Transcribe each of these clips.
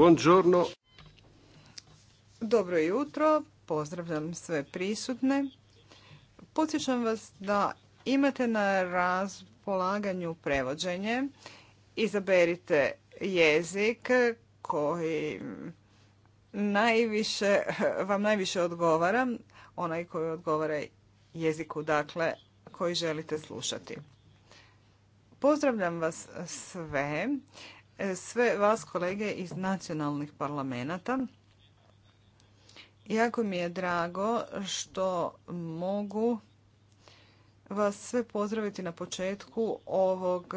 Buongiorno. Dobro jutro, pozdravljam sve prisutne. Podsjećam vas da imate na raspolaganju prevođenje. Izaberite jezik koji najviše, vam najviše odgovara, onaj koji odgovara jeziku dakle koji želite slušati. Pozdravljam vas sve sve vas kolege iz nacionalnih parlamenta. Jako mi je drago što mogu vas sve pozdraviti na početku ovog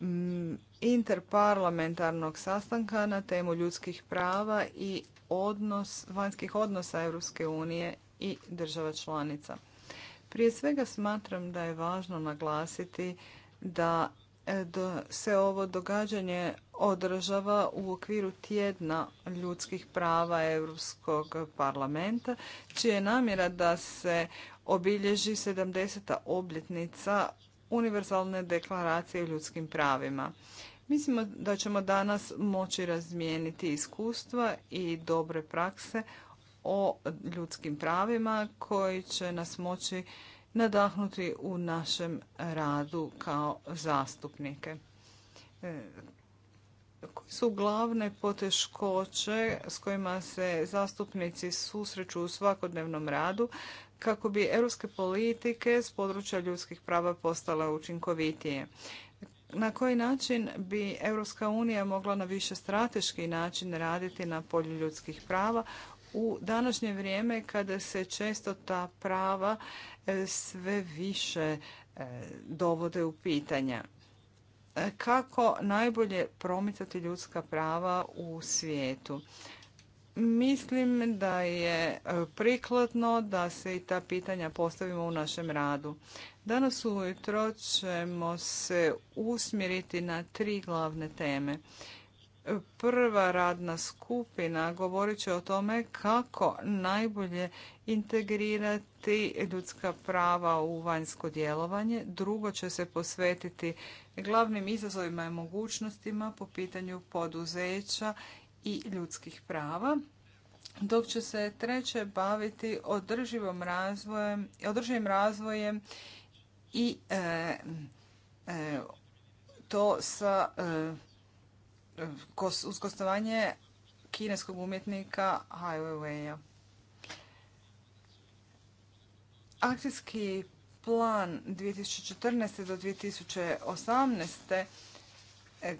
mm, interparlamentarnog sastanka na temu ljudskih prava i odnos, vanjskih odnosa Europske unije i država članica. Prije svega smatram da je važno naglasiti da da se ovo događanje održava u okviru tjedna ljudskih prava Europskog parlamenta, čija je namjera da se obilježi 70. obljetnica Univerzalne deklaracije o ljudskim pravima. Mislimo da ćemo danas moći razmijeniti iskustva i dobre prakse o ljudskim pravima koji će nas moći nadahnuti u našem radu kao zastupnike. E, Koje su glavne poteškoće s kojima se zastupnici susreću u svakodnevnom radu kako bi europske politike s područja ljudskih prava postale učinkovitije? Na koji način bi Europska unija mogla na više strateški način raditi na polju ljudskih prava u današnje vrijeme kada se često ta prava e, sve više e, dovode u pitanja. E, kako najbolje promicati ljudska prava u svijetu? Mislim da je prikladno da se i ta pitanja postavimo u našem radu. Danas ujutro ćemo se usmjeriti na tri glavne teme prva radna skupina govorit će o tome kako najbolje integrirati ljudska prava u vanjsko djelovanje. Drugo će se posvetiti glavnim izazovima i mogućnostima po pitanju poduzeća i ljudskih prava dok će se treće baviti održivom razvojem, održivim razvojem i e, e, to sa e, uz kineskog umjetnika Ai Weiwei-a. Akcijski plan 2014. do 2018. E,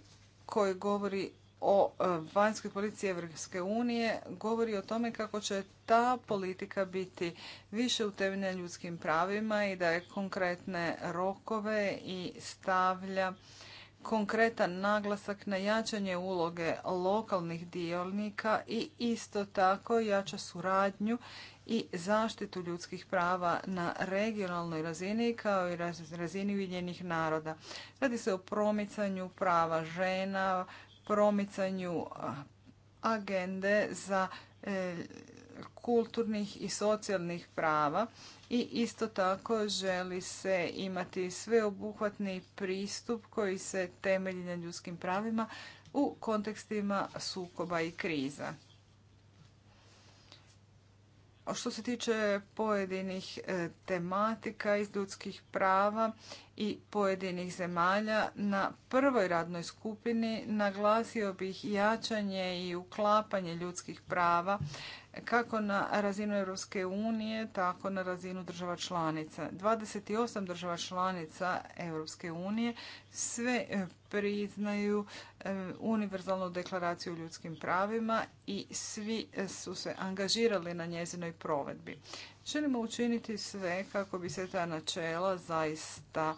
koji govori o e, vanjskoj politici Evropske unije govori o tome kako će ta politika biti više utemeljena ljudskim pravima i da je konkretne rokove i stavlja konkretan naglasak na jačanje uloge lokalnih dionika i isto tako jača suradnju i zaštitu ljudskih prava na regionalnoj razini kao i razini Ujedinjenih naroda. Radi se o promicanju prava žena, promicanju agende za e, kulturnih i socijalnih prava i isto tako želi se imati sveobuhvatni pristup koji se temelji na ljudskim pravima u kontekstima sukoba i kriza. Što se tiče pojedinih e, tematika iz ljudskih prava i pojedinih zemalja, na prvoj radnoj skupini naglasio bih jačanje i uklapanje ljudskih prava kako na razinu Europske unije, tako na razinu država članica. 28 država članica Europske unije sve e, priznaju e, univerzalnu deklaraciju o ljudskim pravima i svi su se angažirali na njezinoj provedbi. Želimo učiniti sve kako bi se ta načela zaista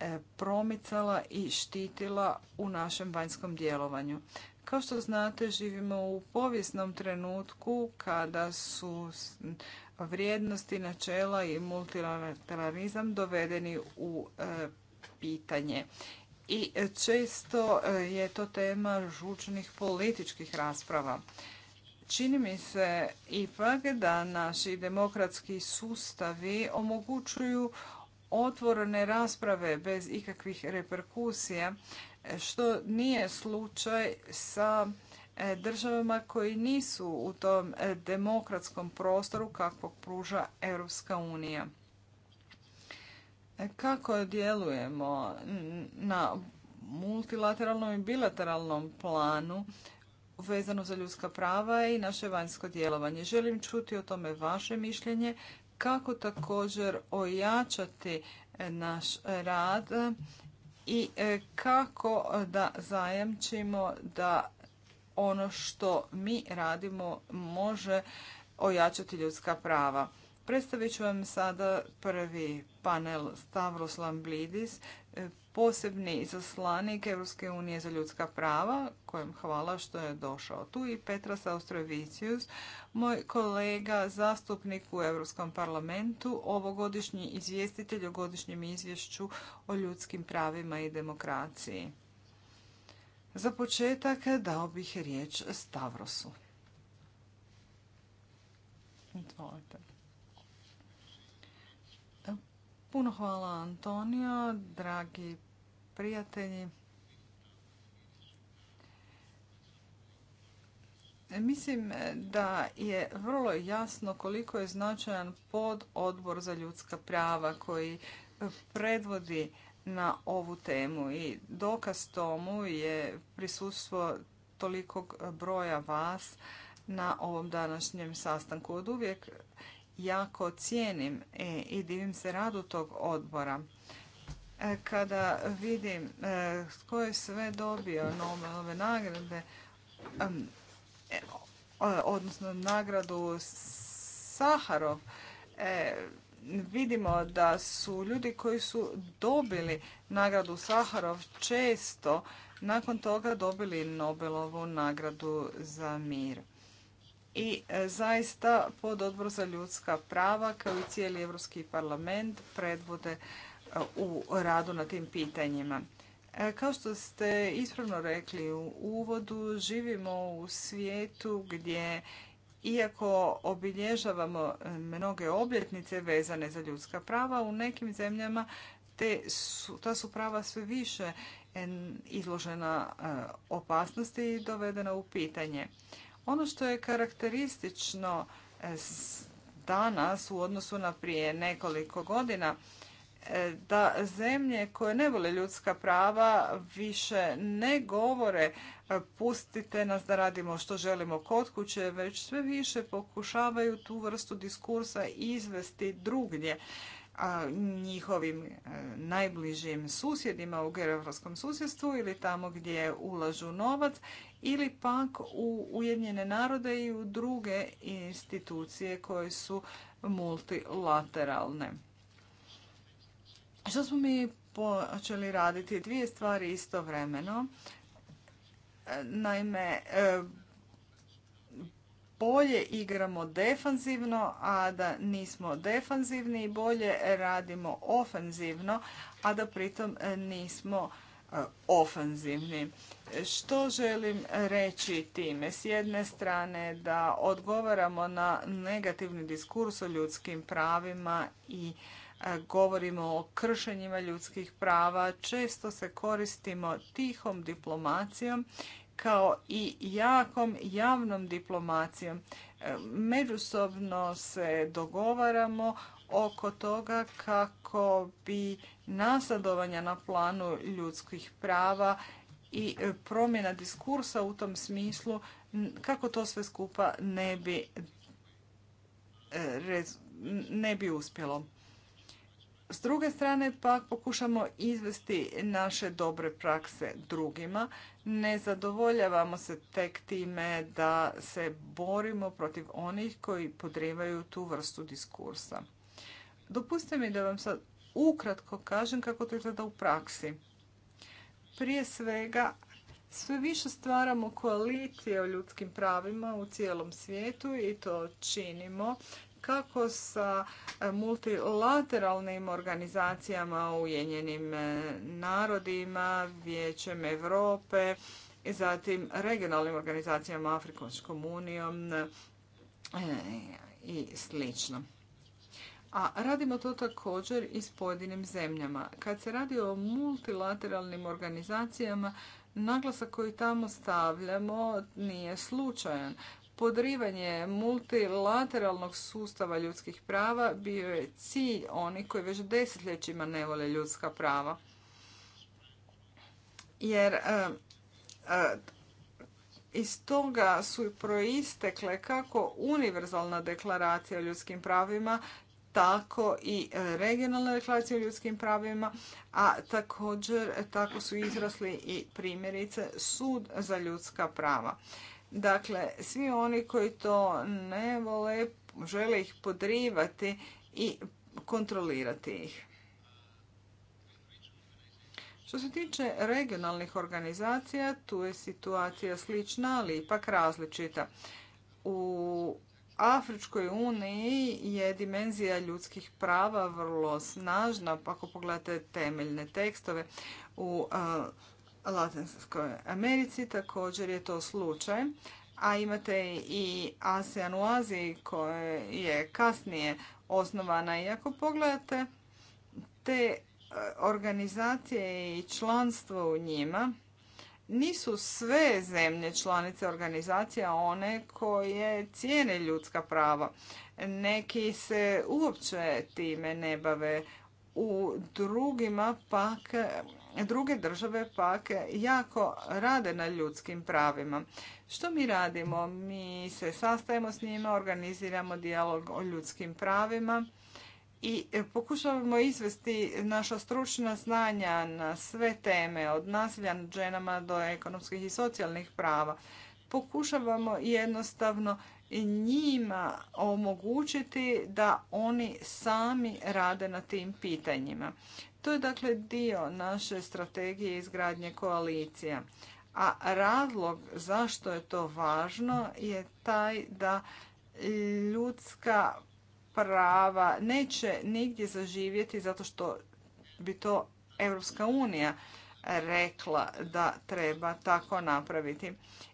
e, promicala i štitila u našem vanjskom djelovanju. Kao što znate, živimo u povijesnom trenutku kada su vrijednosti, načela i multilateralizam dovedeni u e, pitanje i često e, je to tema žučnih političkih rasprava. Čini mi se ipak da naši demokratski sustavi omogućuju otvorene rasprave bez ikakvih reperkusija, što nije slučaj sa e, državama koji nisu u tom e, demokratskom prostoru kakvog pruža Europska unija kako djelujemo na multilateralnom i bilateralnom planu vezano za ljudska prava i naše vanjsko djelovanje. Želim čuti o tome vaše mišljenje, kako također ojačati naš rad i e, kako da zajamčimo da ono što mi radimo može ojačati ljudska prava. Predstavit ću vam sada prvi panel Stavros Lamblidis, e, posebni izaslanik Europske unije za ljudska prava, kojem hvala što je došao tu, i Petras Austrovicius, moj kolega zastupnik u Europskom parlamentu, ovogodišnji izvjestitelj o godišnjem izvješću o ljudskim pravima i demokraciji. Za početak dao bih riječ Stavrosu. Izvolite. Puno hvala Antonio, dragi prijatelji. Mislim da je vrlo jasno koliko je značajan Odbor za ljudska prava koji predvodi na ovu temu i dokaz tomu je prisustvo tolikog broja vas na ovom današnjem sastanku. Od uvijek jako cijenim e, i divim se radu tog odbora. E, kada vidim e, tko je sve dobio Nobelove nagrade, odnosno nagradu Saharov, vidimo da su ljudi koji su dobili nagradu Saharov često nakon toga dobili Nobelovu nagradu za mir i e, zaista pod odbor za ljudska prava kao i cijeli Europski parlament predvode e, u radu na tim pitanjima. E, kao što ste ispravno rekli u uvodu, živimo u svijetu gdje iako obilježavamo mnoge obljetnice vezane za ljudska prava, u nekim zemljama ta su prava sve više izložena opasnosti i dovedena u pitanje. Ono što je karakteristično e, danas u odnosu na prije nekoliko godina, e, da zemlje koje ne vole ljudska prava više ne govore e, pustite nas da radimo što želimo kod kuće, već sve više pokušavaju tu vrstu diskursa izvesti drugdje a njihovim e, najbližim susjedima u geografskom susjedstvu ili tamo gdje ulažu novac ili pak u Ujedinjene narode i u druge institucije koje su multilateralne. Što smo mi počeli raditi? Dvije stvari istovremeno. E, naime, e, bolje igramo defanzivno, a da nismo defanzivni i bolje radimo ofenzivno, a da pritom e, nismo e, ofenzivni. Što želim reći time? S jedne strane da odgovaramo na negativni diskurs o ljudskim pravima i e, govorimo o kršenjima ljudskih prava, često se koristimo tihom diplomacijom kao i jakom javnom diplomacijom. E, međusobno se dogovaramo oko toga kako bi nasadovanja na planu ljudskih prava i promjena diskursa u tom smislu, kako to sve skupa ne bi, e, ne bi uspjelo. S druge strane pak pokušamo izvesti naše dobre prakse drugima. Ne zadovoljavamo se tek time da se borimo protiv onih koji podrivaju tu vrstu diskursa. Dopustite mi da vam sad ukratko kažem kako to izgleda u praksi. Prije svega, sve više stvaramo koalicije o ljudskim pravima u cijelom svijetu i to činimo kako sa e, multilateralnim organizacijama, Ujedinjenim e, narodima, Vijećem Europe, zatim regionalnim organizacijama, Afrikanskom unijom e, i slično. A radimo to također i s pojedinim zemljama. Kad se radi o multilateralnim organizacijama, naglasak koji tamo stavljamo nije slučajan podrivanje multilateralnog sustava ljudskih prava bio je cilj oni koji već desetljećima ne vole ljudska prava. Jer e, e, iz toga su proistekle kako univerzalna deklaracija o ljudskim pravima, tako i regionalna deklaracija o ljudskim pravima, a također tako su izrasli i primjerice sud za ljudska prava. Dakle, svi oni koji to ne vole, žele ih podrivati i kontrolirati ih. Što se tiče regionalnih organizacija, tu je situacija slična, ali ipak različita. U Afričkoj uniji je dimenzija ljudskih prava vrlo snažna, pa ako pogledate temeljne tekstove u Latinskoj Americi. Također je to slučaj. A imate i ASEAN u Aziji koja je kasnije osnovana. I ako pogledate te e, organizacije i članstvo u njima, nisu sve zemlje članice organizacija one koje cijene ljudska prava. Neki se uopće time ne bave, u drugima pak Druge države pak jako rade na ljudskim pravima. Što mi radimo? Mi se sastajemo s njima, organiziramo dijalog o ljudskim pravima i pokušavamo izvesti naša stručna znanja na sve teme, od nasilja nad ženama do ekonomskih i socijalnih prava. Pokušavamo jednostavno njima omogućiti da oni sami rade na tim pitanjima. To je dakle dio naše strategije izgradnje koalicija. A razlog zašto je to važno je taj da ljudska prava neće nigdje zaživjeti zato što bi to Europska unija rekla da treba tako napraviti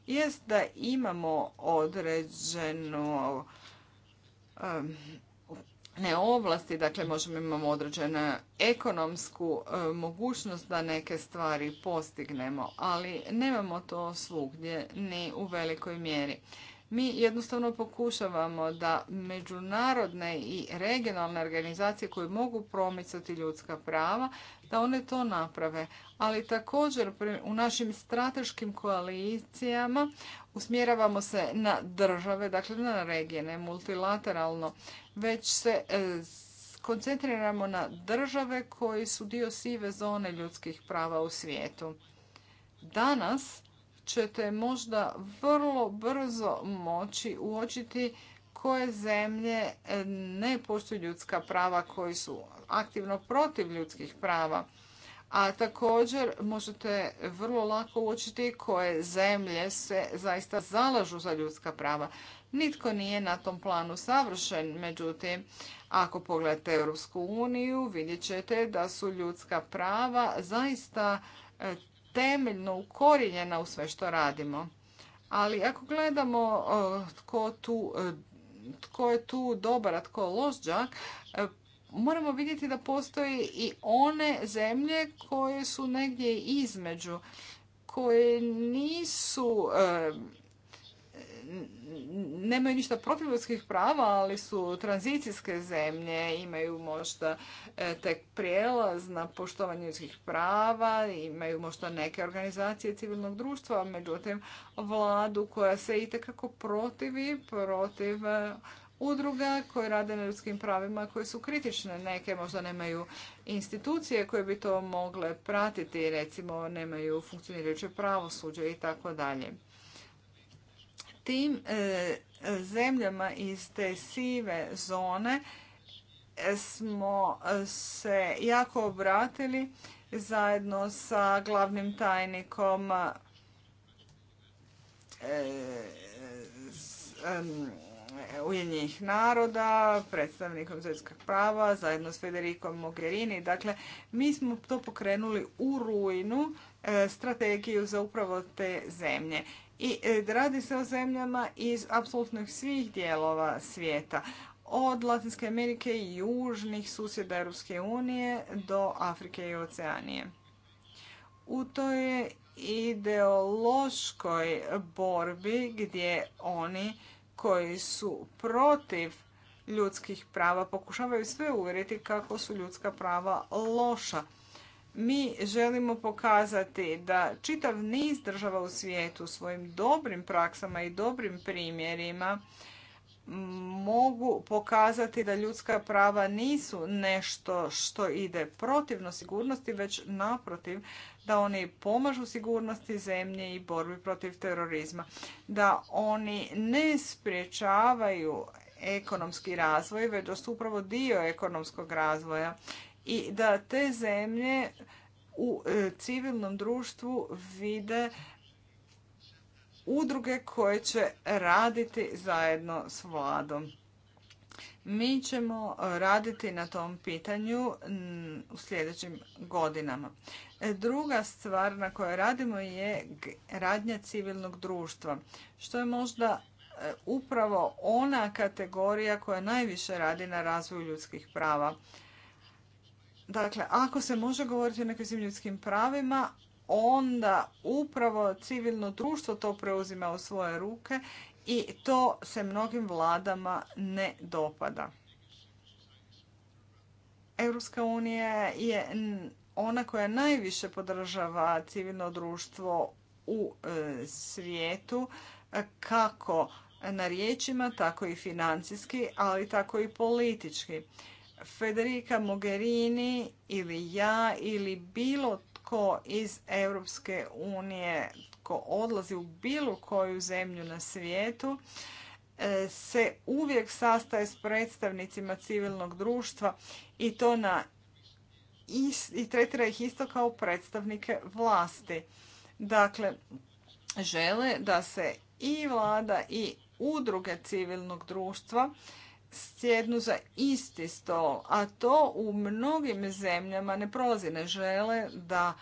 jest da imamo određenu neovlasti dakle možemo imamo određenu ekonomsku e, mogućnost da neke stvari postignemo, ali nemamo to svugdje ni u velikoj mjeri. Mi jednostavno pokušavamo da međunarodne i regionalne organizacije koje mogu promicati ljudska prava, da one to naprave. Ali također u našim strateškim koalicijama usmjeravamo se na države, dakle na regije, multilateralno, već se e, koncentriramo na države koji su dio sive zone ljudskih prava u svijetu. Danas ćete možda vrlo brzo moći uočiti koje zemlje e, ne poštuju ljudska prava, koji su aktivno protiv ljudskih prava. A također možete vrlo lako uočiti koje zemlje se zaista zalažu za ljudska prava. Nitko nije na tom planu savršen, međutim, ako pogledate Europsku uniju, vidjet ćete da su ljudska prava zaista e, temeljno ukorijenjena u sve što radimo. Ali ako gledamo e, tko, tu, e, tko je tu dobar, a tko loš džak, e, moramo vidjeti da postoji i one zemlje koje su negdje između, koje nisu nemaju ništa protiv ljudskih prava, ali su tranzicijske zemlje, imaju možda e, tek prijelaz na poštovanje ljudskih prava, imaju možda neke organizacije civilnog društva, međutim vladu koja se itekako protivi, protiv e, udruga koje rade na ljudskim pravima koje su kritične. Neke možda nemaju institucije koje bi to mogle pratiti, recimo nemaju funkcionirajuće pravosuđe i tako dalje tim e, zemljama iz te sive zone e, smo se jako obratili zajedno sa glavnim tajnikom e, Ujednjih naroda, predstavnikom svjetskog prava, zajedno s Federikom Mogherini. Dakle, mi smo to pokrenuli u rujnu, strategiju za upravo te zemlje. I e, radi se o zemljama iz apsolutno svih dijelova svijeta. Od Latinske Amerike i južnih susjeda Europske unije do Afrike i Oceanije. U toj ideološkoj borbi gdje oni koji su protiv ljudskih prava pokušavaju sve uvjeriti kako su ljudska prava loša mi želimo pokazati da čitav niz država u svijetu svojim dobrim praksama i dobrim primjerima mogu pokazati da ljudska prava nisu nešto što ide protivno sigurnosti, već naprotiv da oni pomažu sigurnosti zemlje i borbi protiv terorizma. Da oni ne spriječavaju ekonomski razvoj, već da su upravo dio ekonomskog razvoja i da te zemlje u e, civilnom društvu vide udruge koje će raditi zajedno s vladom. Mi ćemo raditi na tom pitanju mm, u sljedećim godinama. E, druga stvar na kojoj radimo je radnja civilnog društva, što je možda e, upravo ona kategorija koja najviše radi na razvoju ljudskih prava. Dakle, ako se može govoriti o nekim ljudskim pravima, onda upravo civilno društvo to preuzima u svoje ruke i to se mnogim vladama ne dopada. Europska unija je ona koja najviše podržava civilno društvo u e, svijetu e, kako na riječima, tako i financijski, ali tako i politički. Federica Mogherini ili ja ili bilo tko iz Europske unije tko odlazi u bilo koju zemlju na svijetu e, se uvijek sastaje s predstavnicima civilnog društva i to na i tretira ih isto kao predstavnike vlasti. Dakle, žele da se i vlada i udruge civilnog društva sjednu za isti stol, a to u mnogim zemljama ne prolazi, ne žele da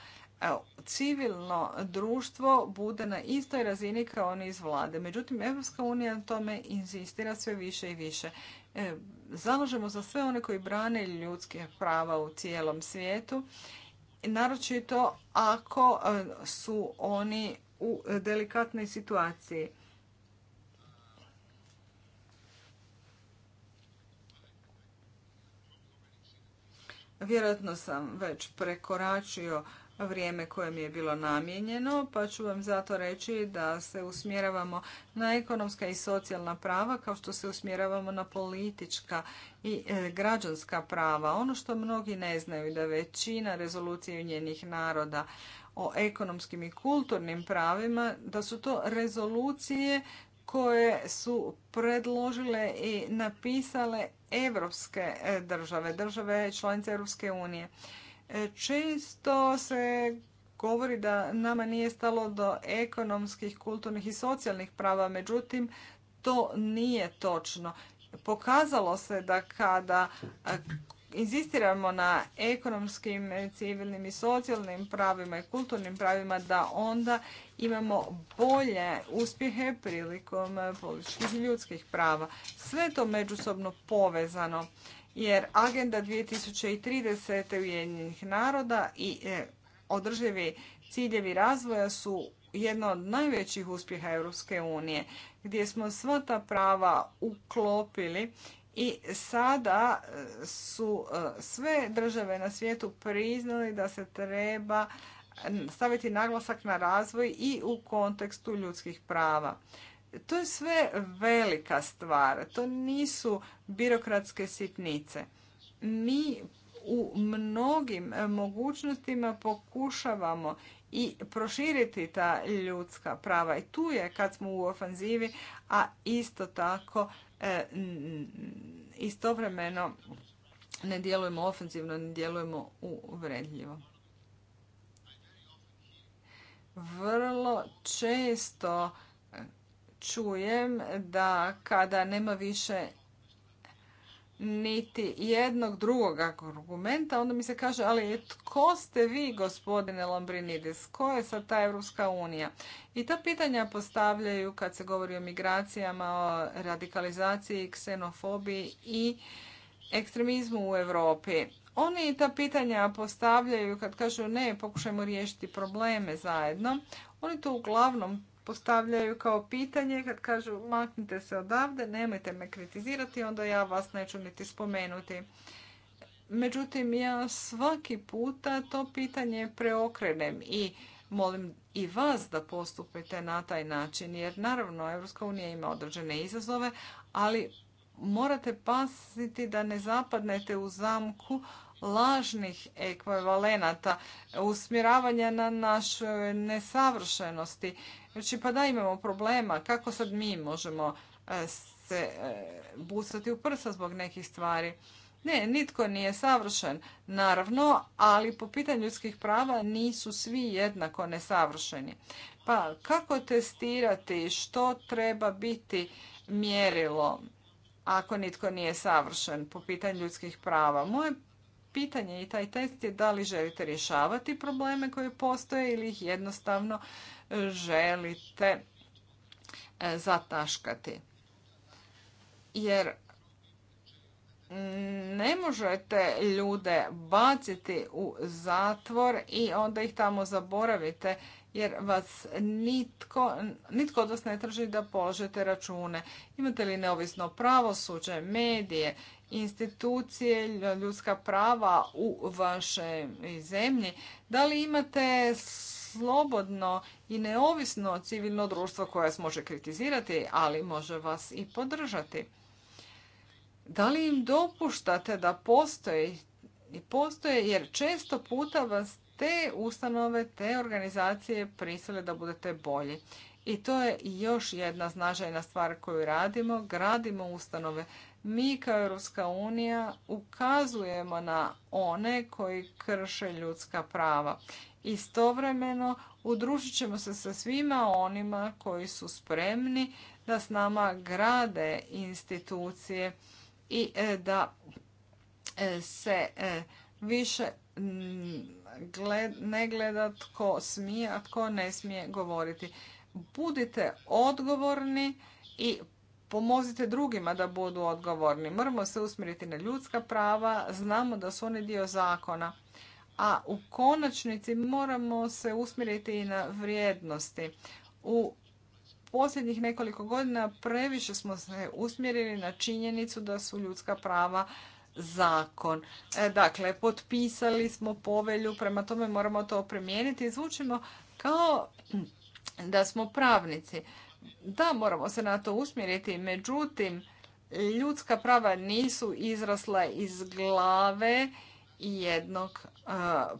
civilno društvo bude na istoj razini kao oni iz vlade. Međutim, Europska unija tome inzistira sve više i više. E, zalažemo za sve one koji brane ljudske prava u cijelom svijetu, naročito ako e, su oni u delikatnoj situaciji. Vjerojatno sam već prekoračio vrijeme koje mi je bilo namijenjeno, pa ću vam zato reći da se usmjeravamo na ekonomska i socijalna prava kao što se usmjeravamo na politička i e, građanska prava. Ono što mnogi ne znaju da većina rezolucije njenih naroda o ekonomskim i kulturnim pravima, da su to rezolucije koje su predložile i napisale evropske e, države, države članice Europske unije. E, često se govori da nama nije stalo do ekonomskih, kulturnih i socijalnih prava, međutim to nije točno. Pokazalo se da kada e, inzistiramo na ekonomskim, civilnim i socijalnim pravima i kulturnim pravima da onda imamo bolje uspjehe prilikom političkih i ljudskih prava. Sve to međusobno povezano jer Agenda 2030. Ujedinjenih naroda i e, održivi ciljevi razvoja su jedna od najvećih uspjeha Europske unije, gdje smo sva ta prava uklopili i sada e, su e, sve države na svijetu priznali da se treba staviti naglasak na razvoj i u kontekstu ljudskih prava. To je sve velika stvar. To nisu birokratske sitnice. Mi u mnogim e, mogućnostima pokušavamo i proširiti ta ljudska prava. I tu je kad smo u ofanzivi, a isto tako E, istovremeno ne djelujemo ofenzivno, ne djelujemo uvredljivo. Vrlo često čujem da kada nema više niti jednog drugog argumenta, onda mi se kaže, ali tko ste vi, gospodine Lombrinidis, ko je sad ta Evropska unija? I ta pitanja postavljaju kad se govori o migracijama, o radikalizaciji, ksenofobiji i ekstremizmu u Europi. Oni ta pitanja postavljaju kad kažu ne, pokušajmo riješiti probleme zajedno. Oni to uglavnom postavljaju kao pitanje kad kažu maknite se odavde, nemojte me kritizirati, onda ja vas neću niti spomenuti. Međutim, ja svaki puta to pitanje preokrenem i molim i vas da postupite na taj način, jer naravno Evropska unija ima određene izazove, ali morate pasiti da ne zapadnete u zamku lažnih ekvivalenata, usmjeravanja na naše nesavršenosti Znači, pa da imamo problema, kako sad mi možemo e, se e, busati u prsa zbog nekih stvari? Ne, nitko nije savršen, naravno, ali po pitanju ljudskih prava nisu svi jednako nesavršeni. Pa kako testirati što treba biti mjerilo ako nitko nije savršen po pitanju ljudskih prava? Moje pitanje i taj test je da li želite rješavati probleme koji postoje ili ih jednostavno želite e, zataškati. Jer ne možete ljude baciti u zatvor i onda ih tamo zaboravite jer vas nitko, nitko od vas ne traži da položete račune. Imate li neovisno pravosuđe, medije, institucije, ljudska prava u vašoj zemlji? Da li imate slobodno i neovisno civilno društvo koje vas može kritizirati, ali može vas i podržati. Da li im dopuštate da postoje? i postoje, jer često puta vas te ustanove, te organizacije prisile da budete bolji. I to je još jedna značajna stvar koju radimo. Gradimo ustanove. Mi kao Europska unija ukazujemo na one koji krše ljudska prava. Istovremeno udružit ćemo se sa svima onima koji su spremni da s nama grade institucije i e, da e, se e, više mm, ne gleda tko smije, a tko ne smije govoriti. Budite odgovorni i pomozite drugima da budu odgovorni. Moramo se usmjeriti na ljudska prava, znamo da su oni dio zakona a u konačnici moramo se usmjeriti i na vrijednosti. U posljednjih nekoliko godina previše smo se usmjerili na činjenicu da su ljudska prava zakon. E, dakle, potpisali smo povelju, prema tome moramo to primijeniti. Zvučimo kao da smo pravnici. Da, moramo se na to usmjeriti, međutim, ljudska prava nisu izrasla iz glave i jednog e,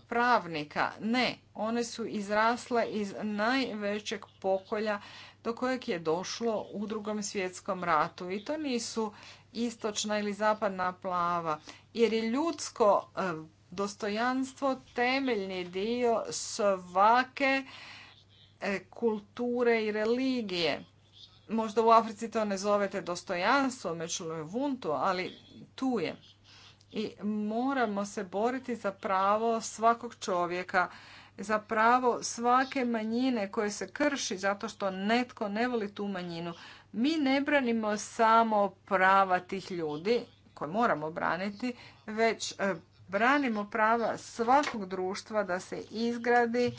pravnika. Ne, one su izrasle iz najvećeg pokolja do kojeg je došlo u drugom svjetskom ratu. I to nisu istočna ili zapadna plava, jer je ljudsko e, dostojanstvo temeljni dio svake e, kulture i religije. Možda u Africi to ne zovete dostojanstvo, je vuntu, ali tu je i moramo se boriti za pravo svakog čovjeka, za pravo svake manjine koje se krši zato što netko ne voli tu manjinu. Mi ne branimo samo prava tih ljudi koje moramo braniti, već e, branimo prava svakog društva da se izgradi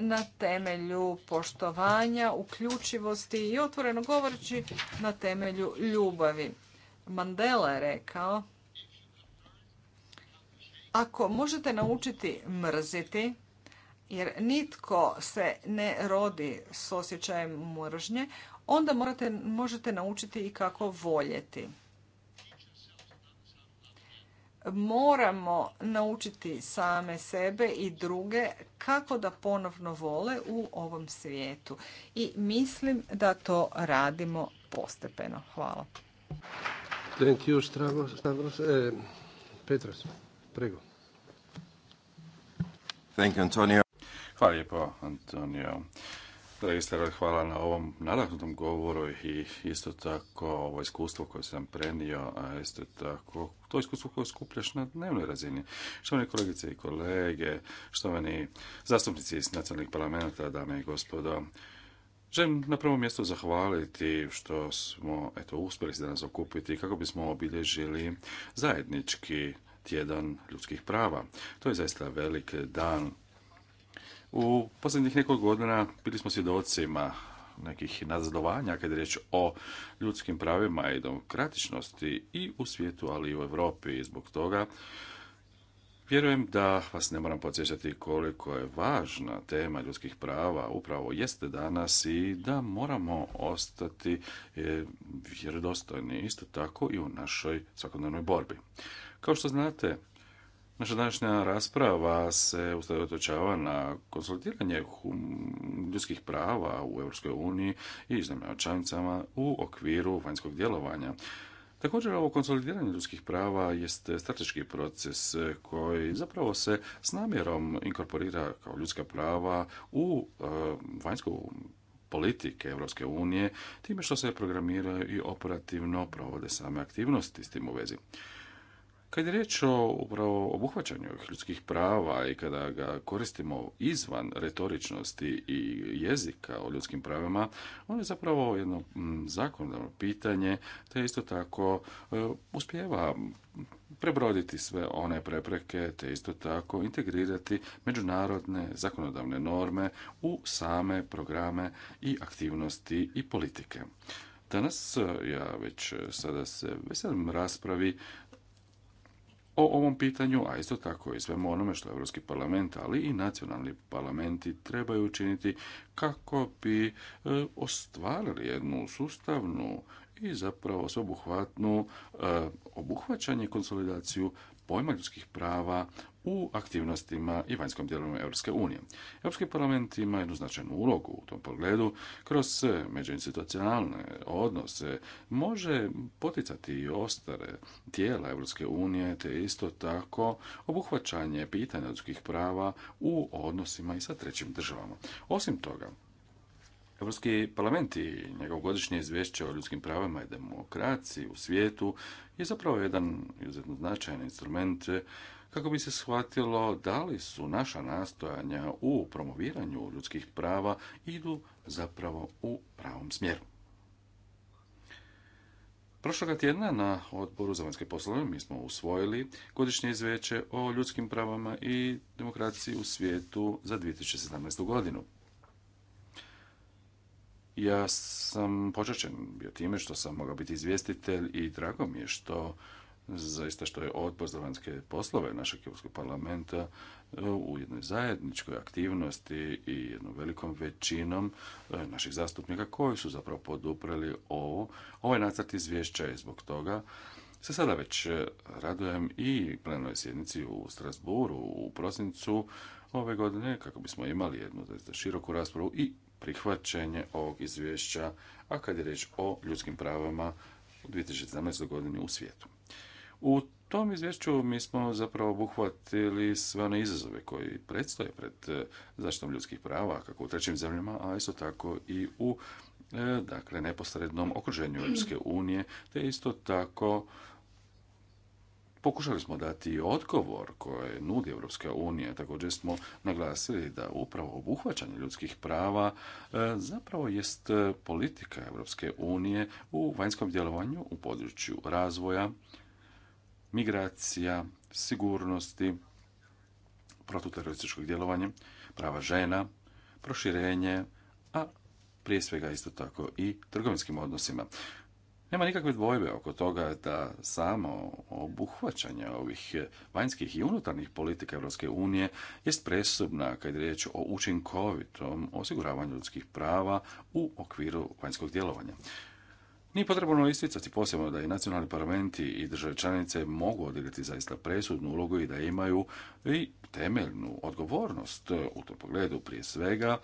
na temelju poštovanja, uključivosti i otvoreno govoreći na temelju ljubavi. Mandela je rekao ako možete naučiti mrziti, jer nitko se ne rodi s osjećajem mržnje, onda morate, možete naučiti i kako voljeti. Moramo naučiti same sebe i druge kako da ponovno vole u ovom svijetu. I mislim da to radimo postepeno. Hvala. Thank you, eh, prego. Hvala lijepo, Antonio. Registar, hvala na ovom nadahnutom govoru i isto tako ovo iskustvo koje sam prenio, a isto tako to iskustvo koje skupljaš na dnevnoj razini. Štovani kolegice i kolege, štovani zastupnici iz nacionalnih parlamenta, dame i gospodo, Želim na prvom mjestu zahvaliti što smo eto, uspjeli se danas okupiti kako bismo obilježili zajednički tjedan ljudskih prava. To je zaista velik dan. U posljednjih nekoliko godina bili smo svjedocima nekih nazadovanja kad je riječ o ljudskim pravima i demokratičnosti i u svijetu, ali i u Europi. I Zbog toga Vjerujem da vas ne moram podsjećati koliko je važna tema ljudskih prava upravo jeste danas i da moramo ostati eh, vjerodostojni isto tako i u našoj svakodnevnoj borbi. Kao što znate, naša današnja rasprava se usredotočava na konsultiranje ljudskih prava u EU i zemljama članicama u okviru vanjskog djelovanja. Također ovo konsolidiranje ljudskih prava jest strateški proces koji zapravo se s namjerom inkorporira kao ljudska prava u e, vanjsku politike Europske unije, time što se programiraju i operativno provode same aktivnosti s tim u vezi. Kad je riječ o upravo obuhvaćanju ljudskih prava i kada ga koristimo izvan retoričnosti i jezika o ljudskim pravima, on je zapravo jedno mm, zakonodavno pitanje, te isto tako e, uspjeva prebroditi sve one prepreke, te isto tako integrirati međunarodne zakonodavne norme u same programe i aktivnosti i politike. Danas e, ja već e, sada se veselim raspravi o ovom pitanju, a isto tako i svemu onome što Europski parlament, ali i nacionalni parlamenti trebaju učiniti kako bi e, ostvarili jednu sustavnu i zapravo sveobuhvatnu e, obuhvaćanje i konsolidaciju pojma ljudskih prava u aktivnostima i vanjskom dijelu Europske unije. Europski parlament ima jednu značajnu ulogu u tom pogledu kroz međuinstitucionalne odnose može poticati i ostare tijela Europske unije te isto tako obuhvaćanje pitanja ljudskih prava u odnosima i sa trećim državama. Osim toga, Europski parlament i njegov godišnje izvješće o ljudskim pravima i demokraciji u svijetu je zapravo jedan izuzetno značajan instrument kako bi se shvatilo da li su naša nastojanja u promoviranju ljudskih prava idu zapravo u pravom smjeru. Prošloga tjedna na odboru za vanjske poslove mi smo usvojili godišnje izveće o ljudskim pravama i demokraciji u svijetu za 2017. godinu. Ja sam počačen bio time što sam mogao biti izvjestitelj i drago mi je što zaista što je odbor za vanjske poslove našeg Europskog parlamenta e, u jednoj zajedničkoj aktivnosti i jednom velikom većinom e, naših zastupnika koji su zapravo poduprali ovo. Ovaj nacrt izvješća je zbog toga se sada već e, radujem i plenoj sjednici u Strasburu u prosincu ove godine kako bismo imali jednu zaista široku raspravu i prihvaćenje ovog izvješća, a kad je reč o ljudskim pravama u 2017. godini u svijetu. U tom izvješću mi smo zapravo obuhvatili sve one izazove koji predstoje pred e, zaštitom ljudskih prava, kako u trećim zemljama, a isto tako i u e, dakle, neposrednom okruženju Europske unije, te isto tako Pokušali smo dati odgovor koje nudi Europska unija. Također smo naglasili da upravo obuhvaćanje ljudskih prava e, zapravo jest politika Europske unije u vanjskom djelovanju u području razvoja, migracija, sigurnosti, protuterorističkog djelovanja, prava žena, proširenje, a prije svega isto tako i trgovinskim odnosima. Nema nikakve dvojbe oko toga da samo obuhvaćanje ovih vanjskih i unutarnjih politika Europske unije jest presudna kad je riječ o učinkovitom osiguravanju ljudskih prava u okviru vanjskog djelovanja. Nije potrebno isticati posebno da i nacionalni parlamenti i države članice mogu odigrati zaista presudnu ulogu i da imaju i temeljnu odgovornost u tom pogledu prije svega.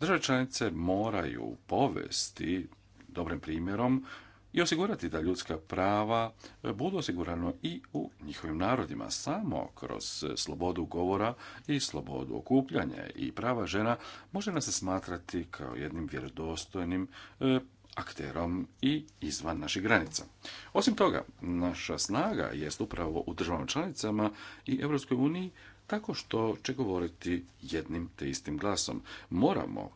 Države članice moraju povesti dobrim primjerom i osigurati da ljudska prava budu osigurano i u njihovim narodima. Samo kroz slobodu govora i slobodu okupljanja i prava žena može nas se smatrati kao jednim vjerodostojnim e, akterom i izvan naših granica. Osim toga, naša snaga jest upravo u državama članicama i Europskoj uniji tako što će govoriti jednim te istim glasom. Moramo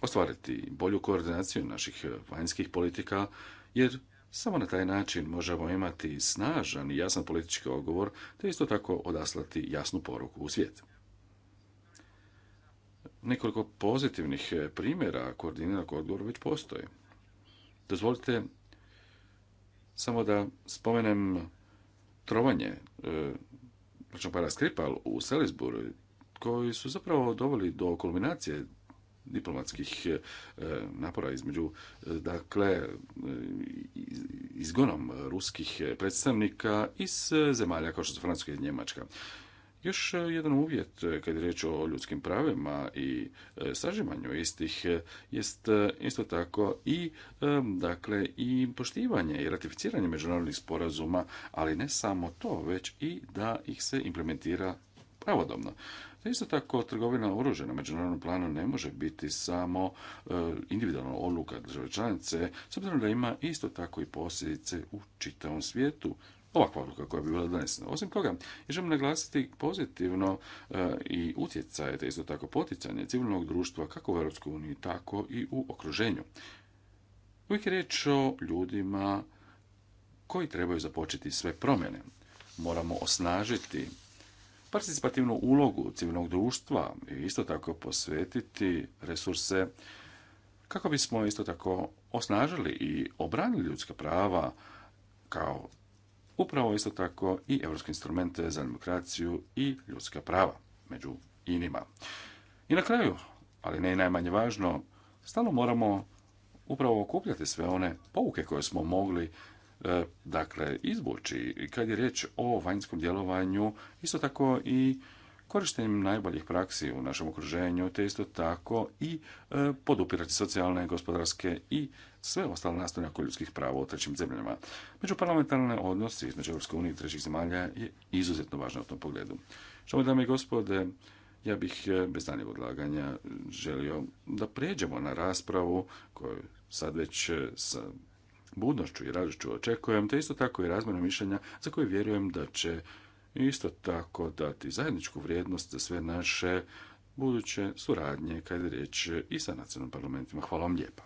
ostvariti bolju koordinaciju naših vanjskih politika, jer samo na taj način možemo imati snažan i jasan politički odgovor, te isto tako odaslati jasnu poruku u svijet. Nekoliko pozitivnih primjera koordiniranog odgovora već postoji. Dozvolite samo da spomenem trovanje e, račun para Skripal u Salisbury, koji su zapravo doveli do kulminacije diplomatskih e, napora između, e, dakle, izgonom ruskih predstavnika iz zemalja kao što su Francuska i Njemačka. Još e, jedan uvjet e, kad je riječ o ljudskim pravima i e, sažimanju istih jest isto tako i dakle i poštivanje i ratificiranje međunarodnih sporazuma, ali ne samo to, već i da ih se implementira pravodobno. Isto tako, trgovina oružja na međunarodnom planu ne može biti samo individualna odluka države članice, s obzirom da ima isto tako i posljedice u čitavom svijetu, ovakva odluka koja bi bila donesena. Osim toga, želim naglasiti pozitivno e, i utjecaje te isto tako poticanje civilnog društva kako u Europskoj uniji, tako i u okruženju. Uvijek je riječ o ljudima koji trebaju započeti sve promjene. Moramo osnažiti participativnu ulogu civilnog društva i isto tako posvetiti resurse kako bismo isto tako osnažili i obranili ljudska prava kao upravo isto tako i Europske instrumente za demokraciju i ljudska prava među inima. I na kraju, ali ne i najmanje važno, stalno moramo upravo okupljati sve one pouke koje smo mogli e, dakle izvući kad je riječ o vanjskom djelovanju, isto tako i korištenjem najboljih praksi u našem okruženju, te isto tako i e, podupirati socijalne, gospodarske i sve ostale nastojanja oko ljudskih prava u trećim zemljama. Međuparlamentarne odnosi između unije i trećih zemalja je izuzetno važno u tom pogledu. Što dame i gospode, ja bih e, bez danjeg odlaganja želio da prijeđemo na raspravu koju sad već e, sa budnošću i radošću očekujem, te isto tako i razmjerno mišljenja za koje vjerujem da će isto tako dati zajedničku vrijednost za sve naše buduće suradnje kad je riječ i sa nacionalnim parlamentima. Hvala vam lijepa.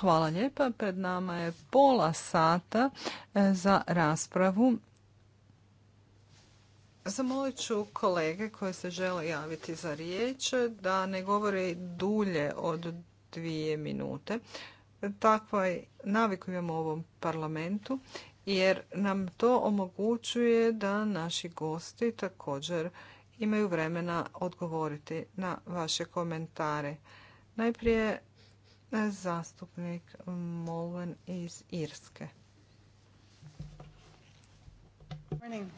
Hvala lijepa. Pred nama je pola sata e, za raspravu. Zamolit ću kolege koje se žele javiti za riječ da ne govore dulje od dvije minute. Takvu naviku imamo u ovom parlamentu jer nam to omogućuje da naši gosti također imaju vremena odgovoriti na vaše komentare. Najprije zastupnik molven iz Irske. Morning.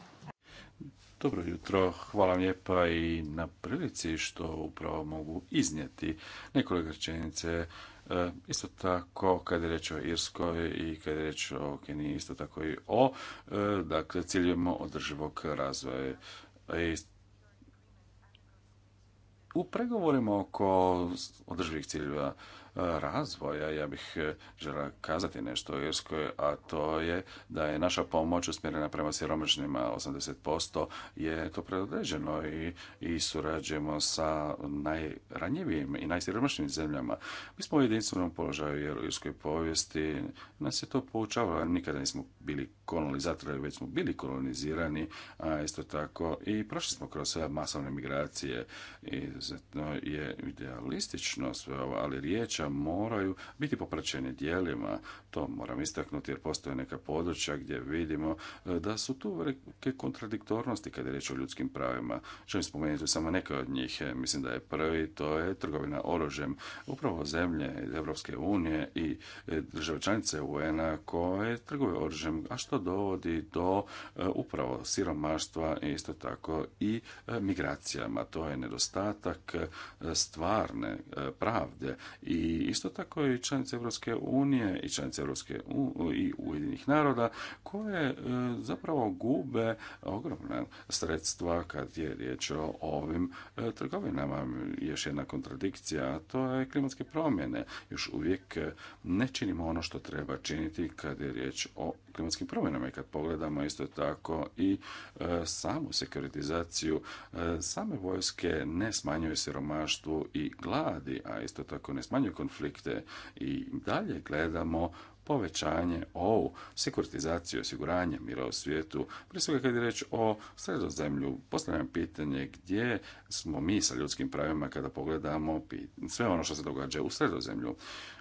Dobro jutro, hvala vam lijepa i na prilici što upravo mogu iznijeti nekoliko rečenice e, Isto tako, kad je reč o Irskoj i kad je reč o Keniji, isto tako i o, e, dakle, ciljevima održivog razvoja. E, u pregovorima oko održivih ciljeva razvoja, ja bih e, žela kazati nešto o Irskoj, a to je da je naša pomoć usmjerena prema siromašnjima 80% je to predodređeno i, i surađujemo sa najranjivijim i najsiromašnijim zemljama. Mi smo u jedinstvenom položaju jer u Irskoj povijesti nas je to poučavalo, nikada nismo bili kolonizatori, već smo bili kolonizirani, a isto tako i prošli smo kroz sve masovne migracije. Izuzetno je idealistično sve ali riječ moraju biti popraćeni dijelima. To moram istaknuti jer postoje neka područja gdje vidimo e, da su tu velike kontradiktornosti kada je riječ o ljudskim pravima. Želim spomenuti samo neke od njih. E, mislim da je prvi, to je trgovina oružjem. Upravo zemlje Europske unije i e, države članice UN-a koje trguju oružjem, a što dovodi do upravo siromaštva i isto tako i migracijama. To je nedostatak stvarne pravde i isto tako i članice Europske unije i članice Europske i Ujedinih naroda koje e, zapravo gube ogromna sredstva kad je riječ o ovim e, trgovinama. Još jedna kontradikcija, a to je klimatske promjene. Još uvijek e, ne činimo ono što treba činiti kad je riječ o klimatskim promjenama i kad pogledamo isto tako i e, samu sekuritizaciju e, same vojske ne smanjuje siromaštvu i gladi, a isto tako ne smanjuje konflikte i dalje gledamo povećanje ovu sekuritizaciju osiguranja mira u svijetu. Prije svega kad je reč o sredozemlju, postavljam pitanje gdje smo mi sa ljudskim pravima kada pogledamo sve ono što se događa u sredozemlju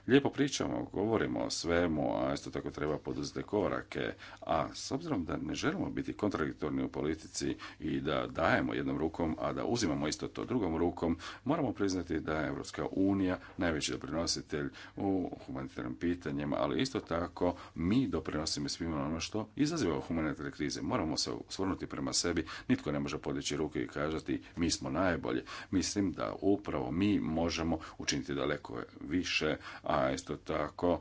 lijepo pričamo, govorimo o svemu, a isto tako treba poduzeti korake. A s obzirom da ne želimo biti kontradiktorni u politici i da dajemo jednom rukom, a da uzimamo isto to drugom rukom, moramo priznati da je Europska unija najveći doprinositelj u humanitarnim pitanjima, ali isto tako mi doprinosimo svima ono što izaziva humanitarne krize. Moramo se osvrnuti prema sebi, nitko ne može podići ruke i kažati mi smo najbolji. Mislim da upravo mi možemo učiniti daleko više, a isto tako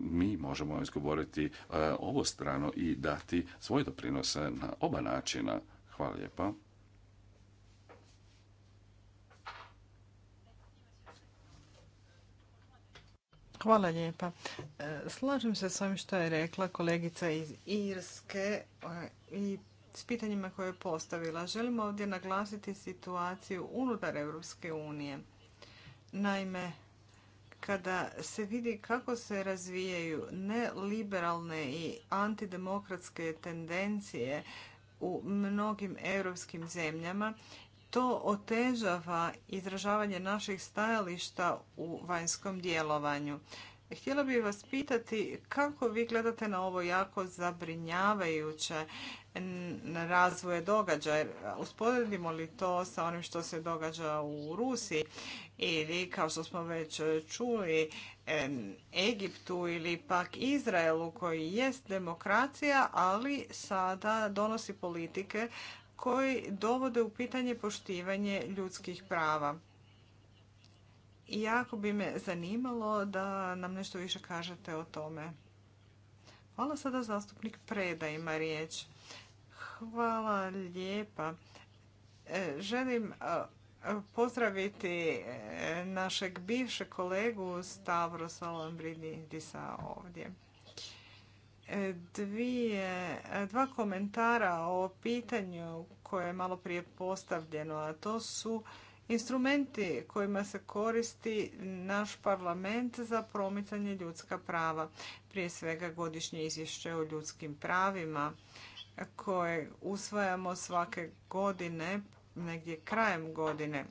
mi možemo izgovoriti e, ovo strano i dati svoj doprinos na oba načina. Hvala lijepa. Hvala lijepa. E, slažem se s ovim što je rekla kolegica iz Irske e, i s pitanjima koje je postavila. Želimo ovdje naglasiti situaciju unutar Europske unije. Naime, kada se vidi kako se razvijaju neliberalne i antidemokratske tendencije u mnogim europskim zemljama, to otežava izražavanje naših stajališta u vanjskom djelovanju. Htjela bih vas pitati kako vi gledate na ovo jako zabrinjavajuće razvoje događaja. Usporedimo li to sa onim što se događa u Rusiji ili kao što smo već čuli Egiptu ili pak Izraelu koji jest demokracija, ali sada donosi politike koji dovode u pitanje poštivanje ljudskih prava. Jako bi me zanimalo da nam nešto više kažete o tome. Hvala sada zastupnik Preda ima riječ. Hvala lijepa. E, želim e, pozdraviti e, našeg bivšeg kolegu Stavrosa Salambrinidisa ovdje. Dvije, dva komentara o pitanju koje je malo prije postavljeno, a to su instrumenti kojima se koristi naš parlament za promicanje ljudska prava. Prije svega godišnje izvješće o ljudskim pravima, koje usvajamo svake godine, negdje krajem godine.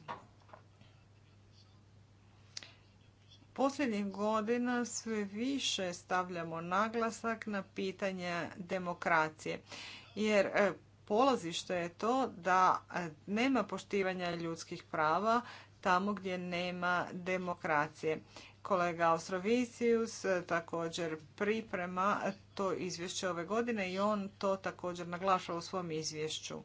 Posljednjih godina sve više stavljamo naglasak na pitanje demokracije, jer e, polazište je to da e, nema poštivanja ljudskih prava tamo gdje nema demokracije kolega Ostrovicius e, također priprema to izvješće ove godine i on to također naglaša u svom izvješću.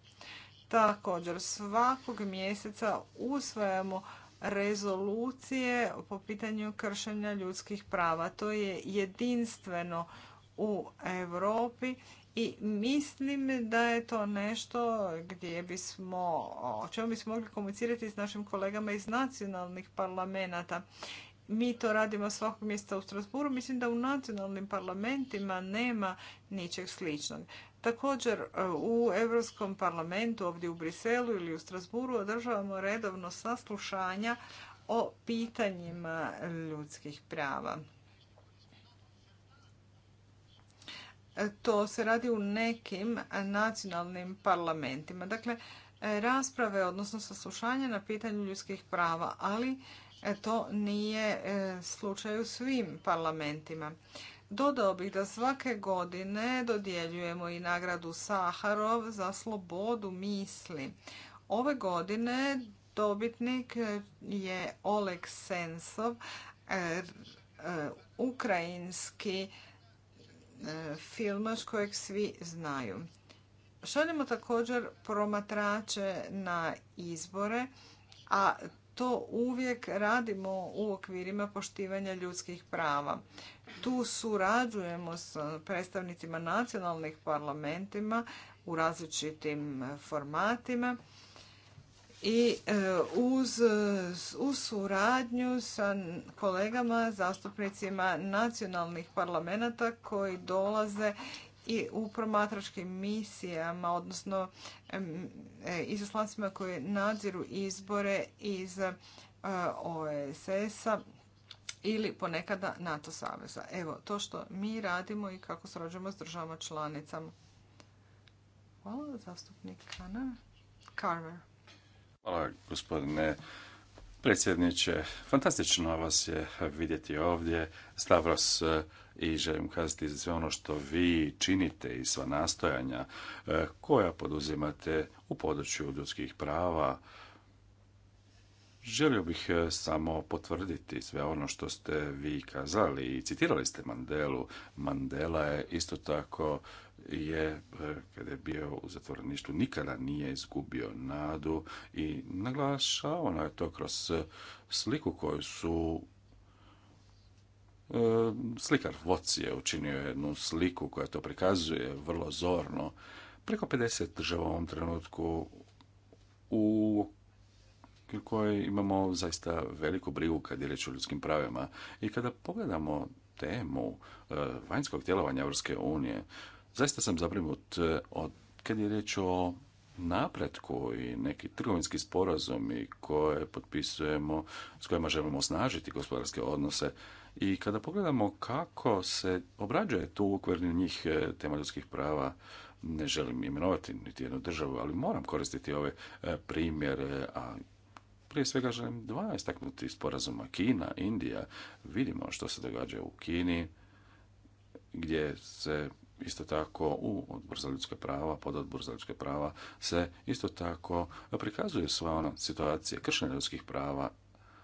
Također svakog mjeseca usvajamo rezolucije po pitanju kršenja ljudskih prava. To je jedinstveno u Europi i mislim da je to nešto gdje bismo, o čemu bismo mogli komunicirati s našim kolegama iz nacionalnih parlamenta mi to radimo svakog mjesta u Strasburu, mislim da u nacionalnim parlamentima nema ničeg sličnog. Također e, u Europskom parlamentu ovdje u Briselu ili u Strasburu održavamo redovno saslušanja o pitanjima ljudskih prava. E, to se radi u nekim nacionalnim parlamentima. Dakle, e, rasprave, odnosno saslušanja na pitanju ljudskih prava, ali E, to nije e, slučaj u svim parlamentima. Dodao bih da svake godine dodjeljujemo i nagradu Saharov za slobodu misli. Ove godine dobitnik je Oleg Sensov, e, ukrajinski filmaš kojeg svi znaju. Šaljemo također promatrače na izbore, a to uvijek radimo u okvirima poštivanja ljudskih prava. Tu surađujemo s predstavnicima nacionalnih parlamentima u različitim e, formatima i e, uz, suradnju sa kolegama, zastupnicima nacionalnih parlamenta koji dolaze i u promatračkim misijama, odnosno e, izaslanstvima koje nadziru izbore iz e, OSS-a ili ponekada NATO saveza. Evo, to što mi radimo i kako srađujemo s državama članicama. Hvala, zastupnik Kana. Hvala, gospodine predsjedniče. Fantastično vas je vidjeti ovdje. Stavros, i želim kazati za sve ono što vi činite i sva nastojanja e, koja poduzimate u području ljudskih prava. Želio bih e, samo potvrditi sve ono što ste vi kazali i citirali ste Mandelu. Mandela je isto tako je, e, kada je bio u zatvoreništvu, nikada nije izgubio nadu i naglašavano je to kroz sliku koju su E, slikar Voc je učinio jednu sliku koja to prikazuje vrlo zorno. Preko 50 država u ovom trenutku u kojoj imamo zaista veliku brigu kad je riječ o ljudskim pravima. I kada pogledamo temu e, vanjskog djelovanja Europske unije, zaista sam zabrinut e, od kad je riječ o napretku i neki trgovinski sporazumi koje potpisujemo, s kojima želimo osnažiti gospodarske odnose, i kada pogledamo kako se obrađuje tu ukvrni njih e, tema ljudskih prava, ne želim imenovati niti jednu državu, ali moram koristiti ove e, primjere, a prije svega želim dva istaknuti sporazuma Kina, Indija. Vidimo što se događa u Kini, gdje se isto tako u odbor za ljudska prava, pod odbor za ljudska prava se isto tako prikazuje sva ona situacija kršenja ljudskih prava,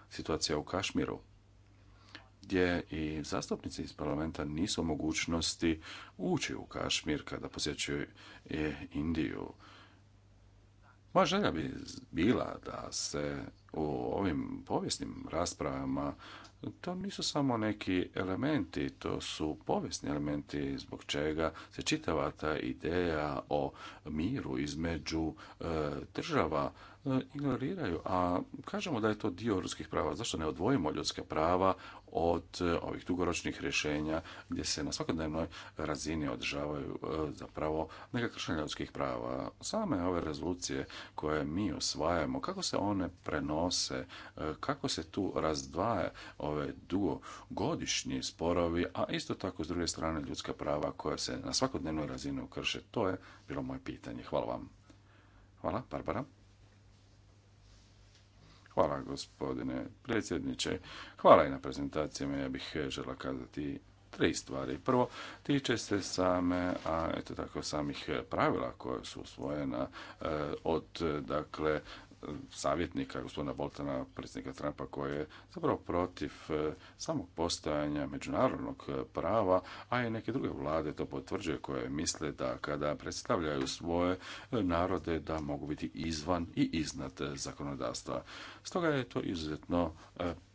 situacija u Kašmiru gdje i zastupnici iz parlamenta nisu mogućnosti ući u Kašmir kada posjećuju Indiju. Moja želja bi bila da se u ovim povijesnim raspravama to nisu samo neki elementi, to su povijesni elementi zbog čega se čitava ta ideja o miru između e, država e, ignoriraju. A kažemo da je to dio ljudskih prava. Zašto ne odvojimo ljudska prava od e, ovih dugoročnih rješenja gdje se na svakodnevnoj razini održavaju zapravo neka kršenja ljudskih prava. Same ove rezolucije koje mi osvajamo, kako se one prenose odnose, e, kako se tu razdvaja ove dugogodišnji sporovi, a isto tako s druge strane ljudska prava koja se na svakodnevnoj razini ukrše. To je bilo moje pitanje. Hvala vam. Hvala, Barbara. Hvala gospodine predsjedniče. Hvala i na prezentacijama. Ja bih e, žela kazati tri stvari. Prvo, tiče se same, a eto tako, samih e, pravila koja su usvojena od, dakle, savjetnika gospodina Boltana, predsjednika Trumpa, koji je zapravo protiv e, samog postojanja međunarodnog e, prava, a i neke druge vlade to potvrđuje koje misle da kada predstavljaju svoje e, narode da mogu biti izvan i iznad zakonodavstva. Stoga je to izuzetno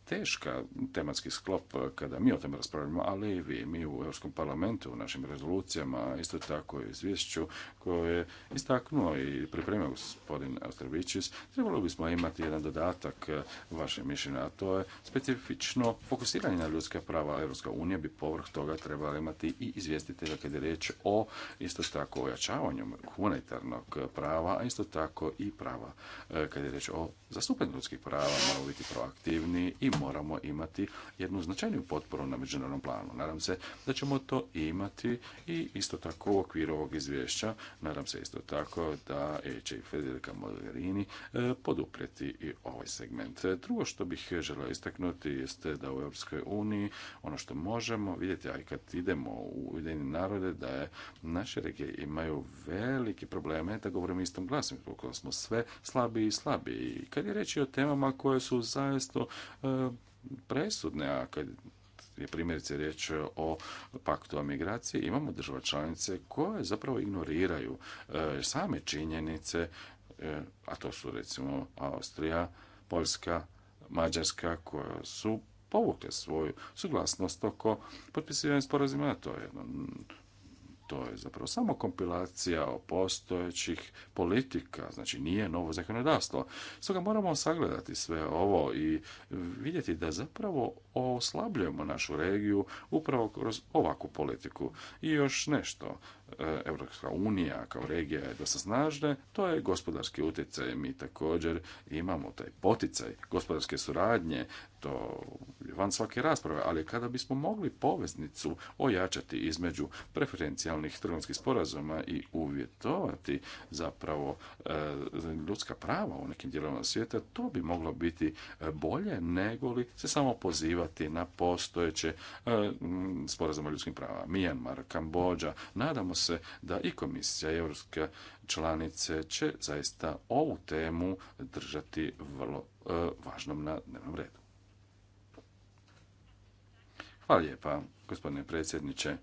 teška tematski sklop kada mi o tome raspravljamo, ali i vi, mi u Europskom parlamentu, u našim rezolucijama, isto tako i izvješću koje je istaknuo i pripremio gospodin Ostrovićis, trebalo bismo imati jedan dodatak vaše mišljenja, a to je specifično fokusiranje na ljudska prava. Europska unija bi povrh toga trebala imati i izvjestitelja kada je riječ o isto tako ojačavanju humanitarnog prava, a isto tako i prava eh, kada je riječ o zastupanju ljudskih prava, moramo biti proaktivni i moramo imati jednu značajnu potporu na međunarodnom planu. Nadam se da ćemo to imati i isto tako u okviru ovog izvješća. Nadam se isto tako da će i Federica Mogherini e, podupreti i ovaj segment. Drugo što bih želio istaknuti jeste da u Europskoj uniji ono što možemo vidjeti, a i kad idemo u Ujedinjene narode, da je naše regije imaju velike probleme da govorimo istom glasom, koliko smo sve slabi i slabi. I kad je reći o temama koje su zaista e, presudne, a kad je primjerice riječ o paktu o migraciji, imamo država članice koje zapravo ignoriraju e, same činjenice, e, a to su recimo Austrija, Poljska, Mađarska, koje su povukle svoju suglasnost oko potpisivanja sporazuma. To je to je zapravo samo kompilacija o postojećih politika, znači nije novo zakonodavstvo. Stoga moramo sagledati sve ovo i vidjeti da zapravo oslabljujemo našu regiju upravo kroz ovakvu politiku. I još nešto, E, Europska unija kao regija je dosta snažne, to je gospodarski utjecaj. Mi također imamo taj poticaj gospodarske suradnje, to van svake rasprave, ali kada bismo mogli poveznicu ojačati između preferencijalnih trgovinskih sporazuma i uvjetovati zapravo e, ljudska prava u nekim dijelovima svijeta, to bi moglo biti e, bolje nego li se samo pozivati na postojeće sporazume o ljudskim pravima. Mijanmar, Kambodža. nadamo se se da i komisija i europske članice će zaista ovu temu držati vrlo e, važnom na dnevnom redu. Hvala lijepa, gospodine predsjedniče.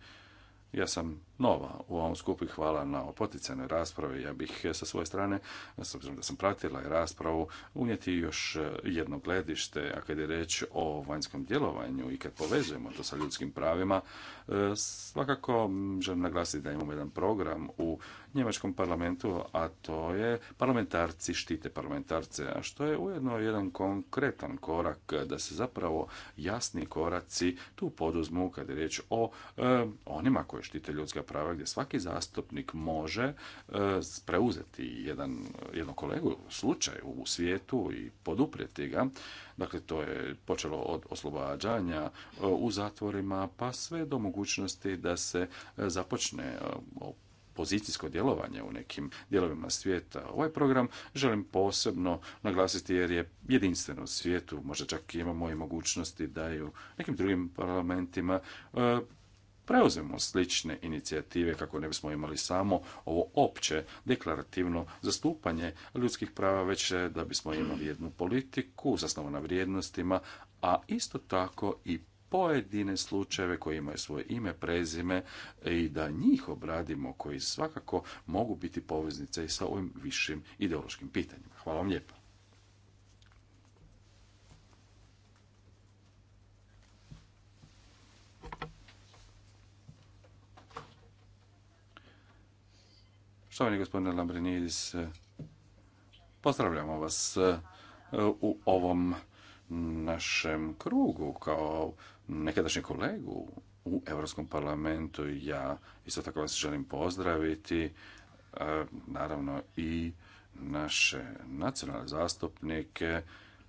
Ja sam nova u ovom skupu hvala na poticajnoj raspravi. Ja bih eh, sa svoje strane, s obzirom da sam pratila i raspravu, unijeti još eh, jedno gledište, a kad je reč o vanjskom djelovanju i kad povezujemo to sa ljudskim pravima, eh, svakako želim naglasiti da imamo jedan program u njemačkom parlamentu, a to je parlamentarci štite parlamentarce, a što je ujedno jedan konkretan korak da se zapravo jasni koraci tu poduzmu kad je reč o onima koji štite ljudska prava gdje svaki zastupnik može e, preuzeti jedan, jedno kolegu slučaj u svijetu i poduprijeti ga. Dakle, to je počelo od oslobađanja e, u zatvorima pa sve do mogućnosti da se e, započne pozicijsko djelovanje u nekim dijelovima svijeta. Ovaj program želim posebno naglasiti jer je jedinstven u svijetu, možda čak imamo i mogućnosti da i u nekim drugim parlamentima preuzemo slične inicijative kako ne bismo imali samo ovo opće deklarativno zastupanje ljudskih prava, već da bismo imali jednu politiku zasnovanu na vrijednostima, a isto tako i pojedine slučajeve koji imaju svoje ime, prezime i da njih obradimo koji svakako mogu biti poveznice i sa ovim višim ideološkim pitanjima. Hvala vam lijepa. Štovani gospodine Lambrinidis, pozdravljamo vas e, u ovom našem krugu kao nekadašnji kolegu u Europskom parlamentu. Ja isto tako vas želim pozdraviti, e, naravno i naše nacionalne zastupnike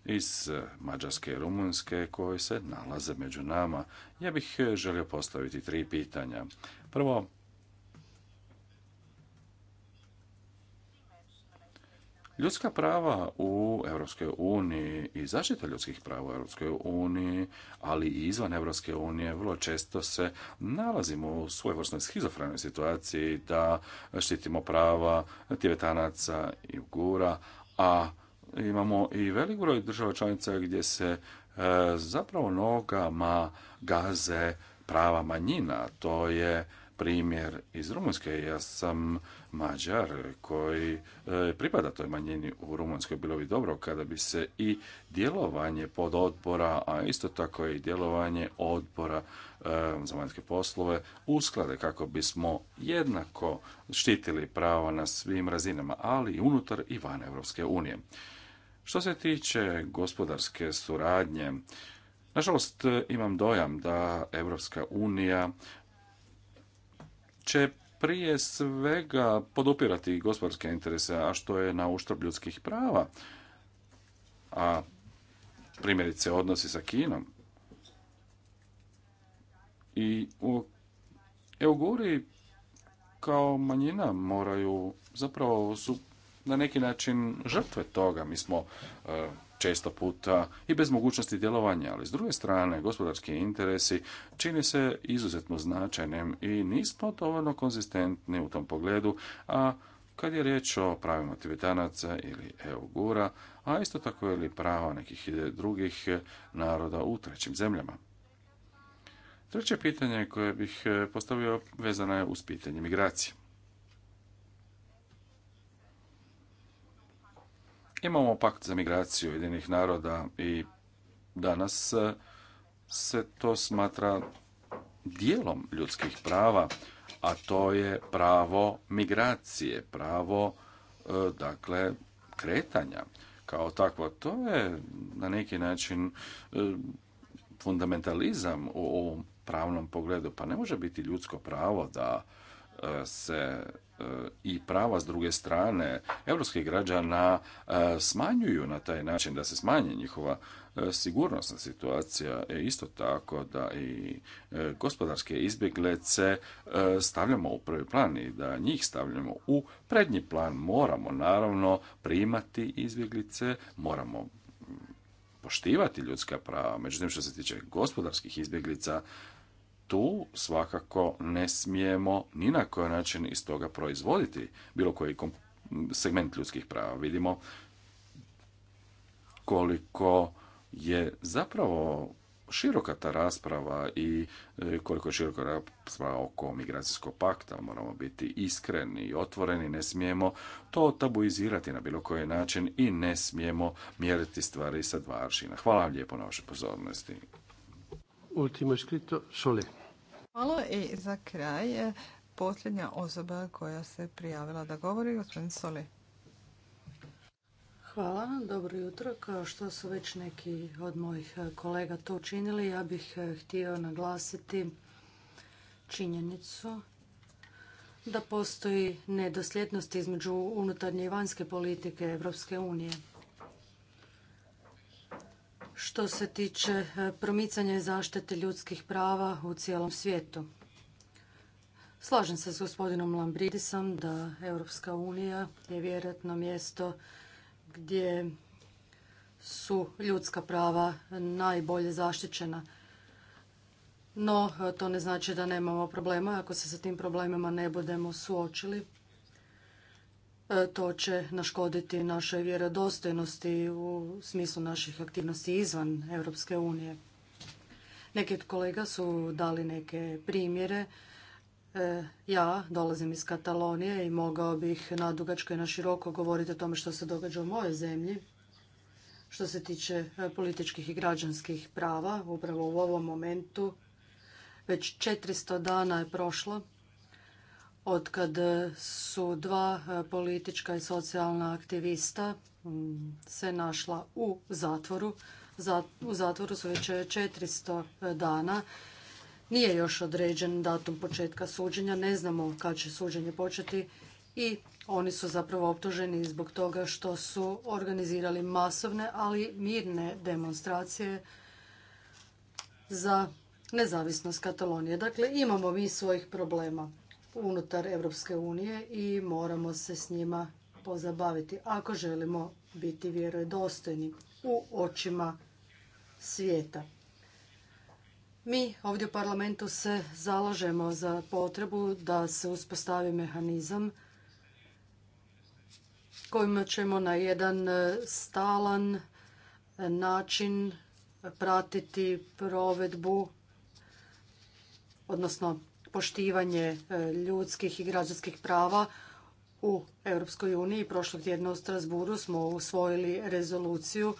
iz Mađarske i Rumunjske koji se nalaze među nama. Ja bih želio postaviti tri pitanja. Prvo, Ljudska prava u Europskoj uniji i zaštita ljudskih prava u Europskoj uniji, ali i izvan Europske unije, vrlo često se nalazimo u svojevrsnoj schizofrenoj situaciji da štitimo prava tibetanaca i gura, a imamo i velik broj država članica gdje se e, zapravo nogama gaze prava manjina. To je primjer iz Rumunjske. Ja sam mađar koji e, pripada toj manjini u Rumunjskoj. Bilo bi dobro kada bi se i djelovanje pod odbora, a isto tako i djelovanje odbora e, za vanjske poslove usklade kako bismo jednako štitili prava na svim razinama, ali i unutar i van Europske unije. Što se tiče gospodarske suradnje, Nažalost, imam dojam da Europska unija će prije svega podupirati gospodarske interese, a što je na uštrb ljudskih prava, a primjerice odnosi sa Kinom. I u Euguri kao manjina moraju zapravo su na neki način žrtve toga. Mi smo e, često puta i bez mogućnosti djelovanja, ali s druge strane gospodarski interesi čini se izuzetno značajnim i nismo dovoljno konzistentni u tom pogledu, a kad je riječ o pravima tibetanaca ili EU-gura, a isto tako ili prava nekih drugih naroda u trećim zemljama. Treće pitanje koje bih postavio vezano je uz pitanje migracije. Imamo pakt za migraciju jedinih naroda i danas e, se to smatra dijelom ljudskih prava, a to je pravo migracije, pravo e, dakle kretanja kao takvo. To je na neki način e, fundamentalizam u ovom pravnom pogledu. Pa ne može biti ljudsko pravo da se e, i prava s druge strane evropskih građana e, smanjuju na taj način da se smanje njihova e, sigurnosna situacija je isto tako da i gospodarske izbjeglice stavljamo u prvi plan i da njih stavljamo u prednji plan. Moramo naravno primati izbjeglice, moramo poštivati ljudska prava. Međutim, što se tiče gospodarskih izbjeglica, tu svakako ne smijemo ni na koji način iz toga proizvoditi bilo koji segment ljudskih prava. Vidimo koliko je zapravo široka ta rasprava i e, koliko je široka rasprava oko migracijskog pakta. Moramo biti iskreni i otvoreni, ne smijemo to tabuizirati na bilo koji način i ne smijemo mjeriti stvari sa dva aršina. Hvala vam lijepo na vašoj pozornosti. Ultimo Sole. Hvala i za kraj posljednja osoba koja se prijavila da govori, gospodin Soli. Hvala, dobro jutro. Kao što su već neki od mojih kolega to učinili, ja bih eh, htio naglasiti činjenicu da postoji nedosljednost između unutarnje i vanjske politike Europske unije što se tiče e, promicanja i zaštite ljudskih prava u cijelom svijetu. Slažem se s gospodinom Lambridisom da Europska unija je vjerojatno mjesto gdje su ljudska prava najbolje zaštićena. No, to ne znači da nemamo problema ako se sa tim problemima ne budemo suočili E, to će naškoditi našoj vjerodostojnosti u smislu naših aktivnosti izvan Europske unije. Neki od kolega su dali neke primjere. E, ja dolazim iz Katalonije i mogao bih dugačko i na široko govoriti o tome što se događa u mojoj zemlji što se tiče e, političkih i građanskih prava upravo u ovom momentu. Već 400 dana je prošlo otkad su dva e, politička i socijalna aktivista se našla u zatvoru. U zatvoru su već 400 e, e, dana. Nije još određen datum početka suđenja, ne znamo kad će suđenje početi i oni su zapravo optuženi zbog toga što su organizirali masovne, ali mirne demonstracije za nezavisnost Katalonije. Dakle, imamo mi svojih problema unutar Europske unije i moramo se s njima pozabaviti ako želimo biti vjerodostojni u očima svijeta. Mi ovdje u parlamentu se zalažemo za potrebu da se uspostavi mehanizam kojima ćemo na jedan e, stalan e, način pratiti provedbu, odnosno poštivanje e, ljudskih i građanskih prava u Europskoj uniji. Prošlog tjedna u Strasburu smo usvojili rezoluciju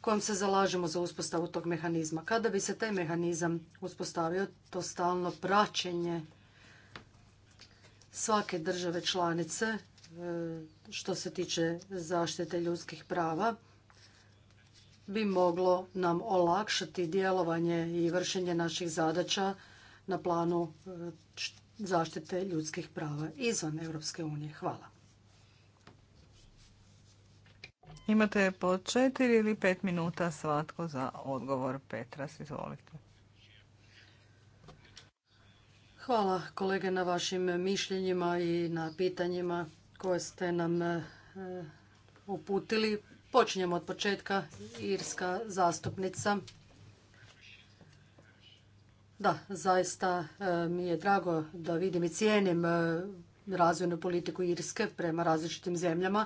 kojom se zalažemo za uspostavu tog mehanizma. Kada bi se taj mehanizam uspostavio, to stalno praćenje svake države članice e, što se tiče zaštite ljudskih prava bi moglo nam olakšati djelovanje i vršenje naših zadaća na planu e, zaštite ljudskih prava izvan Europske unije. Hvala. Imate po četiri ili pet minuta svatko za odgovor. Petras, izvolite. Hvala kolege na vašim mišljenjima i na pitanjima koje ste nam e, uputili. Počinjemo od početka. Irska zastupnica da, zaista e, mi je drago da vidim i cijenim e, razvojnu politiku Irske prema različitim zemljama,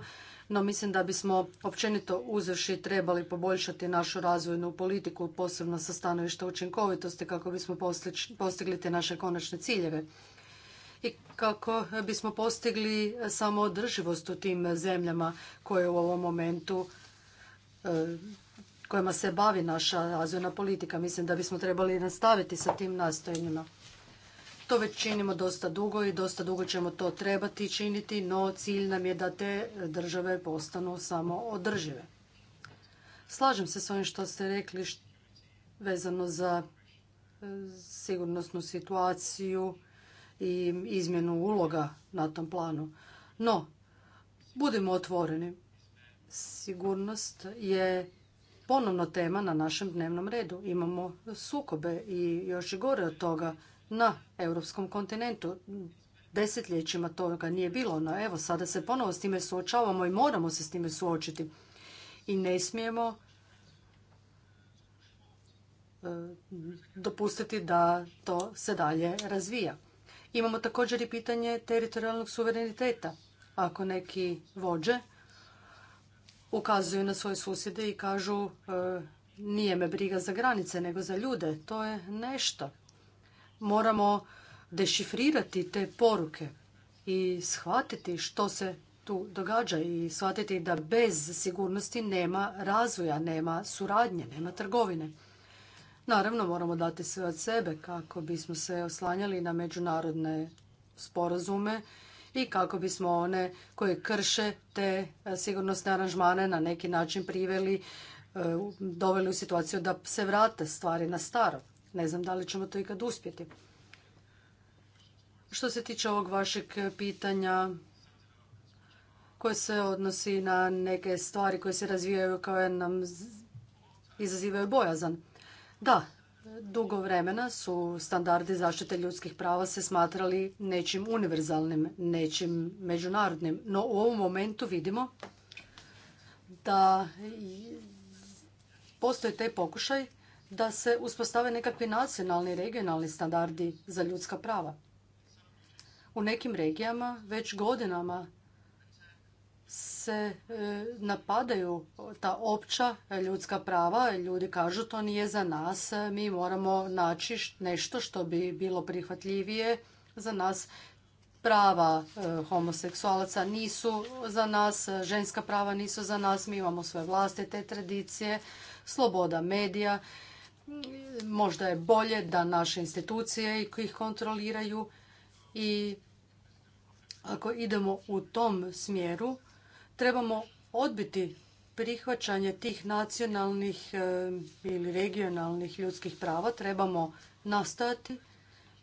no mislim da bismo općenito uzvrši trebali poboljšati našu razvojnu politiku, posebno sa stanovišta učinkovitosti kako bismo postigli te naše konačne ciljeve i kako bismo postigli samoodrživost u tim zemljama koje u ovom momentu e, kojima se bavi naša razvojna politika. Mislim da bismo trebali nastaviti sa tim nastojanjima. To već činimo dosta dugo i dosta dugo ćemo to trebati činiti, no cilj nam je da te države postanu samo održive. Slažem se s ovim što ste rekli vezano za e, sigurnosnu situaciju i izmjenu uloga na tom planu. No, budimo otvoreni. Sigurnost je ponovno tema na našem dnevnom redu. Imamo sukobe i još i gore od toga na europskom kontinentu. Desetljećima toga nije bilo, no evo sada se ponovo s time suočavamo i moramo se s time suočiti. I ne smijemo e, dopustiti da to se dalje razvija. Imamo također i pitanje teritorijalnog suvereniteta. Ako neki vođe ukazuju na svoje susjede i kažu e, nije me briga za granice nego za ljude. To je nešto. Moramo dešifrirati te poruke i shvatiti što se tu događa i shvatiti da bez sigurnosti nema razvoja, nema suradnje, nema trgovine. Naravno, moramo dati sve od sebe kako bismo se oslanjali na međunarodne sporazume i kako bismo one koje krše te e, sigurnosne aranžmane na neki način priveli, e, doveli u situaciju da se vrate stvari na staro. Ne znam da li ćemo to ikad uspjeti. Što se tiče ovog vašeg pitanja koje se odnosi na neke stvari koje se razvijaju koje nam izazivaju bojazan. Da, Dugo vremena su standardi zaštite ljudskih prava se smatrali nečim univerzalnim, nečim međunarodnim. No u ovom momentu vidimo da postoji taj pokušaj da se uspostave nekakvi nacionalni i regionalni standardi za ljudska prava. U nekim regijama već godinama se e, napadaju ta opća ljudska prava. Ljudi kažu to nije za nas, mi moramo naći nešto što bi bilo prihvatljivije za nas. Prava e, homoseksualaca nisu za nas, ženska prava nisu za nas, mi imamo svoje vlastite tradicije, sloboda medija. Možda je bolje da naše institucije ih kontroliraju i ako idemo u tom smjeru, trebamo odbiti prihvaćanje tih nacionalnih e, ili regionalnih ljudskih prava. Trebamo nastojati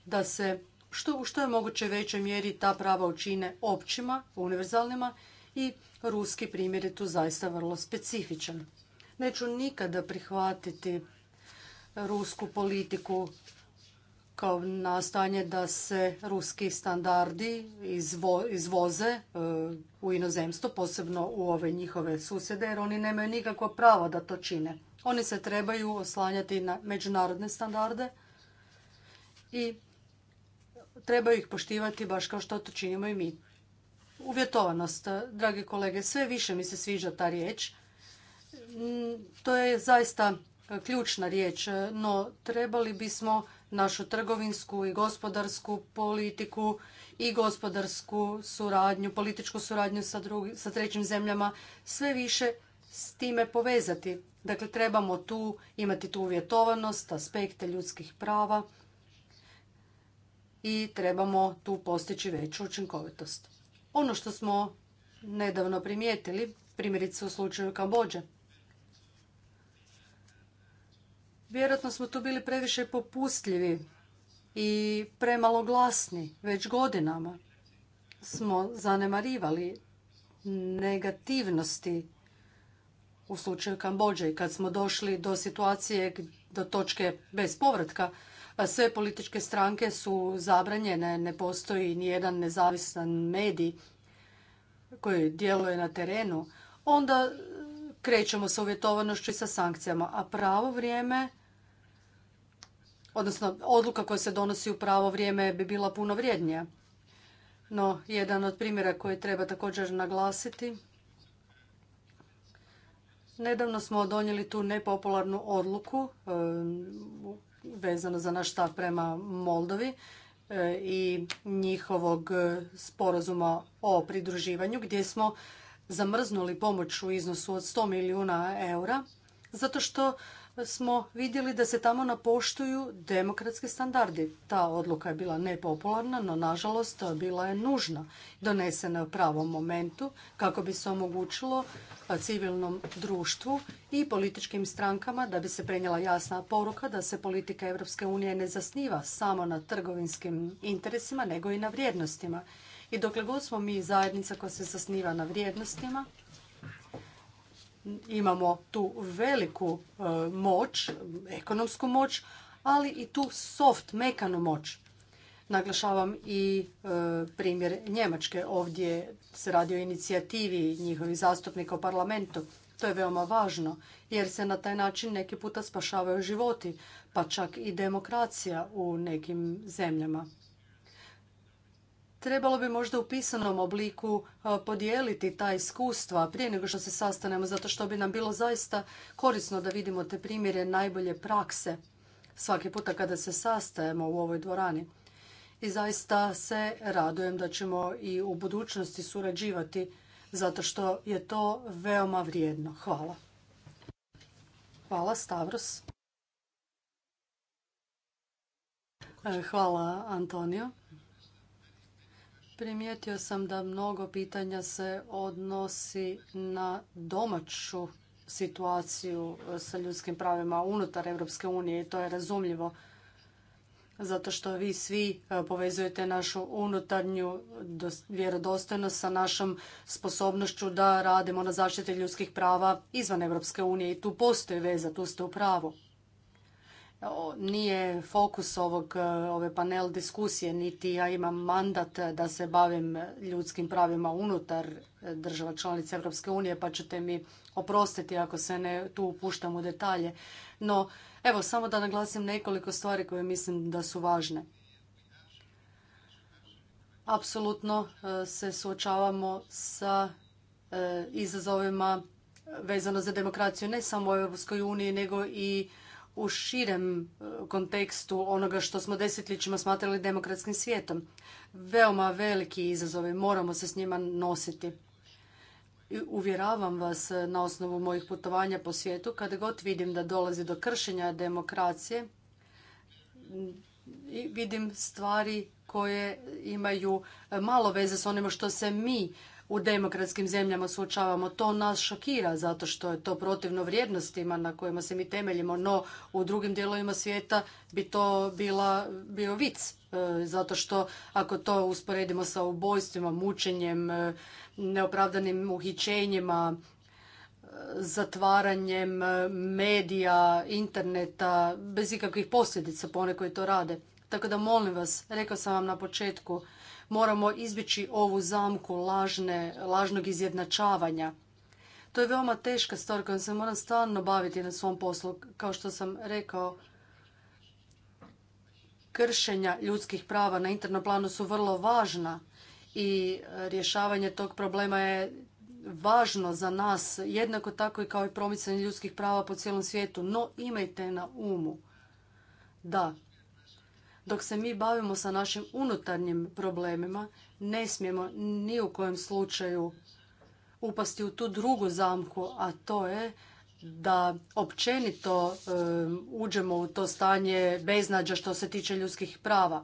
da se što, u što je moguće većoj mjeri ta prava učine općima, univerzalnima i ruski primjer je tu zaista vrlo specifičan. Neću nikada prihvatiti rusku politiku kao stanje da se ruski standardi izvoze e, u inozemstvo, posebno u ove njihove susjede, jer oni nemaju nikakvo pravo da to čine. Oni se trebaju oslanjati na međunarodne standarde i trebaju ih poštivati baš kao što to činimo i mi. Uvjetovanost, dragi kolege, sve više mi se sviđa ta riječ. Mm, to je zaista ključna riječ, no trebali bismo našu trgovinsku i gospodarsku politiku i gospodarsku suradnju, političku suradnju sa, sa trećim zemljama sve više s time povezati. Dakle, trebamo tu imati tu uvjetovanost, aspekte ljudskih prava i trebamo tu postići veću učinkovitost. Ono što smo nedavno primijetili, primjerice u slučaju Kambođe, Vjerojatno smo tu bili previše popustljivi i premalo glasni. Već godinama smo zanemarivali negativnosti u slučaju Kambođe i kad smo došli do situacije, do točke bez povratka, sve političke stranke su zabranjene, ne postoji nijedan nezavisan medij koji djeluje na terenu, onda krećemo sa uvjetovanošću i sa sankcijama. A pravo vrijeme odnosno odluka koja se donosi u pravo vrijeme bi bila puno vrijednija. No, jedan od primjera koji treba također naglasiti. Nedavno smo donijeli tu nepopularnu odluku e, vezano za naš stav prema Moldovi e, i njihovog sporazuma o pridruživanju gdje smo zamrznuli pomoć u iznosu od 100 milijuna eura zato što smo vidjeli da se tamo napoštuju demokratski standardi. Ta odluka je bila nepopularna, no nažalost bila je nužna. Donesena u pravom momentu kako bi se omogućilo civilnom društvu i političkim strankama da bi se prenijela jasna poruka da se politika Europske unije ne zasniva samo na trgovinskim interesima nego i na vrijednostima. I dokle god smo mi zajednica koja se zasniva na vrijednostima, imamo tu veliku e, moć, ekonomsku moć, ali i tu soft, mekanu moć. Naglašavam i e, primjer Njemačke. Ovdje se radi o inicijativi njihovih zastupnika u parlamentu. To je veoma važno jer se na taj način neki puta spašavaju životi, pa čak i demokracija u nekim zemljama. Trebalo bi možda u pisanom obliku e, podijeliti ta iskustva prije nego što se sastanemo, zato što bi nam bilo zaista korisno da vidimo te primjere najbolje prakse svaki puta kada se sastajemo u ovoj dvorani. I zaista se radujem da ćemo i u budućnosti surađivati, zato što je to veoma vrijedno. Hvala. Hvala, Stavros. E, hvala, Antonio. Primijetio sam da mnogo pitanja se odnosi na domaću situaciju sa ljudskim pravima unutar Europske unije i to je razumljivo zato što vi svi e, povezujete našu unutarnju vjerodostojnost sa našom sposobnošću da radimo na zaštiti ljudskih prava izvan Europske unije i tu postoji veza, tu ste u pravu nije fokus ovog, e, ove panel diskusije, niti ja imam mandat da se bavim ljudskim pravima unutar država članica Europske unije, pa ćete mi oprostiti ako se ne tu upuštam u detalje. No, evo, samo da naglasim nekoliko stvari koje mislim da su važne. Apsolutno e, se suočavamo sa e, izazovima vezano za demokraciju ne samo u Europskoj uniji, nego i u širem e, kontekstu onoga što smo desetljećima smatrali demokratskim svijetom. Veoma veliki izazovi, moramo se s njima nositi. I uvjeravam vas na osnovu mojih putovanja po svijetu, kada god vidim da dolazi do kršenja demokracije, i vidim stvari koje imaju e, malo veze s onima što se mi u demokratskim zemljama suočavamo. To nas šokira zato što je to protivno vrijednostima na kojima se mi temeljimo, no u drugim dijelovima svijeta bi to bila, bio vic. E, zato što ako to usporedimo sa ubojstvima, mučenjem, e, neopravdanim uhićenjima, e, zatvaranjem medija, interneta, bez ikakvih posljedica po one koji to rade. Tako da molim vas, rekao sam vam na početku, moramo izbjeći ovu zamku lažne, lažnog izjednačavanja. To je veoma teška stvar kojom se moram stalno baviti na svom poslu. Kao što sam rekao, kršenja ljudskih prava na internom planu su vrlo važna i rješavanje tog problema je važno za nas, jednako tako i kao i promicanje ljudskih prava po cijelom svijetu. No imajte na umu da dok se mi bavimo sa našim unutarnjim problemima, ne smijemo ni u kojem slučaju upasti u tu drugu zamku, a to je da općenito uđemo u to stanje beznađa što se tiče ljudskih prava.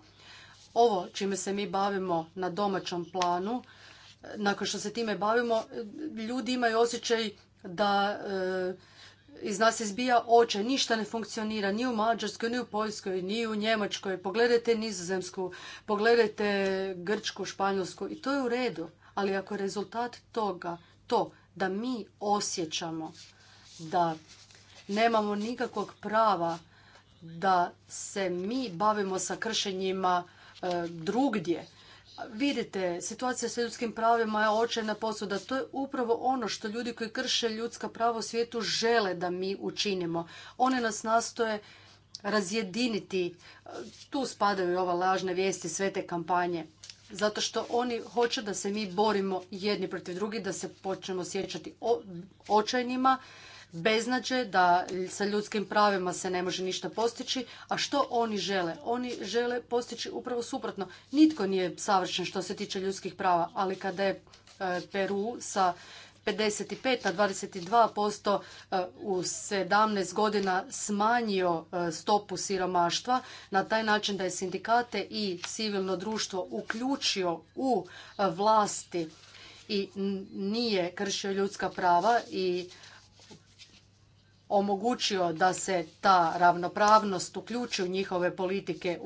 Ovo čime se mi bavimo na domaćem planu, nakon što se time bavimo, ljudi imaju osjećaj da iz nas izbija oče, ništa ne funkcionira, ni u Mađarskoj, ni u Poljskoj, ni u Njemačkoj. Pogledajte Nizozemsku, pogledajte Grčku, Španjolsku i to je u redu. Ali ako je rezultat toga to da mi osjećamo da nemamo nikakvog prava da se mi bavimo sa kršenjima e, drugdje, Vidite, situacija sa ljudskim pravima je očajna posuda. To je upravo ono što ljudi koji krše ljudska prava u svijetu žele da mi učinimo. One nas nastoje razjediniti. Tu spadaju ova lažne vijesti, sve te kampanje. Zato što oni hoće da se mi borimo jedni protiv drugih, da se počnemo sjećati očajnima, beznađe, da sa ljudskim pravima se ne može ništa postići. A što oni žele? Oni žele postići upravo suprotno. Nitko nije savršen što se tiče ljudskih prava, ali kada je e, Peru sa 55 na 22% e, u 17 godina smanjio e, stopu siromaštva na taj način da je sindikate i civilno društvo uključio u vlasti i nije kršio ljudska prava i omogućio da se ta ravnopravnost uključi u njihove politike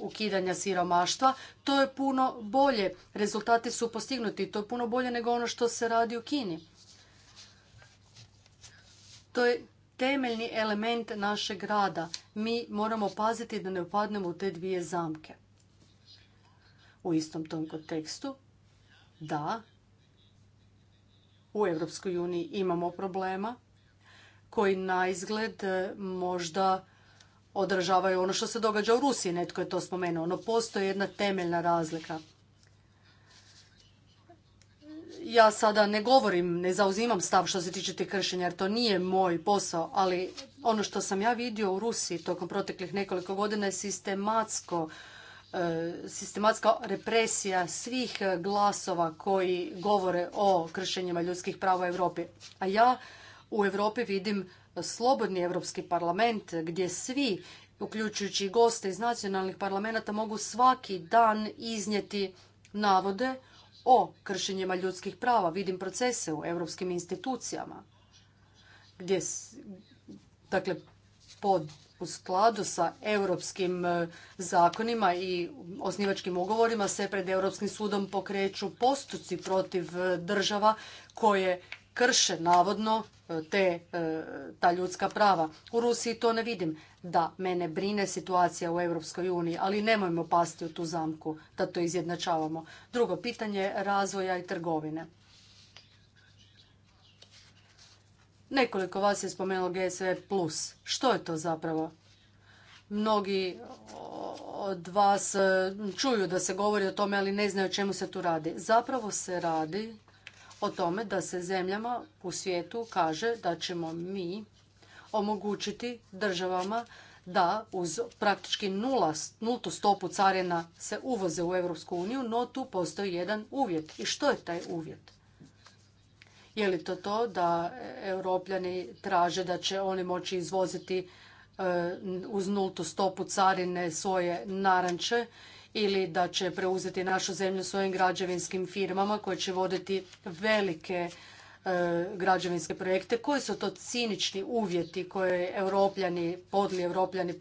ukidanja siromaštva, to je puno bolje. Rezultati su postignuti. To je puno bolje nego ono što se radi u Kini. To je temeljni element našeg rada. Mi moramo paziti da ne upadnemo u te dvije zamke. U istom tom kontekstu, da, u EU uniji imamo problema, koji na izgled e, možda odražavaju ono što se događa u Rusiji, netko je to spomenuo. No postoji jedna temeljna razlika. Ja sada ne govorim, ne zauzimam stav što se tiče tih kršenja, jer to nije moj posao, ali ono što sam ja vidio u Rusiji tokom proteklih nekoliko godina je sistematsko e, sistematska represija svih glasova koji govore o kršenjima ljudskih prava u Europi. A ja u Europi vidim slobodni Europski parlament gdje svi uključujući i goste iz nacionalnih parlamenta mogu svaki dan iznijeti navode o kršenjima ljudskih prava. Vidim procese u europskim institucijama gdje dakle pod u skladu sa europskim e, zakonima i osnivačkim ugovorima se pred Europskim sudom pokreću postupci protiv e, država koje krše navodno e, te, e, ta ljudska prava. U Rusiji to ne vidim. Da, mene brine situacija u Europskoj uniji, ali nemojmo pasti u tu zamku da to izjednačavamo. Drugo pitanje razvoja i trgovine. Nekoliko vas je spomenulo GSV+. E Što je to zapravo? mnogi od vas čuju da se govori o tome, ali ne znaju o čemu se tu radi. Zapravo se radi o tome da se zemljama u svijetu kaže da ćemo mi omogućiti državama da uz praktički nultu stopu carina se uvoze u Europsku uniju, no tu postoji jedan uvjet. I što je taj uvjet? Je li to to da europljani traže da će oni moći izvoziti e, uz nultu stopu carine svoje naranče ili da će preuzeti našu zemlju svojim građevinskim firmama koje će voditi velike e, građevinske projekte. Koji su to cinični uvjeti koje europljani, podli europljani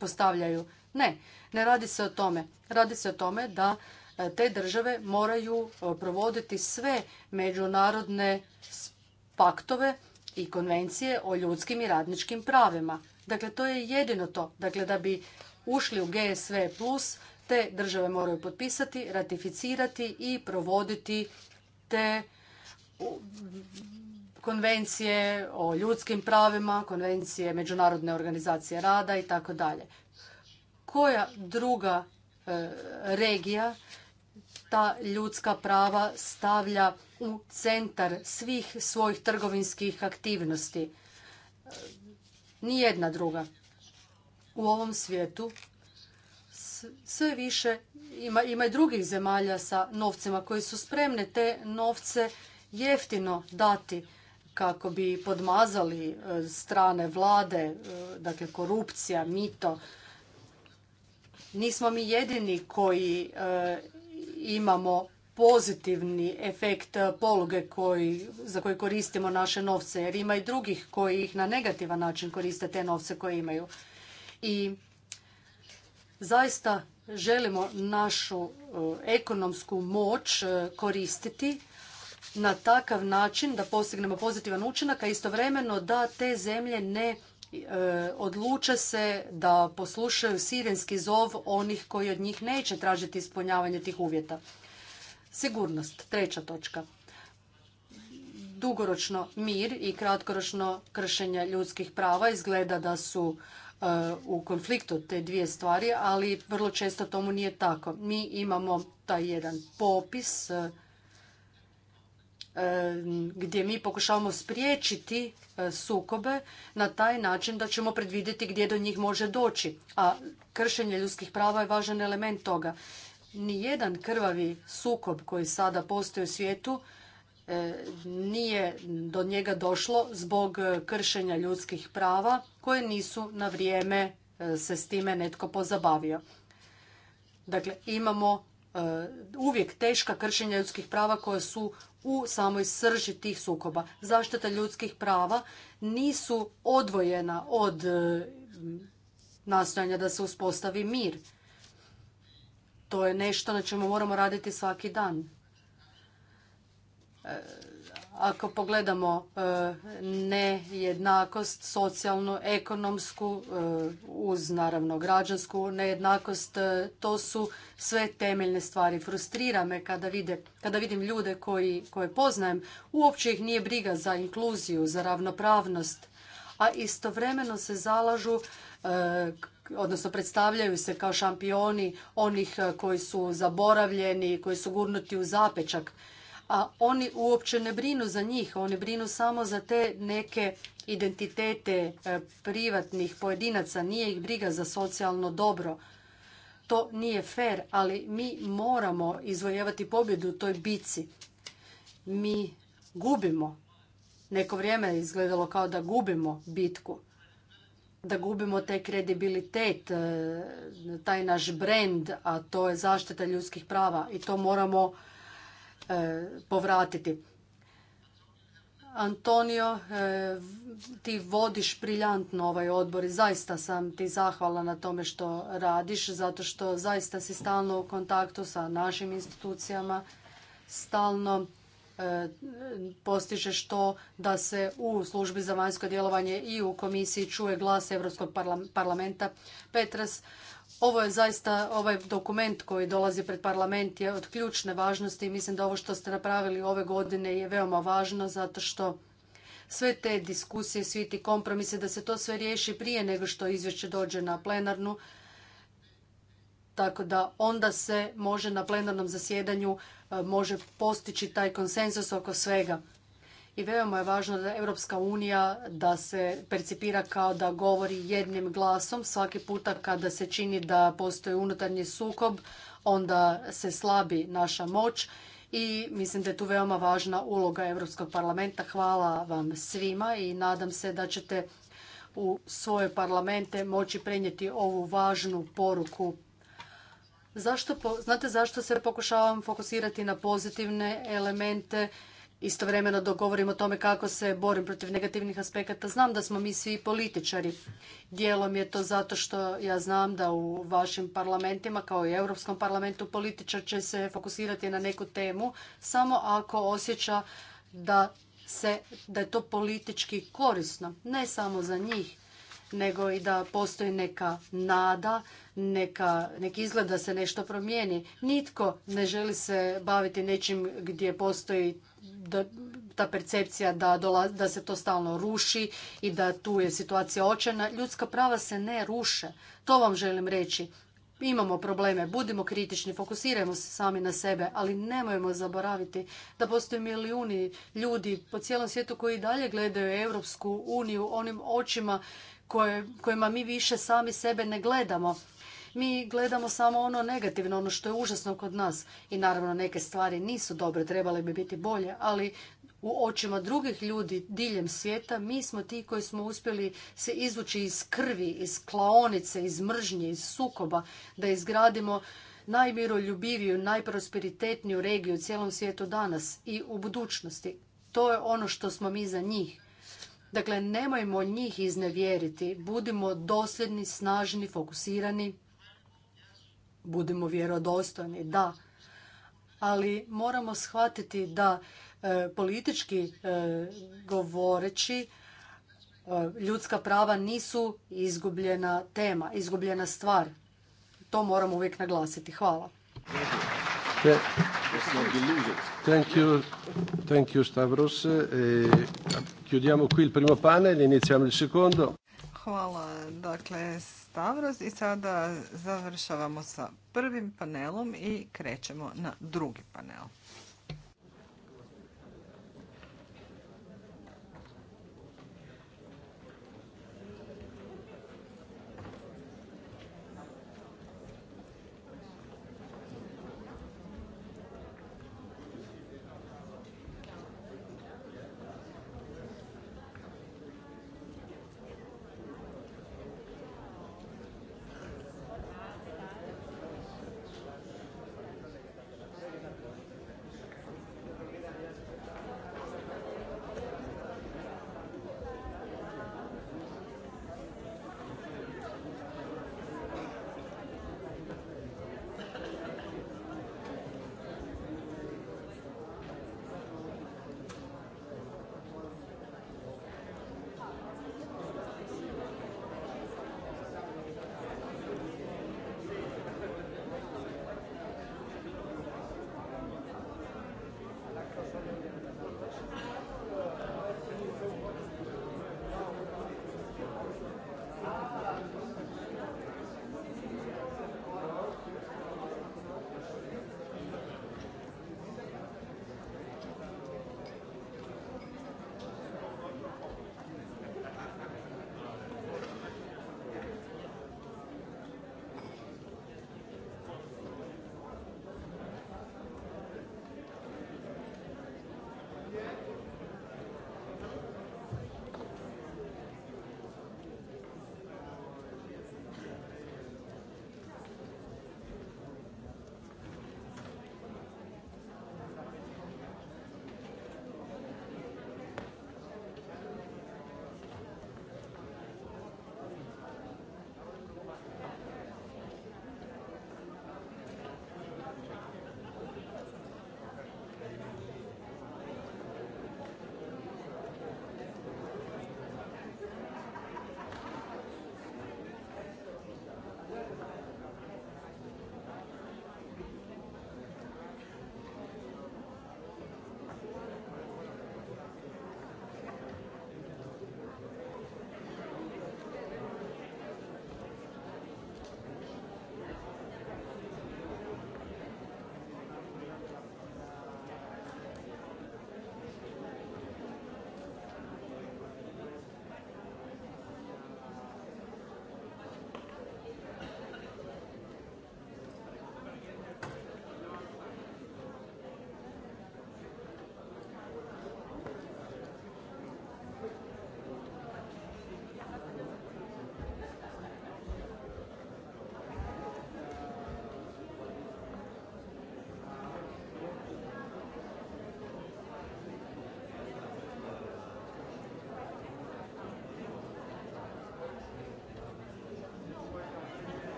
postavljaju? Ne, ne radi se o tome. Radi se o tome da e, te države moraju e, provoditi sve međunarodne paktove i konvencije o ljudskim i radničkim pravima. Dakle, to je jedino to. Dakle, da bi ušli u GSV+, te države moraju potpisati, ratificirati i provoditi te konvencije o ljudskim pravima, konvencije Međunarodne organizacije rada i tako dalje. Koja druga e, regija ta ljudska prava stavlja u centar svih svojih trgovinskih aktivnosti? E, nijedna druga. U ovom svijetu sve više ima, ima i drugih zemalja sa novcima koji su spremne te novce jeftino dati kako bi podmazali e, strane vlade, e, dakle korupcija, mito. Nismo mi jedini koji e, imamo pozitivni efekt poluge za koje koristimo naše novce, jer ima i drugih koji ih na negativan način koriste te novce koje imaju. I zaista želimo našu e, ekonomsku moć e, koristiti na takav način da postignemo pozitivan učinak, a istovremeno da te zemlje ne e, odluče se da poslušaju sirenski zov onih koji od njih neće tražiti ispunjavanje tih uvjeta. Sigurnost, treća točka. Dugoročno mir i kratkoročno kršenje ljudskih prava izgleda da su E, u konfliktu te dvije stvari, ali vrlo često tomu nije tako. Mi imamo taj jedan popis e, e, gdje mi pokušavamo spriječiti sukobe na taj način da ćemo predvidjeti gdje do njih može doći. A kršenje ljudskih prava je važan element toga. Nijedan krvavi sukob koji sada postoji u svijetu E, nije do njega došlo zbog e, kršenja ljudskih prava koje nisu na vrijeme e, se s time netko pozabavio. Dakle, imamo uvijek teška kršenja ljudskih prava koja su u samoj srži tih sukoba. Zaštita ljudskih prava nisu odvojena od nastojanja da se uspostavi mir. To je nešto na čemu moramo raditi svaki dan. E, ako pogledamo e, nejednakost socijalnu, ekonomsku, e, uz naravno građansku nejednakost, to su sve temeljne stvari. Frustrira me kada, vide, kada vidim ljude koji, koje poznajem, uopće ih nije briga za inkluziju, za ravnopravnost, a istovremeno se zalažu odnosno predstavljaju se kao šampioni onih koji su zaboravljeni, koji su gurnuti u zapečak a oni uopće ne brinu za njih, oni brinu samo za te neke identitete e, privatnih pojedinaca, nije ih briga za socijalno dobro. To nije fair, ali mi moramo izvojevati pobjedu u toj bici. Mi gubimo. Neko vrijeme je izgledalo kao da gubimo bitku. Da gubimo taj kredibilitet, e, taj naš brand, a to je zaštita ljudskih prava. I to moramo E, povratiti. Antonio, e, ti vodiš briljantno ovaj odbor i zaista sam ti zahvala na tome što radiš, zato što zaista si stalno u kontaktu sa našim institucijama, stalno e, postižeš to da se u službi za vanjsko djelovanje i u komisiji čuje glas Europskog parlamenta. Petras, ovo je zaista, ovaj dokument koji dolazi pred parlament je od ključne važnosti i mislim da ovo što ste napravili ove godine je veoma važno zato što sve te diskusije, svi ti kompromise, da se to sve riješi prije nego što izvješće dođe na plenarnu, tako da onda se može na plenarnom zasjedanju e, može postići taj konsenzus oko svega i veoma je važno da Europska unija da se percipira kao da govori jednim glasom svaki puta kada se čini da postoji unutarnji sukob, onda se slabi naša moć i mislim da je tu veoma važna uloga Europskog parlamenta. Hvala vam svima i nadam se da ćete u svoje parlamente moći prenijeti ovu važnu poruku. Zašto, znate zašto se pokušavam fokusirati na pozitivne elemente istovremeno govorim o tome kako se borim protiv negativnih aspekata. Znam da smo mi svi političari. Dijelom je to zato što ja znam da u vašim parlamentima, kao i Europskom parlamentu, političar će se fokusirati na neku temu samo ako osjeća da, se, da je to politički korisno. Ne samo za njih, nego i da postoji neka nada, neka, neki izgled da se nešto promijeni. Nitko ne želi se baviti nečim gdje postoji ta percepcija da, da se to stalno ruši i da tu je situacija očena. Ljudska prava se ne ruše. To vam želim reći. Imamo probleme, budimo kritični, fokusirajmo se sami na sebe, ali nemojmo zaboraviti da postoje milijuni ljudi po cijelom svijetu koji dalje gledaju Europsku uniju onim očima koje, kojima mi više sami sebe ne gledamo. Mi gledamo samo ono negativno, ono što je užasno kod nas. I naravno neke stvari nisu dobre, trebale bi biti bolje, ali u očima drugih ljudi diljem svijeta mi smo ti koji smo uspjeli se izvući iz krvi, iz klaonice, iz mržnje, iz sukoba, da izgradimo najmiroljubiviju, najprosperitetniju regiju u cijelom svijetu danas i u budućnosti. To je ono što smo mi za njih. Dakle, nemojmo njih iznevjeriti. Budimo dosljedni, snažni, fokusirani budemo vjerodostojni, da. Ali moramo shvatiti da e, politički e, govoreći e, ljudska prava nisu izgubljena tema, izgubljena stvar. To moramo uvijek naglasiti. Hvala. Thank you. Thank you Stavros. Chiudiamo qui il primo panel, iniziamo il secondo. Hvala. Dakle, Stavros i sada završavamo sa prvim panelom i krećemo na drugi panel.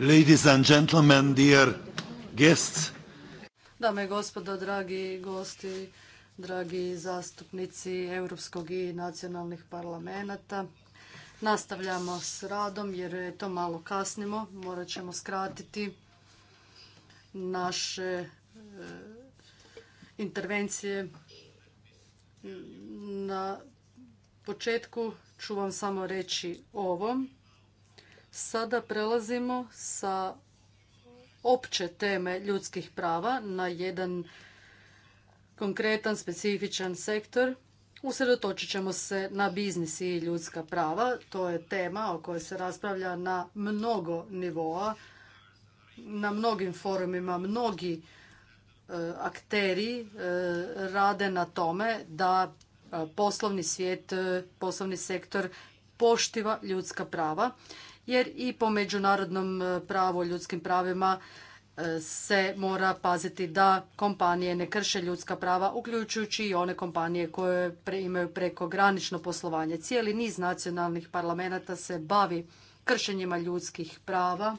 Ladies and gentlemen, dear guests. Dame i gospodo, dragi gosti, dragi zastupnici Europskog i nacionalnih parlamenta. Nastavljamo s radom jer je to malo kasnimo. Morat ćemo skratiti naše e, intervencije na početku ću vam samo reći ovo. Sada prelazimo sa opće teme ljudskih prava na jedan konkretan, specifičan sektor. Usredotočit ćemo se na biznis i ljudska prava. To je tema o kojoj se raspravlja na mnogo nivoa, na mnogim forumima, mnogi e, akteri e, rade na tome da e, poslovni svijet, poslovni sektor poštiva ljudska prava jer i po međunarodnom e, pravu o ljudskim pravima e, se mora paziti da kompanije ne krše ljudska prava, uključujući i one kompanije koje imaju prekogranično poslovanje. Cijeli niz nacionalnih parlamenta se bavi kršenjima ljudskih prava,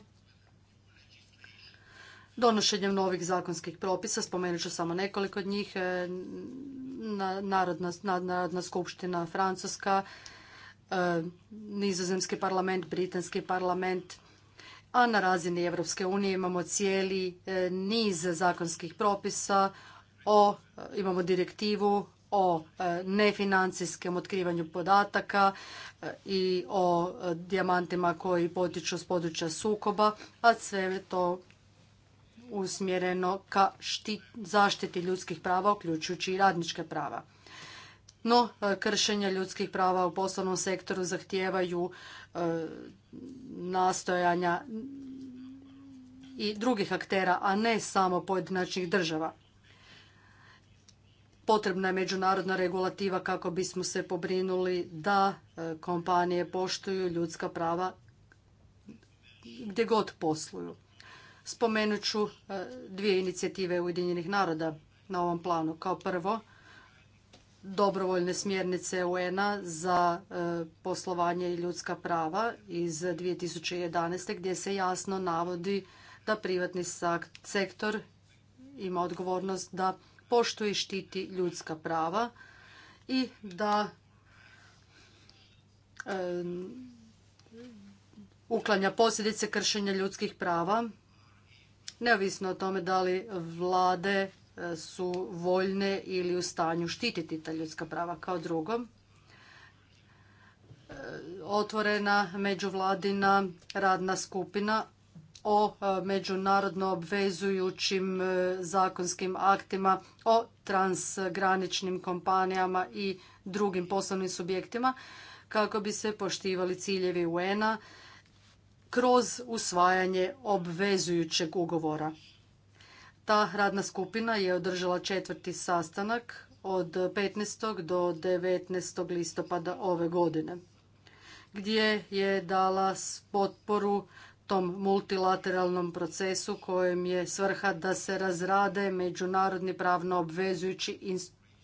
donošenjem novih zakonskih propisa, spomenut ću samo nekoliko od njih, e, Narodna skupština Francuska, nizozemski parlament, britanski parlament, a na razini Europske unije imamo cijeli e, niz zakonskih propisa o, e, imamo direktivu o e, nefinancijskom otkrivanju podataka i o dijamantima koji potiču s područja sukoba, a sve je to usmjereno ka zaštiti ljudskih prava, uključujući i radnička prava no e, kršenja ljudskih prava u poslovnom sektoru zahtijevaju e, nastojanja i drugih aktera, a ne samo pojedinačnih država. Potrebna je međunarodna regulativa kako bismo se pobrinuli da e, kompanije poštuju ljudska prava gdje god posluju. Spomenut ću dvije inicijative Ujedinjenih naroda na ovom planu. Kao prvo, dobrovoljne smjernice UN-a za e, poslovanje i ljudska prava iz 2011. gdje se jasno navodi da privatni sektor ima odgovornost da poštuje i štiti ljudska prava i da e, uklanja posljedice kršenja ljudskih prava neovisno o tome da li vlade su voljne ili u stanju štititi ta ljudska prava kao drugo. E, otvorena međuvladina radna skupina o e, međunarodno obvezujućim e, zakonskim aktima, o transgraničnim kompanijama i drugim poslovnim subjektima kako bi se poštivali ciljevi UN-a kroz usvajanje obvezujućeg ugovora ta radna skupina je održala četvrti sastanak od 15. do 19. listopada ove godine gdje je dala potporu tom multilateralnom procesu kojem je svrha da se razrade međunarodni pravno obvezujući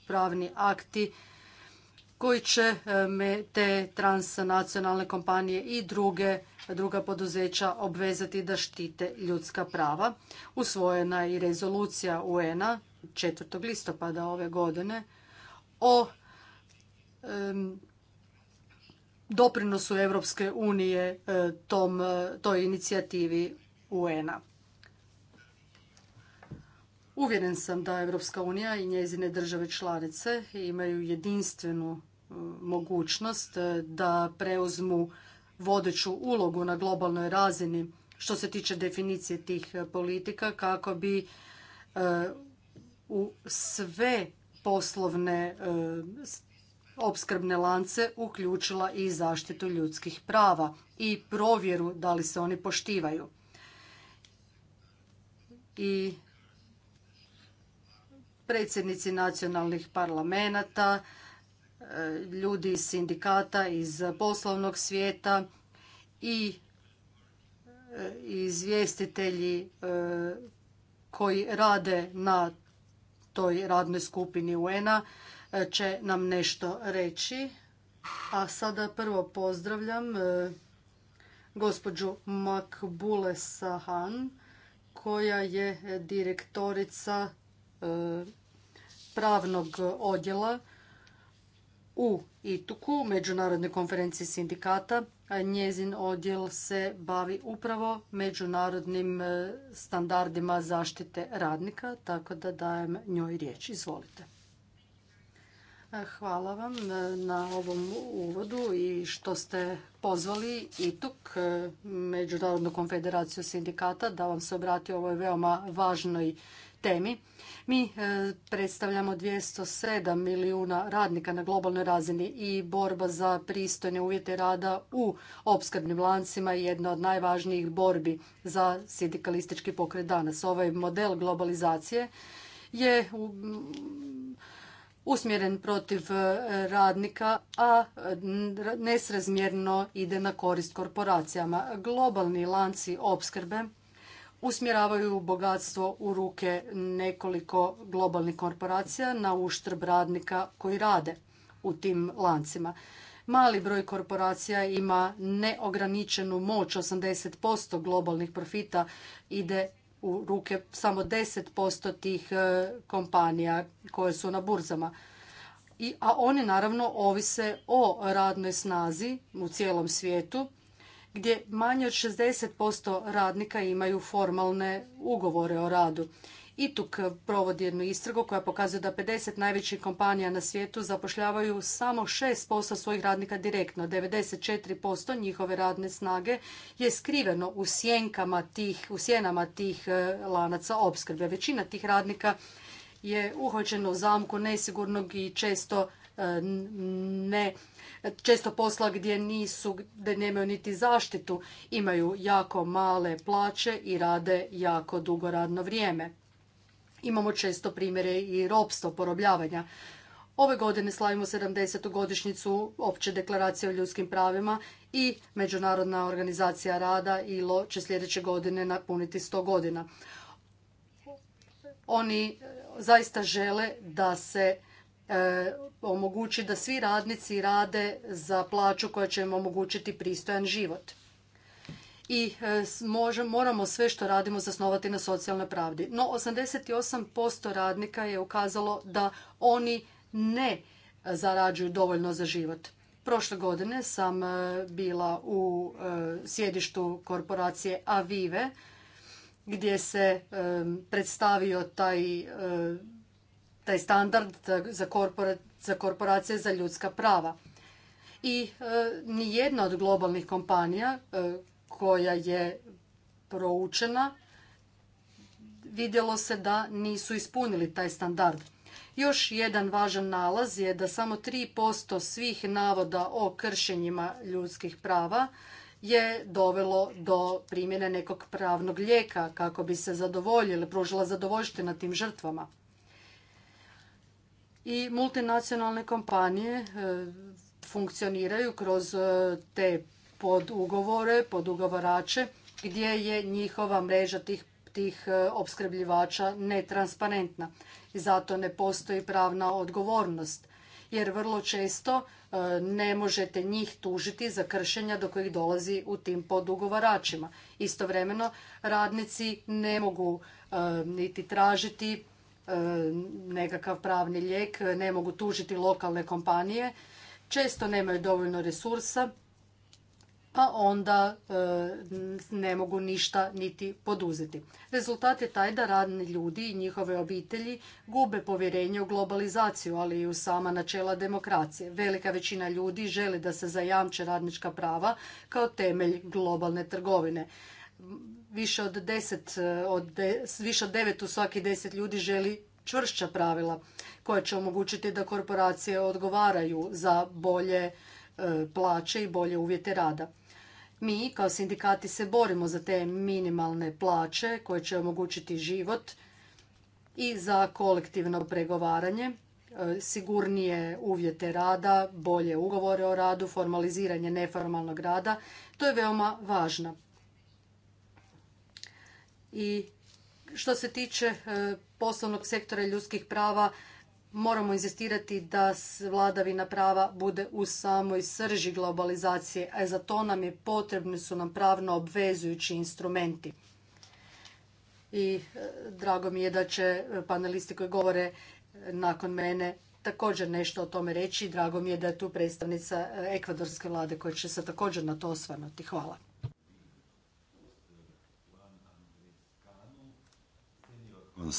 pravni akti koji će te transnacionalne kompanije i druge druga poduzeća obvezati da štite ljudska prava. Usvojena je i rezolucija UN-a 4. listopada ove godine o doprinosu Europske unije e, tom, e, toj inicijativi UN-a. Uvjeren sam da Europska unija i njezine države članice imaju jedinstvenu mogućnost e, da preuzmu vodeću ulogu na globalnoj razini što se tiče definicije tih e, politika kako bi e, u sve poslovne opskrbne lance uključila i zaštitu ljudskih prava i provjeru da li se oni poštivaju. I predsjednici nacionalnih parlamenata ljudi iz sindikata, iz poslovnog svijeta i e, izvjestitelji e, koji rade na toj radnoj skupini UN-a e, će nam nešto reći. A sada prvo pozdravljam gospođu Makbule Sahan koja je direktorica pravnog odjela u Ituku, Međunarodne konferenciji sindikata. Njezin odjel se bavi upravo međunarodnim e, standardima zaštite radnika, tako da dajem njoj riječ. Izvolite. E, hvala vam e, na ovom uvodu i što ste pozvali ITUK, Međunarodnu konfederaciju sindikata, da vam se obrati o ovoj veoma važnoj temi. Mi e, predstavljamo 207 milijuna radnika na globalnoj razini i borba za pristojne uvjete rada u opskrbnim lancima je jedna od najvažnijih borbi za sindikalistički pokret danas. Ovaj model globalizacije je mm, usmjeren protiv e, radnika, a nesrazmjerno ide na korist korporacijama. Globalni lanci opskrbe usmjeravaju bogatstvo u ruke nekoliko globalnih korporacija na uštrb radnika koji rade u tim lancima. Mali broj korporacija ima neograničenu moć, 80% globalnih profita ide u ruke samo 10% tih e, kompanija koje su na burzama. I, a one naravno ovise o radnoj snazi u cijelom svijetu gdje manje od 60% radnika imaju formalne ugovore o radu. ITUK provodi jednu istragu koja pokazuje da 50 najvećih kompanija na svijetu zapošljavaju samo 6% svojih radnika direktno. 94% njihove radne snage je skriveno u, sjenkama tih, u sjenama tih e, lanaca opskrbe. Većina tih radnika je uhvaćena u zamku nesigurnog i često e, ne često posla gdje nisu, gdje nemaju niti zaštitu, imaju jako male plaće i rade jako dugo radno vrijeme. Imamo često primjere i ropstvo, porobljavanja. Ove godine slavimo 70. godišnjicu Opće deklaracije o ljudskim pravima i Međunarodna organizacija rada ILO će sljedeće godine napuniti 100 godina. Oni zaista žele da se e, omogući da svi radnici rade za plaću koja će im omogućiti pristojan život. I e, moramo sve što radimo zasnovati na socijalnoj pravdi. No 88% radnika je ukazalo da oni ne e, zarađuju dovoljno za život. Prošle godine sam e, bila u sjedištu korporacije Avive gdje se predstavio taj, taj standard za korporat, za korporacije za ljudska prava. I e, nijedna od globalnih kompanija e, koja je proučena vidjelo se da nisu ispunili taj standard. Još jedan važan nalaz je da samo 3% svih navoda o kršenjima ljudskih prava je dovelo do primjene nekog pravnog lijeka kako bi se zadovoljili, pružila zadovoljština tim žrtvama i multinacionalne kompanije e, funkcioniraju kroz e, te podugovore, podugovarače gdje je njihova mreža tih tih e, opskrbljivača netransparentna i zato ne postoji pravna odgovornost jer vrlo često ne možete njih tužiti za kršenja do kojih dolazi u tim podugovaračima. Istovremeno radnici ne mogu niti tražiti nekakav pravni lijek, ne mogu tužiti lokalne kompanije, često nemaju dovoljno resursa, pa onda e, ne mogu ništa niti poduzeti. Rezultat je taj da radni ljudi i njihove obitelji gube povjerenje u globalizaciju, ali i u sama načela demokracije. Velika većina ljudi želi da se zajamče radnička prava kao temelj globalne trgovine više od deset, e, od više od devet u svaki deset ljudi želi čvršća pravila koja će omogućiti da korporacije odgovaraju za bolje e, plaće i bolje uvjete rada. Mi kao sindikati se borimo za te minimalne plaće koje će omogućiti život i za kolektivno pregovaranje, e, sigurnije uvjete rada, bolje ugovore o radu, formaliziranje neformalnog rada. To je veoma važno i što se tiče e, poslovnog sektora ljudskih prava, moramo inzistirati da vladavina prava bude u samoj srži globalizacije, a za to nam je potrebni su nam pravno obvezujući instrumenti. I e, drago mi je da će panelisti koji govore e, nakon mene također nešto o tome reći. Drago mi je da je tu predstavnica ekvadorske vlade koja će se također na to osvrnuti. Hvala. in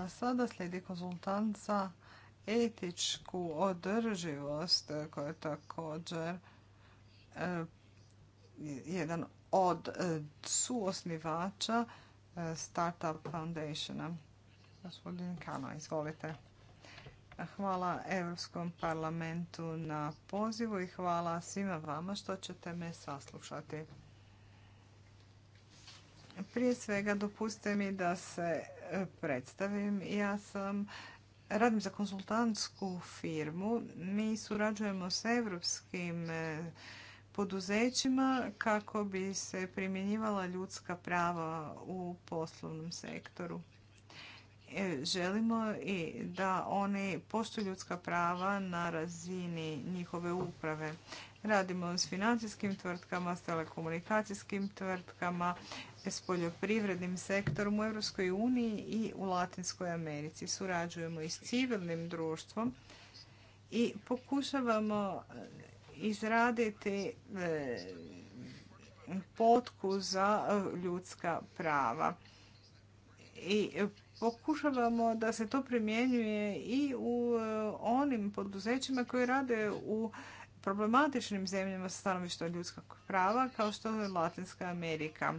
A sada slijedi konzultant za etičku održivost koja je također e, jedan od e, suosnivača e, Startup Foundationa. Gospodin Kano, izvolite. Hvala Europskom parlamentu na pozivu i hvala svima vama što ćete me saslušati. Prije svega dopustite mi da se e, predstavim. Ja sam radim za konsultantsku firmu. Mi surađujemo s evropskim e, poduzećima kako bi se primjenjivala ljudska prava u poslovnom sektoru. E, želimo i da oni poštuju ljudska prava na razini njihove uprave. Radimo s financijskim tvrtkama, s telekomunikacijskim tvrtkama, s poljoprivrednim sektorom u Europskoj uniji i u Latinskoj Americi. Surađujemo i s civilnim društvom i pokušavamo eh, izraditi eh, potku za eh, ljudska prava. I pokušavamo da se to primjenjuje i u onim poduzećima koji rade u problematičnim zemljama stanovišta ljudskog prava kao što je Latinska Amerika.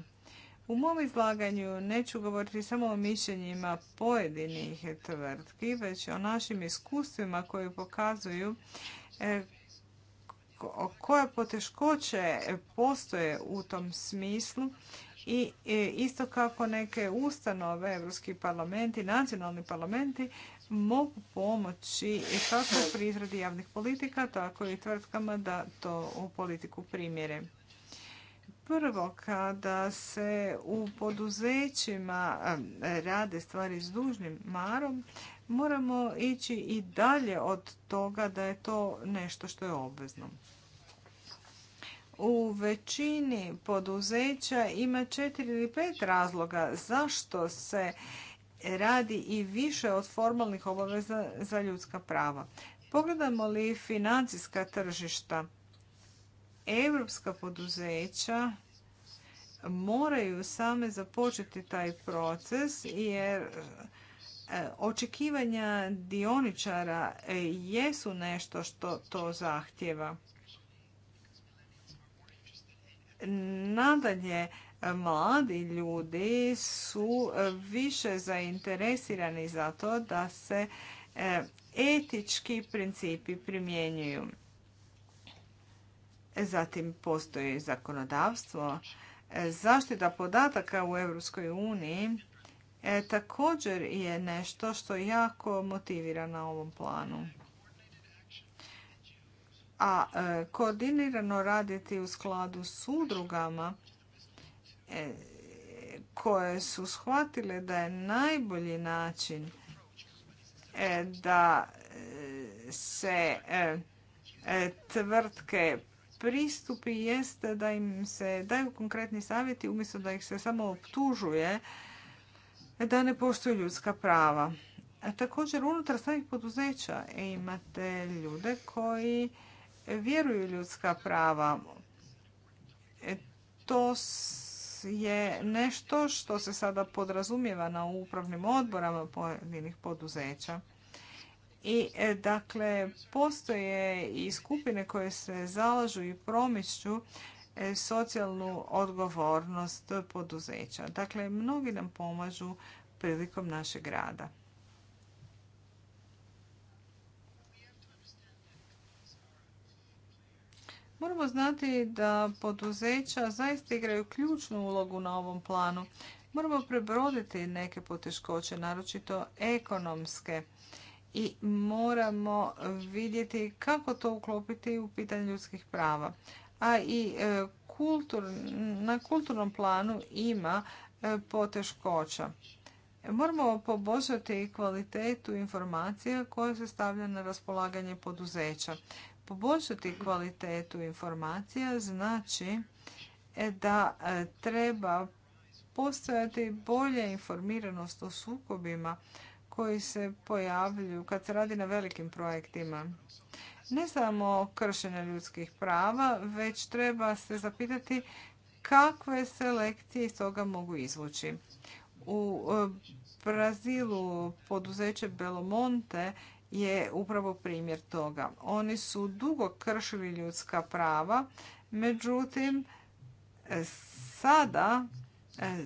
U mom izlaganju neću govoriti samo o mišljenjima pojedinih tvrtki, već o našim iskustvima koji pokazuju e, koje poteškoće postoje u tom smislu i e, isto kako neke ustanove, Europski parlamenti, i nacionalni parlamenti mogu pomoći kako pri izradi javnih politika, tako i tvrtkama da to u politiku primjere prvo kada se u poduzećima rade stvari s dužnim marom, moramo ići i dalje od toga da je to nešto što je obvezno. U većini poduzeća ima četiri ili pet razloga zašto se radi i više od formalnih obaveza za ljudska prava. Pogledamo li financijska tržišta, europska poduzeća moraju same započeti taj proces jer e, očekivanja dioničara e, jesu nešto što to zahtjeva. Nadalje, mladi ljudi su više zainteresirani za to da se e, etički principi primjenjuju. E, zatim postoji zakonodavstvo. E, zaštita podataka u Europskoj uniji e, također je nešto što jako motivira na ovom planu. A koordinirano raditi u skladu s udrugama koje su shvatile da je najbolji način da se tvrtke Pristupi jeste da im se daju konkretni savjeti umjesto da ih se samo optužuje da ne poštuju ljudska prava. A također unutar samih poduzeća imate ljude koji vjeruju ljudska prava. E, to je nešto što se sada podrazumijeva na upravnim odborama pojedinih poduzeća. I e, dakle, postoje i skupine koje se zalažu i promiču e, socijalnu odgovornost poduzeća. Dakle, mnogi nam pomažu prilikom našeg rada. Moramo znati da poduzeća zaista igraju ključnu ulogu na ovom planu. Moramo prebroditi neke poteškoće, naročito ekonomske i moramo vidjeti kako to uklopiti u pitanje ljudskih prava. A i e, na kulturnom planu ima e, poteškoća. Moramo poboljšati kvalitetu informacija koje se stavlja na raspolaganje poduzeća. Poboljšati kvalitetu informacija znači e, da treba postojati bolja informiranost o sukobima koji se pojavljuju kad se radi na velikim projektima. Ne samo kršenja ljudskih prava, već treba se zapitati kakve se lekcije iz toga mogu izvući. U e, Brazilu poduzeće Belomonte je upravo primjer toga. Oni su dugo kršili ljudska prava, međutim e, sada e,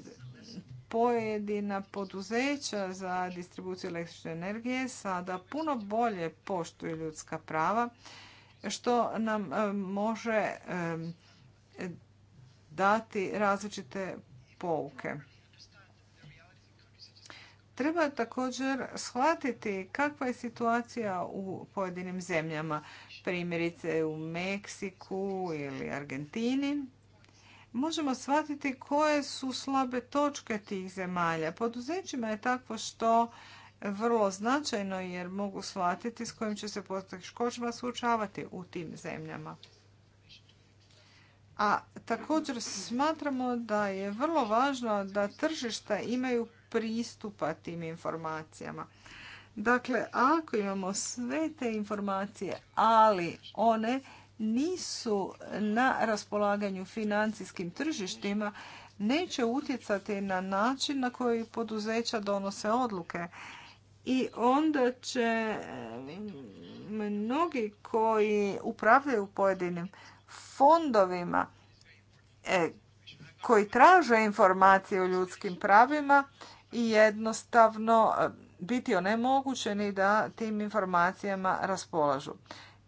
pojedina poduzeća za distribuciju električne energije sada puno bolje poštuju ljudska prava, što nam e, može e, dati različite pouke. Treba također shvatiti kakva je situacija u pojedinim zemljama, primjerice u Meksiku ili Argentini možemo shvatiti koje su slabe točke tih zemalja. Poduzećima je takvo što vrlo značajno jer mogu shvatiti s kojim će se poteškoćama suočavati u tim zemljama. A također smatramo da je vrlo važno da tržišta imaju pristupa tim informacijama. Dakle, ako imamo sve te informacije, ali one nisu na raspolaganju financijskim tržištima neće utjecati na način na koji poduzeća donose odluke. I onda će mm, mnogi koji upravljaju pojedinim fondovima e, koji traže informacije o ljudskim pravima i jednostavno e, biti onemogućeni da tim informacijama raspolažu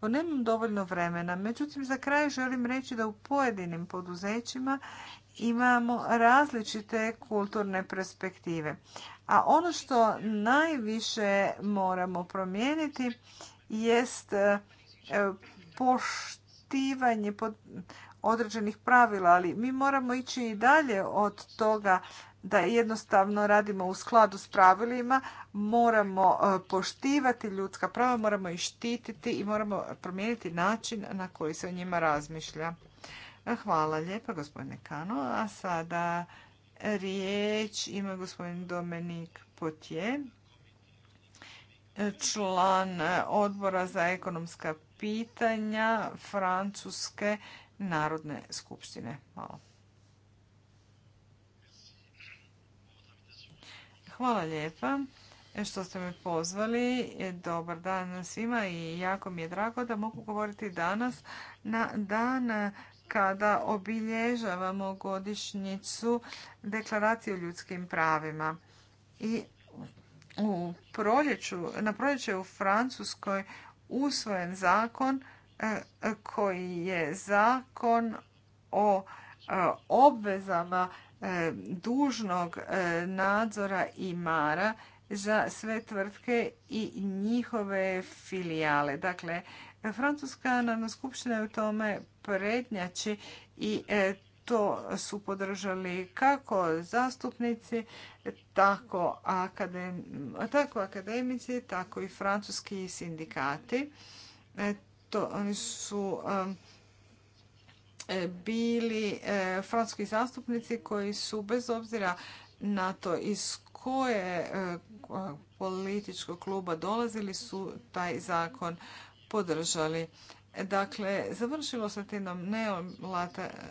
nemam dovoljno vremena, međutim za kraj želim reći da u pojedinim poduzećima imamo različite kulturne perspektive. A ono što najviše moramo promijeniti jest e, e, poštivanje određenih pravila, ali mi moramo ići i dalje od toga da jednostavno radimo u skladu s pravilima, moramo e, poštivati ljudska prava, moramo ih štititi i moramo promijeniti način na koji se o njima razmišlja. E, hvala lijepa gospodine Kano. A sada riječ ima gospodin Domenik Potje, član odbora za ekonomska pitanja Francuske narodne skupštine. Hvala. Hvala lijepa što ste me pozvali. Dobar dan svima i jako mi je drago da mogu govoriti danas na dan kada obilježavamo godišnjicu deklaracije o ljudskim pravima. I u proljeću, na u Francuskoj usvojen zakon e, koji je zakon o e, obvezama E, dužnog e, nadzora i mara za sve tvrtke i njihove filijale. Dakle, Francuska narodna skupština je u tome prednjači i e, to su podržali kako zastupnici, tako, tako akademici, tako i francuski sindikati. To, oni su E, bili e, francuski zastupnici koji su bez obzira na to iz koje e, političkog kluba dolazili su taj zakon podržali. Dakle, završilo se jednom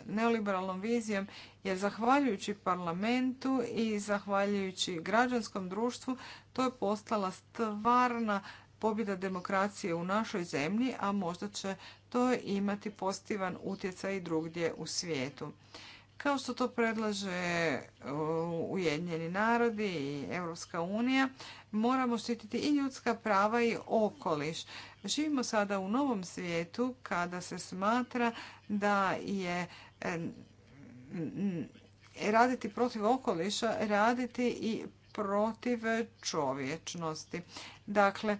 neoliberalnom vizijom jer zahvaljujući parlamentu i zahvaljujući građanskom društvu to je postala stvarna pobjeda demokracije u našoj zemlji, a možda će to imati pozitivan utjecaj i drugdje u svijetu. Kao što to predlaže uh, Ujedinjeni narodi i Europska unija, moramo štititi i ljudska prava i okoliš. Živimo sada u novom svijetu kada se smatra da je eh, raditi protiv okoliša, raditi i protiv čovječnosti. Dakle,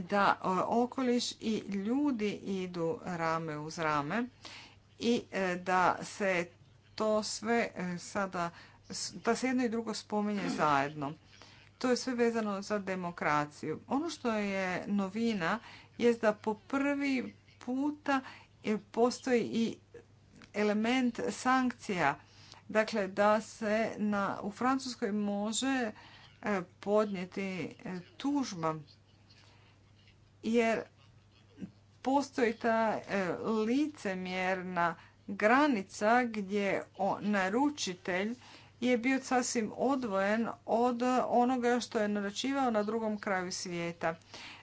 da e, okoliš i ljudi idu rame uz rame i e, da se to sve e, sada, da se jedno i drugo spominje zajedno. To je sve vezano za demokraciju. Ono što je novina je da po prvi puta postoji i element sankcija. Dakle, da se u Francuskoj može podnijeti tužba jer postoji ta e, licemjerna granica gdje naručitelj je bio sasvim odvojen od onoga što je naručivao na drugom kraju svijeta.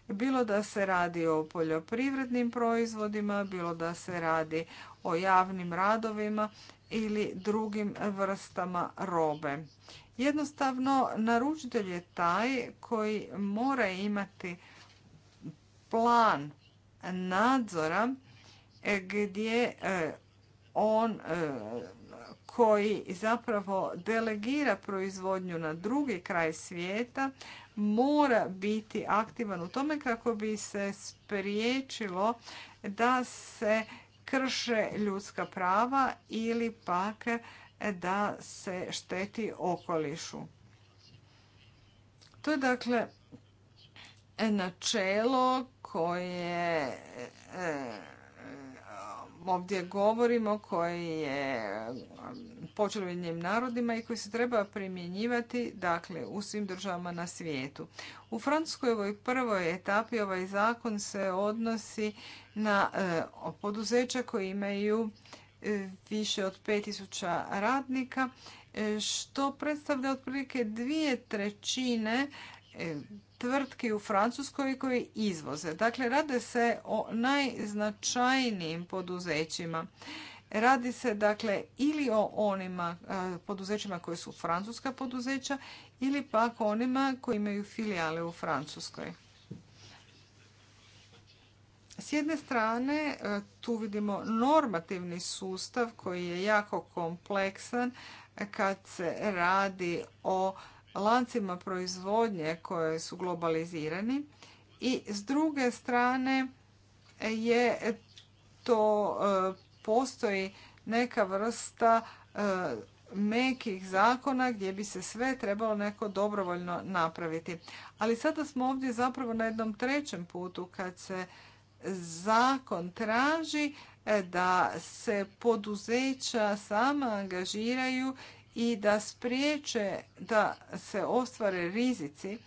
Bilo da se radi o poljoprivrednim proizvodima, bilo da se radi o javnim radovima ili drugim vrstama robe. Jednostavno, naručitelj je taj koji mora imati plan nadzora e, gdje e, on e, koji zapravo delegira proizvodnju na drugi kraj svijeta mora biti aktivan u tome kako bi se spriječilo da se krše ljudska prava ili pak da se šteti okolišu. To je dakle načelo koje e, e, ovdje govorimo, koje je počelo narodima i koji se treba primjenjivati dakle, u svim državama na svijetu. U Francuskoj ovoj prvoj etapi ovaj zakon se odnosi na e, poduzeća koji imaju više od 5000 radnika, što predstavlja otprilike dvije trećine E, tvrtki u Francuskoj koji izvoze. Dakle, rade se o najznačajnijim poduzećima. Radi se dakle ili o onima e, poduzećima koje su francuska poduzeća ili pak onima koji imaju filijale u Francuskoj. S jedne strane e, tu vidimo normativni sustav koji je jako kompleksan kad se radi o lancima proizvodnje koje su globalizirani i s druge strane je to e, postoji neka vrsta e, mekih zakona gdje bi se sve trebalo neko dobrovoljno napraviti. Ali sada smo ovdje zapravo na jednom trećem putu kad se zakon traži e, da se poduzeća sama angažiraju i da spriječe da se ostvare rizici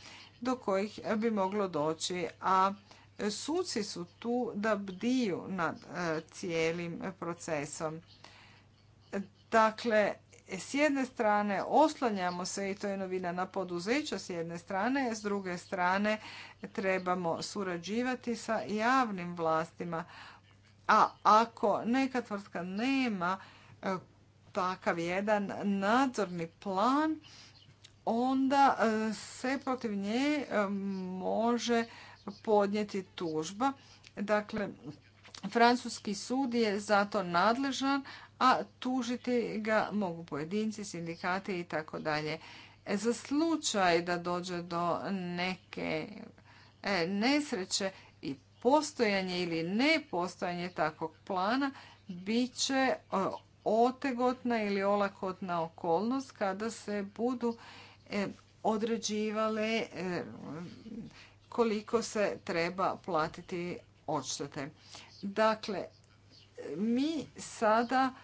do kojih bi moglo doći, a suci su tu da bdiju nad e, cijelim procesom. Dakle, s jedne strane oslanjamo se i to je novina na poduzeća s jedne strane, s druge strane trebamo surađivati sa javnim vlastima. A ako neka tvrtka nema e, takav jedan nadzorni plan, onda e, se protiv nje e, može podnijeti tužba. Dakle, francuski sud je zato nadležan, a tužiti ga mogu pojedinci, sindikati i tako dalje. E, za slučaj da dođe do neke nesreće i postojanje ili nepostojanje takvog plana bit će otegotna ili olakotna okolnost kada se budu e, određivale e, koliko se treba platiti odštete. Dakle, mi sada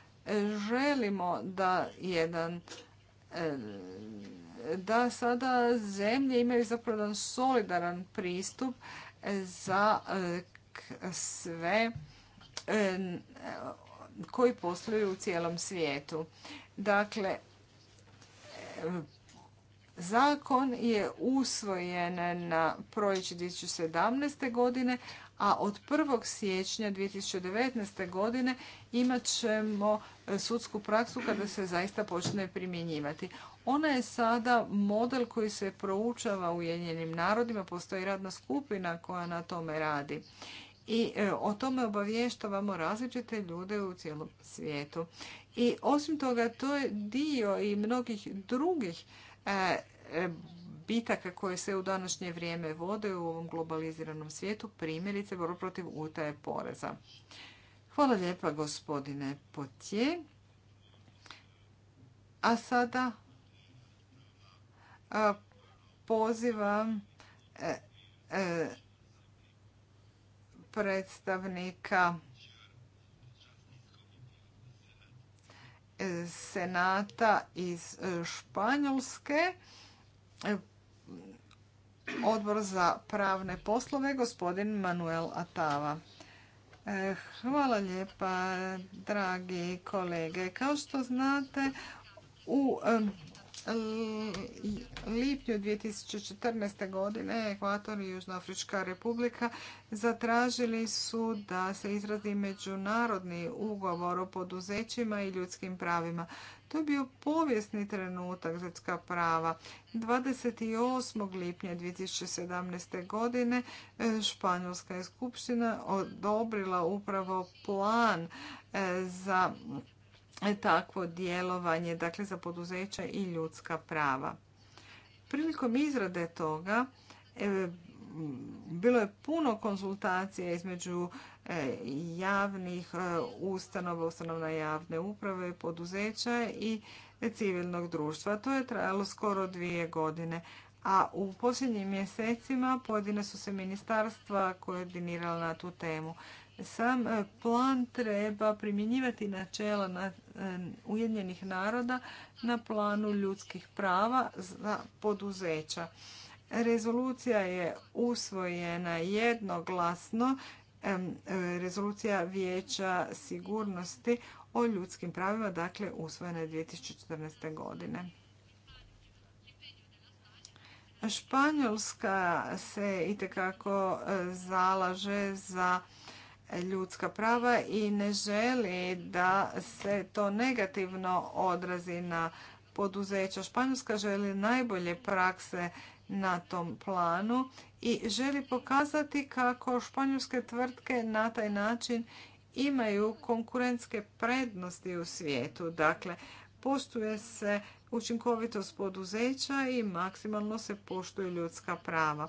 želimo da jedan e, da sada zemlje imaju zapravo jedan solidaran pristup za sve koji posluju u cijelom svijetu. Dakle, zakon je usvojen na proljeći 2017. godine, a od 1. siječnja 2019. godine imat ćemo e, sudsku praksu kada se zaista počne primjenjivati. Ona je sada model koji se proučava u Ujedinjenim narodima, postoji radna skupina koja na tome radi i e, o tome obavještavamo različite ljude u cijelom svijetu. I osim toga, to je dio i mnogih drugih e, e, bitaka koje se u današnje vrijeme vode u ovom globaliziranom svijetu, primjerice borba protiv utaje poreza. Hvala lijepa gospodine Potje. A sada pozivam predstavnika Senata iz Španjolske, odbor za pravne poslove, gospodin Manuel Atava. Hvala lijepa, dragi kolege. Kao što znate, u lipnju 2014. godine Ekvator i Južnoafrička republika zatražili su da se izradi međunarodni ugovor o poduzećima i ljudskim pravima. To je bio povijesni trenutak ljudska prava. 28. lipnja 2017. godine e, Španjolska je skupština odobrila upravo plan e, za takvo djelovanje dakle, za poduzeća i ljudska prava. Prilikom izrade toga e, bilo je puno konzultacija između e, javnih e, ustanova, ustanova javne uprave, poduzeća i civilnog društva. To je trajalo skoro dvije godine. A u posljednjim mjesecima pojedine su se ministarstva koordinirala na tu temu sam e, plan treba primjenjivati načela na e, Ujedinjenih naroda na planu ljudskih prava za poduzeća. Rezolucija je usvojena jednoglasno, e, rezolucija Vijeća sigurnosti o ljudskim pravima, dakle usvojena je 2014. godine. Španjolska se itekako zalaže za ljudska prava i ne želi da se to negativno odrazi na poduzeća. Španjolska želi najbolje prakse na tom planu i želi pokazati kako španjolske tvrtke na taj način imaju konkurentske prednosti u svijetu. Dakle, poštuje se učinkovitost poduzeća i maksimalno se poštuju ljudska prava.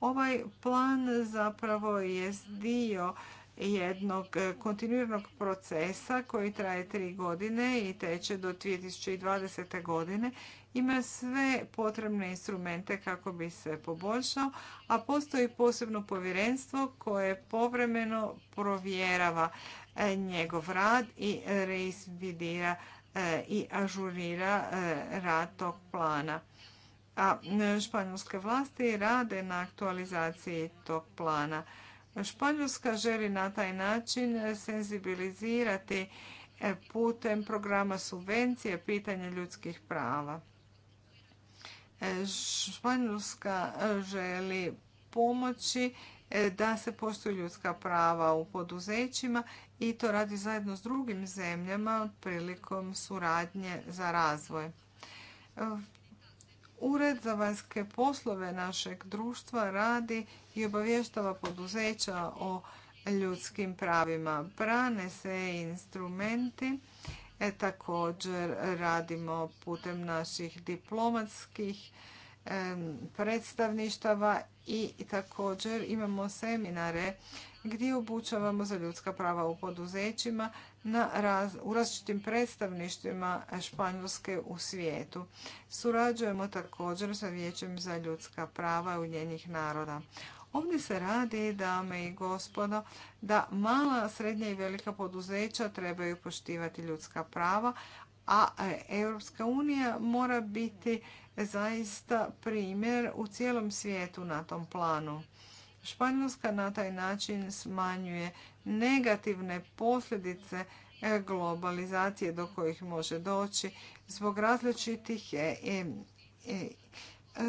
Ovaj plan zapravo je dio jednog e, kontinuiranog procesa koji traje tri godine i teče do 2020. godine. Ima sve potrebne instrumente kako bi se poboljšao, a postoji posebno povjerenstvo koje povremeno provjerava e, njegov rad i reizvidira e, i ažurira rad tog plana. A španjolske vlasti rade na aktualizaciji tog plana. Španjolska želi na taj način senzibilizirati e, putem programa subvencije pitanje ljudskih prava. E, Španjolska e, želi pomoći da se poštuju ljudska prava u poduzećima i to radi zajedno s drugim zemljama prilikom suradnje za razvoj. Ured za vanjske poslove našeg društva radi i obavještava poduzeća o ljudskim pravima. Brane se instrumenti, e, također radimo putem naših diplomatskih predstavništava i također imamo seminare gdje obučavamo za ljudska prava u poduzećima na u različitim predstavništvima Španjolske u svijetu. Surađujemo također sa Vijećem za ljudska prava njenih naroda. Ovdje se radi, dame i gospodo, da mala, srednja i velika poduzeća trebaju poštivati ljudska prava, a Europska unija mora biti zaista primjer u cijelom svijetu na tom planu. Španjolska na taj način smanjuje negativne posljedice e, globalizacije do kojih može doći zbog različitih e, e,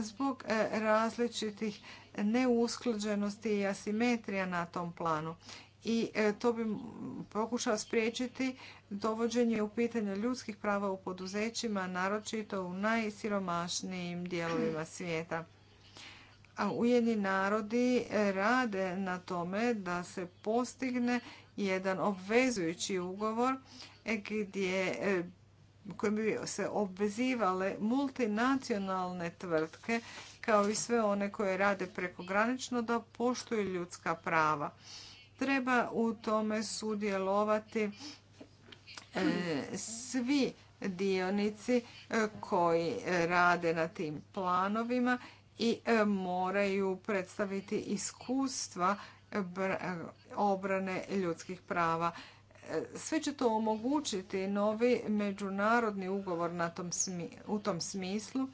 zbog različitih neusklađenosti i asimetrija na tom planu. I to bi pokušao spriječiti dovođenje u pitanje ljudskih prava u poduzećima, naročito u najsiromašnijim dijelovima svijeta a ujedni narodi e, rade na tome da se postigne jedan obvezujući ugovor e, gdje e, kojim bi se obvezivale multinacionalne tvrtke kao i sve one koje rade prekogranično da poštuju ljudska prava. Treba u tome sudjelovati svi dionici koji rade na tim planovima i e, moraju predstaviti iskustva e, e, obrane ljudskih prava. Sve će to omogućiti novi međunarodni ugovor u tom smislu,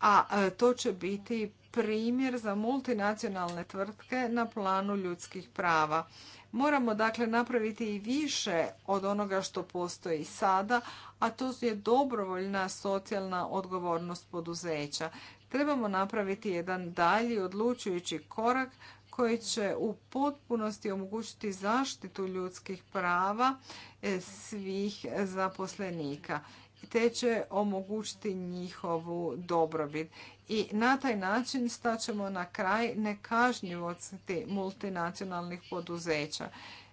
a to će biti primjer za multinacionalne tvrtke na planu ljudskih prava. Moramo dakle napraviti i više od onoga što postoji sada, a to je dobrovoljna socijalna odgovornost poduzeća. Trebamo napraviti jedan dalji odlučujući korak koji će u potpunosti omogućiti zaštitu ljudskih prava e, svih zaposlenika te će omogućiti njihovu dobrobit. I na taj način staćemo na kraj nekažnjivosti multinacionalnih poduzeća.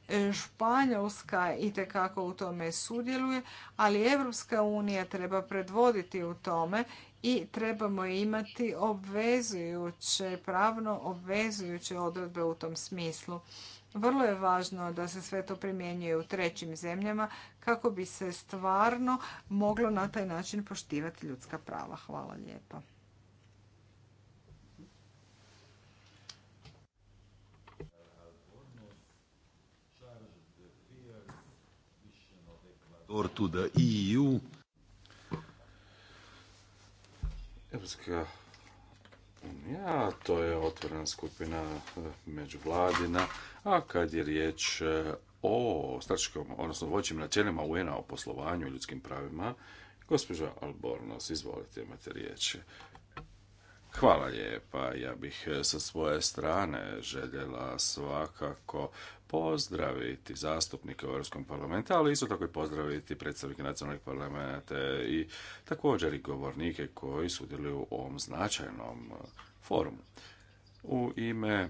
E, Španjolska i tekako u tome sudjeluje, ali Evropska unija treba predvoditi u tome i trebamo imati obvezujuće, pravno obvezujuće odredbe u tom smislu. Vrlo je važno da se sve to primjenjuje u trećim zemljama kako bi se stvarno moglo na taj način poštivati ljudska prava. Hvala lijepa. Evropska to je otvorena skupina e, međuvladina, a kad je riječ e, o strateškom, odnosno voćim načelima UN-a o poslovanju i ljudskim pravima, gospođa Albornos, izvolite, imate riječ. Hvala lijepa. Ja bih e, sa svoje strane željela svakako pozdraviti zastupnike u Europskom parlamentu, ali isto tako i pozdraviti predstavnike nacionalnih parlamenta i također i govornike koji sudjeluju u ovom značajnom e, forumu. U ime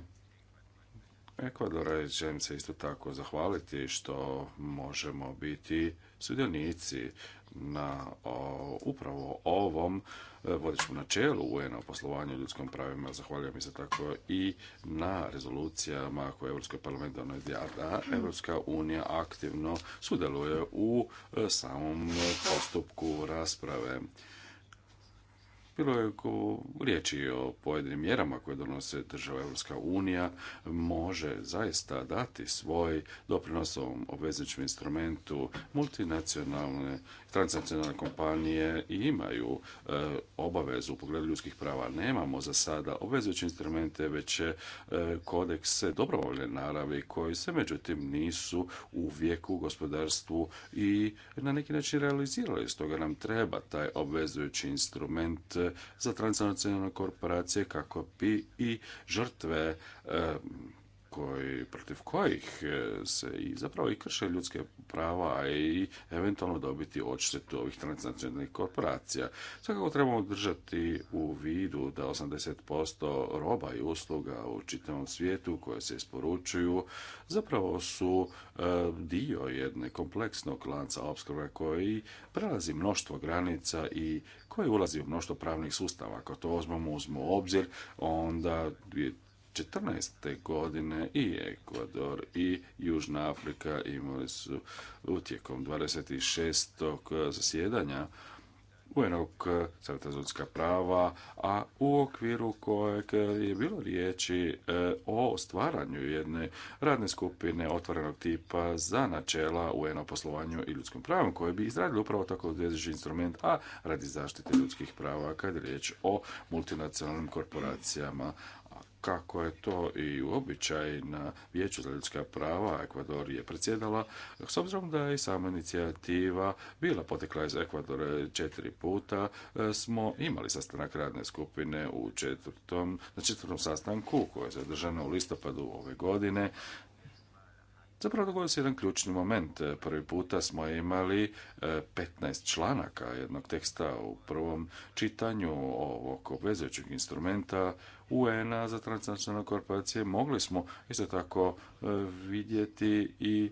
Ekvadora želim se isto tako zahvaliti što možemo biti sudionici na upravo ovom e, vodećem načelu un o poslovanju i ljudskom pravima. Zahvaljujem se tako i na rezolucijama koje Europski parlament donio da Europska unija aktivno sudjeluje u e, samom postupku rasprave. Bilo je ko riječi o pojedinim mjerama koje donose država Europska unija, može zaista dati svoj doprinos ovom obvezničkom instrumentu multinacionalne transnacionalne kompanije imaju e, obavezu u pogledu ljudskih prava. Nemamo za sada obvezujuće instrumente, već e, kodekse dobrovoljne naravi koji se međutim nisu uvijek u gospodarstvu i na neki način realizirali. Stoga nam treba taj obvezujući instrument e, za transnacionalne korporacije kako bi i žrtve koji, protiv kojih e, se i zapravo i krše ljudske prava i eventualno dobiti odštetu ovih transnacionalnih korporacija. Svakako trebamo držati u vidu da 80% roba i usluga u čitavom svijetu koje se isporučuju zapravo su e, dio jedne kompleksnog lanca opskrbe koji prelazi mnoštvo granica i koji ulazi u mnoštvo pravnih sustava. Ako to uzmemo, uzmemo u obzir, onda 2014. godine i Ekvador i Južna Afrika imali su utjekom 26. zasjedanja UN-ovog za ljudska prava, a u okviru kojeg je bilo riječi e, o stvaranju jedne radne skupine otvorenog tipa za načela UN o poslovanju i ljudskom pravom, koje bi izradili upravo tako odvezeći instrument, a radi zaštite ljudskih prava kad je riječ o multinacionalnim korporacijama kako je to i običaj na Vijeću za ljudska prava, Ekvador je predsjedala, s obzirom da je i sama inicijativa bila potekla iz Ekvadora četiri puta, e, smo imali sastanak radne skupine u četvrtom, na četvrtom sastanku koja je zadržano u listopadu ove godine, Zapravo dogodio se jedan ključni moment. Prvi puta smo imali 15 e, članaka jednog teksta u prvom čitanju ovog obvezujućeg instrumenta UN-a za transnacionalne korporacije mogli smo isto tako e, vidjeti i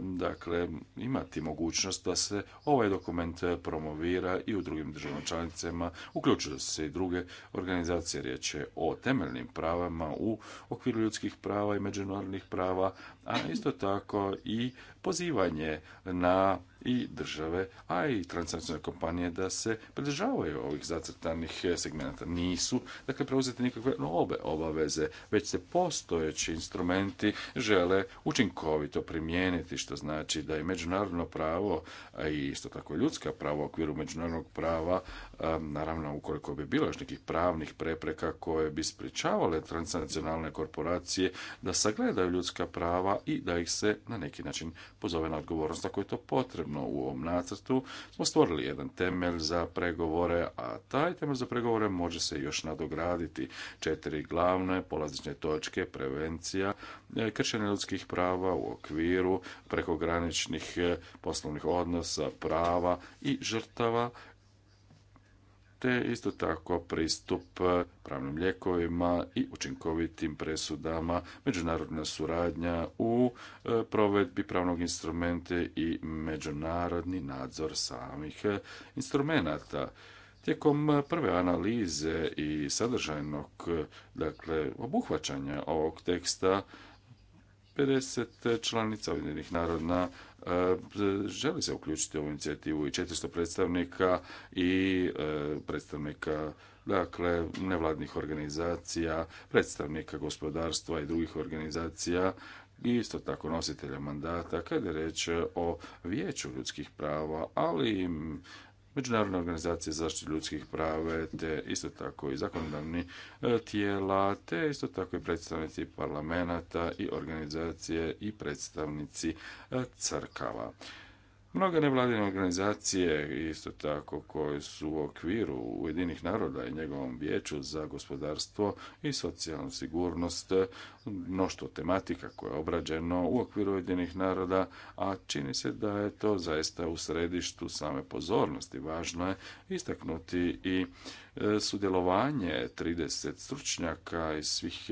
dakle imati mogućnost da se ovaj dokument eh, promovira i u drugim državama članicama, uključuju se i druge organizacije, riječ je o temeljnim pravama u okviru ljudskih prava i međunarodnih prava, a isto tako i pozivanje na i države, a i transnacionalne kompanije da se pridržavaju ovih zacrtanih eh, segmenta. Nisu, dakle, preuzeti nikakve nove obaveze, već se postojeći instrumenti žele učinkovito primijeniti promijeniti, što znači da je međunarodno pravo, a i isto tako ljudska prava u okviru međunarodnog prava Naravno, ukoliko bi bilo još nekih pravnih prepreka koje bi sprječavale transnacionalne korporacije da sagledaju ljudska prava i da ih se na neki način pozove na odgovornost ako je to potrebno u ovom nacrtu, smo stvorili jedan temelj za pregovore, a taj temelj za pregovore može se još nadograditi. Četiri glavne polazične točke, prevencija, e, kršenje ljudskih prava u okviru prekograničnih e, poslovnih odnosa, prava i žrtava te isto tako pristup e, pravnim lijekovima i učinkovitim presudama, međunarodna suradnja u e, provedbi pravnog instrumenta i međunarodni nadzor samih e, instrumenata. Tijekom prve analize i sadržajnog dakle, obuhvaćanja ovog teksta, 50 članica Ujedinjenih naroda e, želi se uključiti u ovu inicijativu i 400 predstavnika i e, predstavnika dakle nevladnih organizacija, predstavnika gospodarstva i drugih organizacija i isto tako nositelja mandata kada je riječ o vijeću ljudskih prava, ali i Međunarodne organizacije zaštite ljudskih prava, te isto tako i zakonodavni e, tijela, te isto tako i predstavnici parlamenta i organizacije i predstavnici e, crkava. Mnoge nevladine organizacije, isto tako, koje su u okviru Ujedinih naroda i njegovom vijeću za gospodarstvo i socijalnu sigurnost, mnoštvo tematika koje je obrađeno u okviru Ujedinih naroda, a čini se da je to zaista u središtu same pozornosti. Važno je istaknuti i e, sudjelovanje 30 stručnjaka iz svih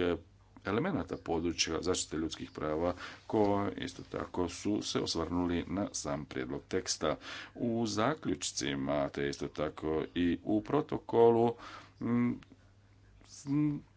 elemenata područja zaštite ljudskih prava koje isto tako su se osvrnuli na sam prijedlog teksta. U zaključcima, te isto tako i u protokolu,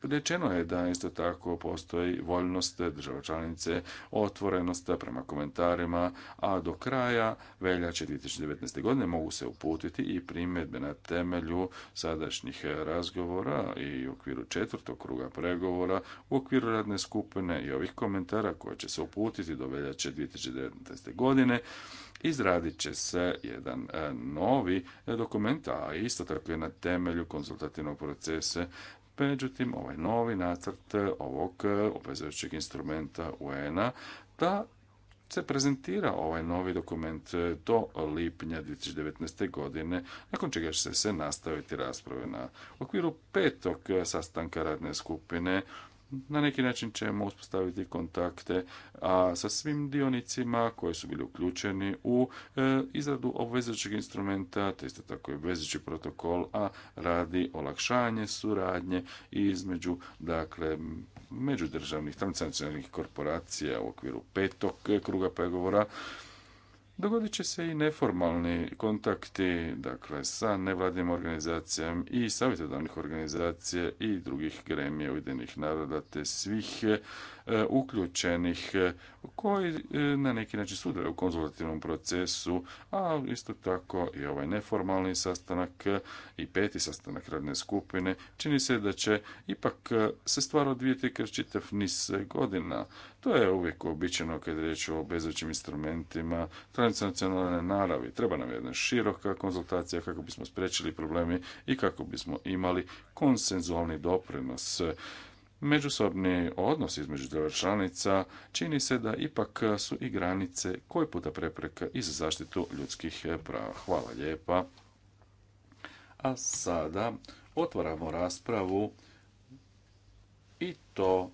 Rečeno je da isto tako postoji voljnost država članice, otvorenost prema komentarima, a do kraja veljače 2019. godine mogu se uputiti i primjedbe na temelju sadašnjih razgovora i u okviru četvrtog kruga pregovora, u okviru radne skupine i ovih komentara koje će se uputiti do veljače 2019. godine izradit će se jedan e, novi dokument, a isto tako je na temelju konzultativnog procesa Međutim, ovaj novi nacrt eh, ovog eh, obvezujućeg instrumenta UN-a da se prezentira ovaj novi dokument eh, do lipnja 2019. godine, nakon čega će se nastaviti rasprave na okviru petog sastanka radne skupine na neki način ćemo uspostaviti kontakte a sa svim dionicima koji su bili uključeni u e, izradu obvezećeg instrumenta, te isto tako i obvezeći protokol, a radi olakšanje suradnje između dakle međudržavnih transnacionalnih korporacija u okviru petog kruga pregovora Dogodit će se i neformalni kontakti dakle, sa nevladnim organizacijama i savjetodavnih organizacija i drugih gremija Ujedinih naroda te svih E, uključenih e, koji e, na neki način sudjeluju u konzultativnom procesu, a isto tako i ovaj neformalni sastanak i peti sastanak radne skupine. Čini se da će ipak se stvar odvijeti kroz čitav niz godina. To je uvijek uobičajeno kad je riječ o obvezujućim instrumentima transnacionalne naravi. Treba nam jedna široka konzultacija kako bismo spriječili problemi i kako bismo imali konsenzualni doprinos međusobni odnos između država članica čini se da ipak su i granice koji puta prepreka i za zaštitu ljudskih prava. Hvala lijepa. A sada otvaramo raspravu i to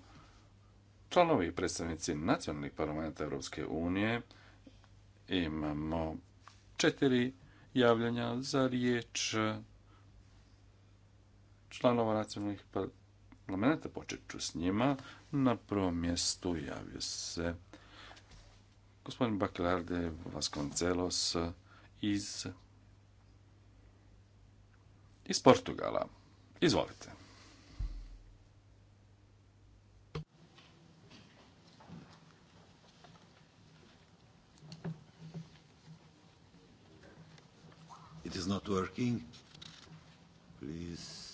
članovi i predstavnici nacionalnih parlamenta Europske unije. Imamo četiri javljanja za riječ članova nacionalnih parlamenta parlamenta, počet ću s njima. Na prvom mjestu javio se gospodin Bakelarde Vasconcelos iz, iz Portugala. Izvolite. It is not working. Please.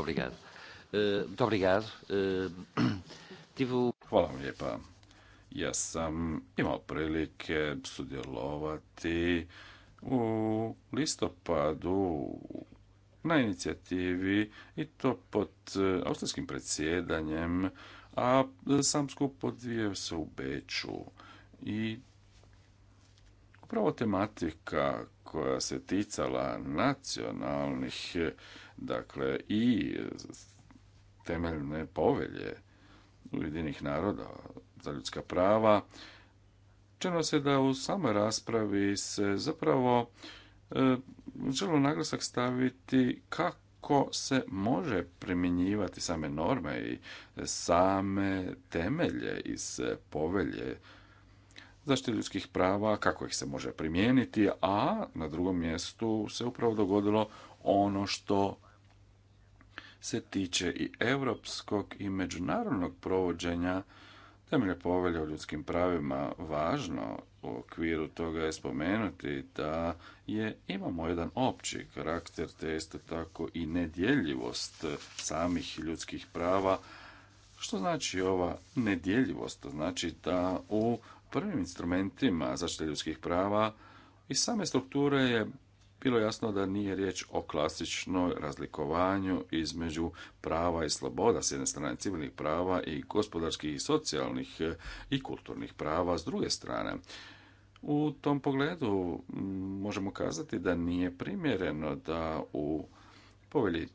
Muito eh, eh, Hvala vam lijepa. Ja sam imao prilike sudjelovati u listopadu na inicijativi i to pod eh, austrijskim predsjedanjem, a sam skup odvijao se u Beču i Upravo tematika koja se ticala nacionalnih, dakle i temeljne povelje Ujedinih naroda za ljudska prava, čeno se da u samoj raspravi se zapravo e, želo naglasak staviti kako se može primjenjivati same norme i same temelje iz povelje zaštite ljudskih prava, kako ih se može primijeniti, a na drugom mjestu se upravo dogodilo ono što se tiče i europskog i međunarodnog provođenja temelje povelje o ljudskim pravima. Važno u okviru toga je spomenuti da je, imamo jedan opći karakter, te isto tako i nedjeljivost samih ljudskih prava, što znači ova nedjeljivost? znači da u prvim instrumentima zaštite ljudskih prava i same strukture je bilo jasno da nije riječ o klasičnoj razlikovanju između prava i sloboda s jedne strane civilnih prava i gospodarskih i socijalnih eh, i kulturnih prava s druge strane. U tom pogledu mm, možemo kazati da nije primjereno da u povelji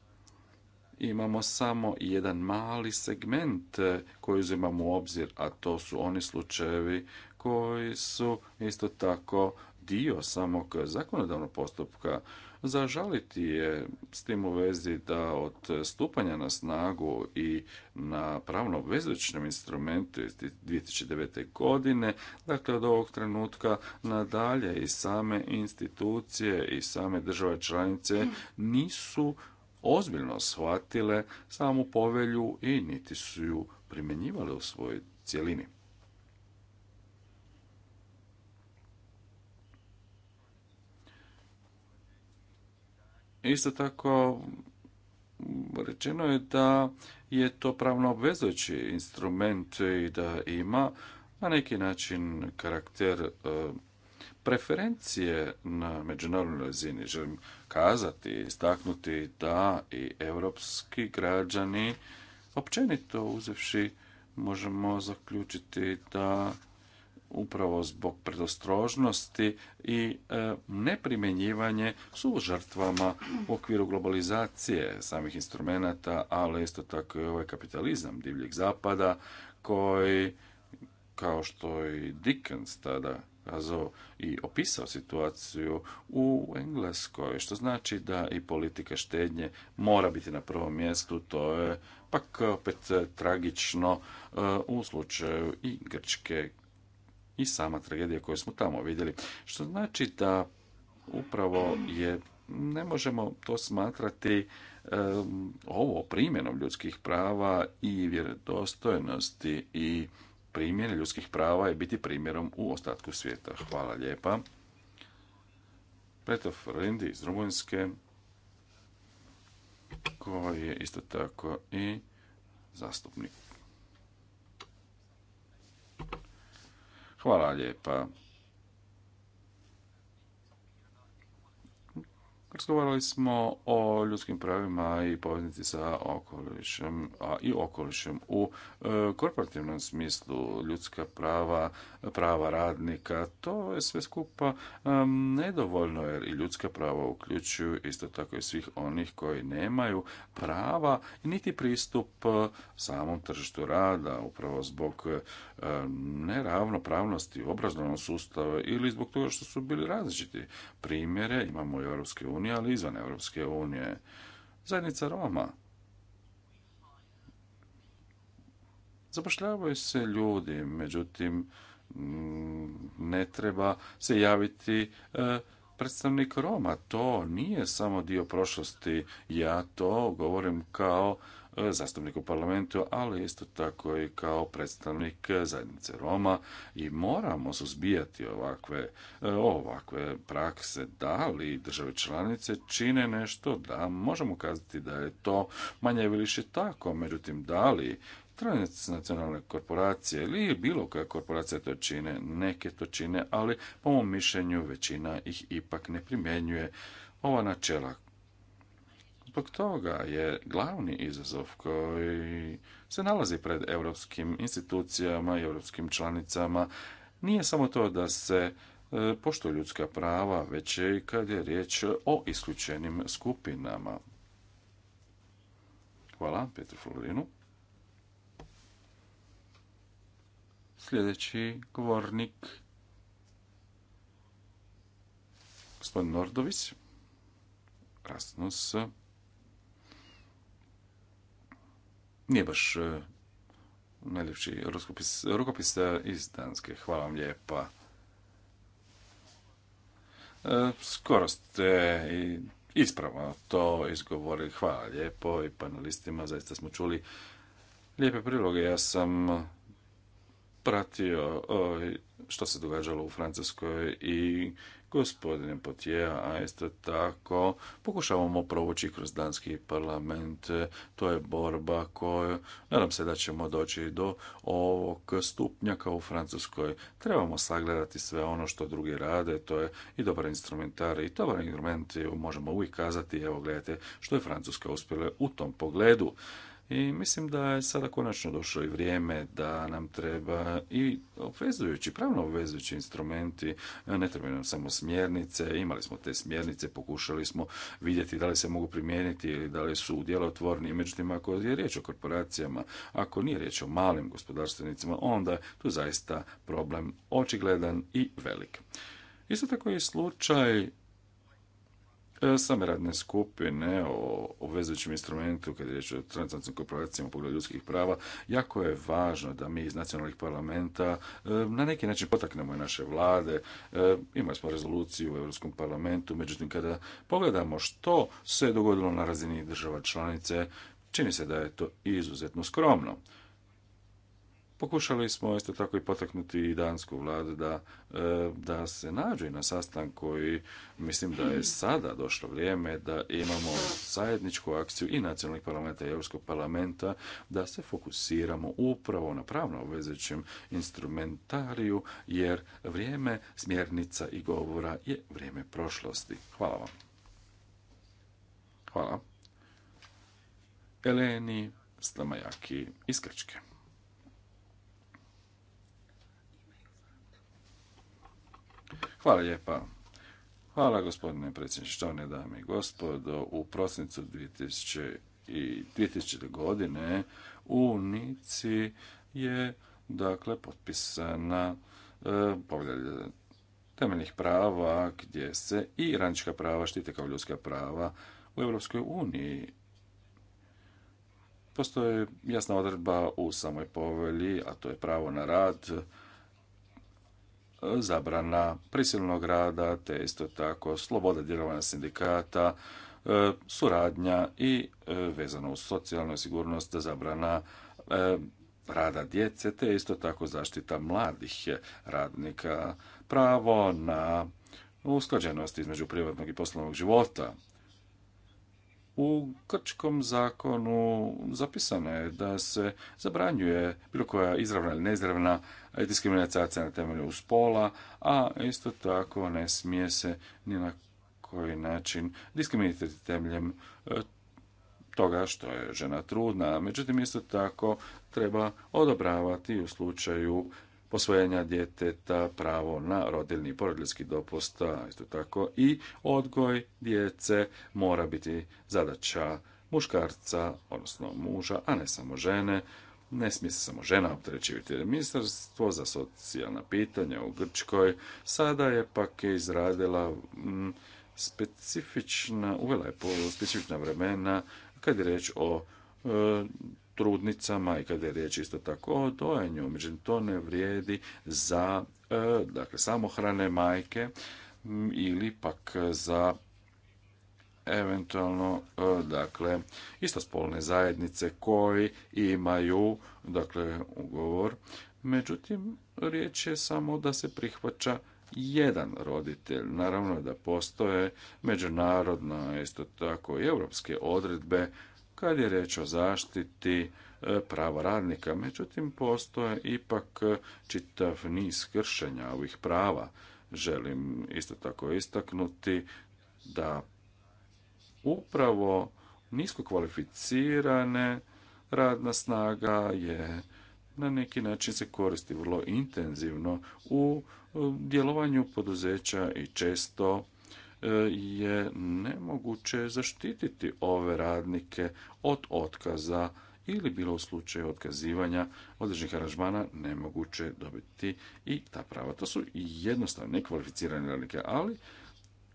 imamo samo jedan mali segment e, koji uzimamo u obzir, a to su oni slučajevi koji su isto tako dio samog zakonodavnog postupka. Zažaliti je s tim u vezi da od stupanja na snagu i na pravno obvezujućem instrumentu iz 2009. godine, dakle od ovog trenutka nadalje i same institucije i same države članice nisu ozbiljno shvatile samu povelju i niti su ju primjenjivale u svojoj cjelini. Isto tako, rečeno je da je to pravno obvezujući instrument i da ima na neki način karakter e, preferencije na međunarodnoj razini. Želim kazati, istaknuti da i europski građani općenito uzevši možemo zaključiti da upravo zbog predostrožnosti i e, neprimjenjivanje su žrtvama u okviru globalizacije samih instrumenata, ali isto tako i ovaj kapitalizam divljeg zapada koji, kao što i Dickens tada azo i opisao situaciju u Engleskoj, što znači da i politika štednje mora biti na prvom mjestu, to je pak opet tragično e, u slučaju i Grčke i sama tragedija koju smo tamo vidjeli, što znači da upravo je ne možemo to smatrati e, ovo primjenom ljudskih prava i vjerodostojnosti i primjer ljudskih prava je biti primjerom u ostatku svijeta. Hvala lijepa. Petov Rendi iz Rumunjske, koji je isto tako i zastupnik. Hvala lijepa. Razgovarali smo o ljudskim pravima i poveznici sa okolišem, a i okolišem u e, korporativnom smislu ljudska prava, prava radnika, to je sve skupa e, nedovoljno jer i ljudska prava uključuju isto tako i svih onih koji nemaju prava niti pristup e, samom tržištu rada upravo zbog neravnopravnosti u obrazovnom sustavu ili zbog toga što su bili različiti primjere, imamo u EU unije, ali izvan Europske unije. Zajednica Roma. Zapošljavaju se ljudi, međutim, mm, ne treba se javiti e, predstavnik Roma. To nije samo dio prošlosti. Ja to govorim kao zastupnik u parlamentu, ali isto tako i kao predstavnik zajednice Roma i moramo suzbijati ovakve, e, ovakve prakse. Da li države članice čine nešto? Da, možemo kazati da je to manje ili više tako. Međutim, da li transnacionalne korporacije ili bilo koja korporacija to čine, neke to čine, ali po mom mišljenju većina ih ipak ne primjenjuje ova načela Zbog toga je glavni izazov koji se nalazi pred europskim institucijama i europskim članicama nije samo to da se e, poštuju ljudska prava, već i kad je riječ o isključenim skupinama. Hvala, Petru Florinu. Sljedeći govornik, gospodin Nordović, Rasmus nije baš e, najljepši rukopis, rukopis e, iz Danske. Hvala vam lijepa. E, skoro ste i ispravno to izgovorili. Hvala lijepo i panelistima. Zaista smo čuli lijepe priloge. Ja sam pratio što se događalo u Francuskoj i gospodine Potier, a isto tako pokušavamo provući kroz danski parlament. To je borba koju, nadam se da ćemo doći do ovog stupnja kao u Francuskoj. Trebamo sagledati sve ono što drugi rade, to je i dobar instrumentar i dobar instrument, možemo uvijek kazati, evo gledajte što je Francuska uspjela u tom pogledu. I mislim da je sada konačno došlo i vrijeme da nam treba i obvezujući, pravno obvezujući instrumenti, ne trebaju nam samo smjernice, imali smo te smjernice, pokušali smo vidjeti da li se mogu primijeniti ili da li su djelotvorni. Međutim, ako je riječ o korporacijama, ako nije riječ o malim gospodarstvenicima, onda tu zaista problem očigledan i velik. Isto tako je slučaj E, same radne skupine o obvezujućem instrumentu kad je riječ o transnacionalnim korporacijama u pogledu ljudskih prava, jako je važno da mi iz nacionalnih parlamenta e, na neki način potaknemo i naše vlade. E, imali smo rezoluciju u Europskom parlamentu, međutim kada pogledamo što se dogodilo na razini država članice, čini se da je to izuzetno skromno. Pokušali smo isto tako i potaknuti i dansku vladu da, e, da se nađe na sastan koji, mislim da je sada došlo vrijeme da imamo zajedničku akciju i nacionalnih parlamenta i Europskog parlamenta da se fokusiramo upravo na pravno obvezećem instrumentariju jer vrijeme smjernica i govora je vrijeme prošlosti. Hvala vam. Hvala. Eleni Stamajaki iz Hvala lijepa. Hvala gospodine predsjedniče, štovane dame i gospodo. U prosincu 2000 godine u Nici je dakle potpisana e, povelja temeljnih prava gdje se i radnička prava štite kao ljudska prava u Europskoj uniji. Postoje jasna odredba u samoj povelji, a to je pravo na rad, zabrana prisilnog rada, te isto tako sloboda djelovanja sindikata, e, suradnja i e, vezano uz socijalnu sigurnost zabrana e, rada djece, te isto tako zaštita mladih radnika, pravo na usklađenost između privatnog i poslovnog života, u krčkom zakonu zapisano je da se zabranjuje bilo koja izravna ili neizravna diskriminacija na temelju spola, a isto tako ne smije se ni na koji način diskriminirati temeljem e, toga što je žena trudna. Međutim, isto tako treba odobravati u slučaju posvojenja djeteta, pravo na rodilni i porodilski dopust, isto tako i odgoj djece mora biti zadaća muškarca, odnosno muža, a ne samo žene. Ne smije se samo žena opterećivati. Ministarstvo za socijalna pitanja u Grčkoj sada je pak izradila mm, specifična, uvela je po specifična vremena kad je reč o e, trudnicama i kada je riječ isto tako o dojenju. Međutim, to ne vrijedi za e, dakle, samohrane majke ili pak za eventualno e, dakle istospolne zajednice koji imaju dakle ugovor međutim riječ je samo da se prihvaća jedan roditelj. Naravno da postoje međunarodna, isto tako i europske odredbe kad je reč o zaštiti e, prava radnika. Međutim, postoje ipak e, čitav niz kršenja ovih prava. Želim isto tako istaknuti da upravo nisko kvalificirane radna snaga je na neki način se koristi vrlo intenzivno u e, djelovanju poduzeća i često je nemoguće zaštititi ove radnike od otkaza ili bilo u slučaju otkazivanja određenih aranžmana nemoguće dobiti i ta prava. To su jednostavne nekvalificirane radnike, ali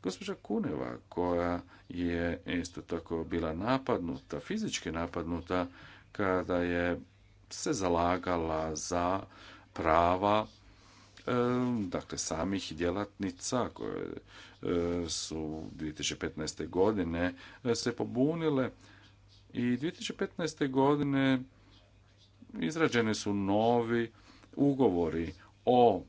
gospođa Kuneva koja je isto tako bila napadnuta, fizički napadnuta kada je se zalagala za prava dakle samih djelatnica koje e, su 2015. godine e, se pobunile i 2015. godine izrađeni su novi ugovori o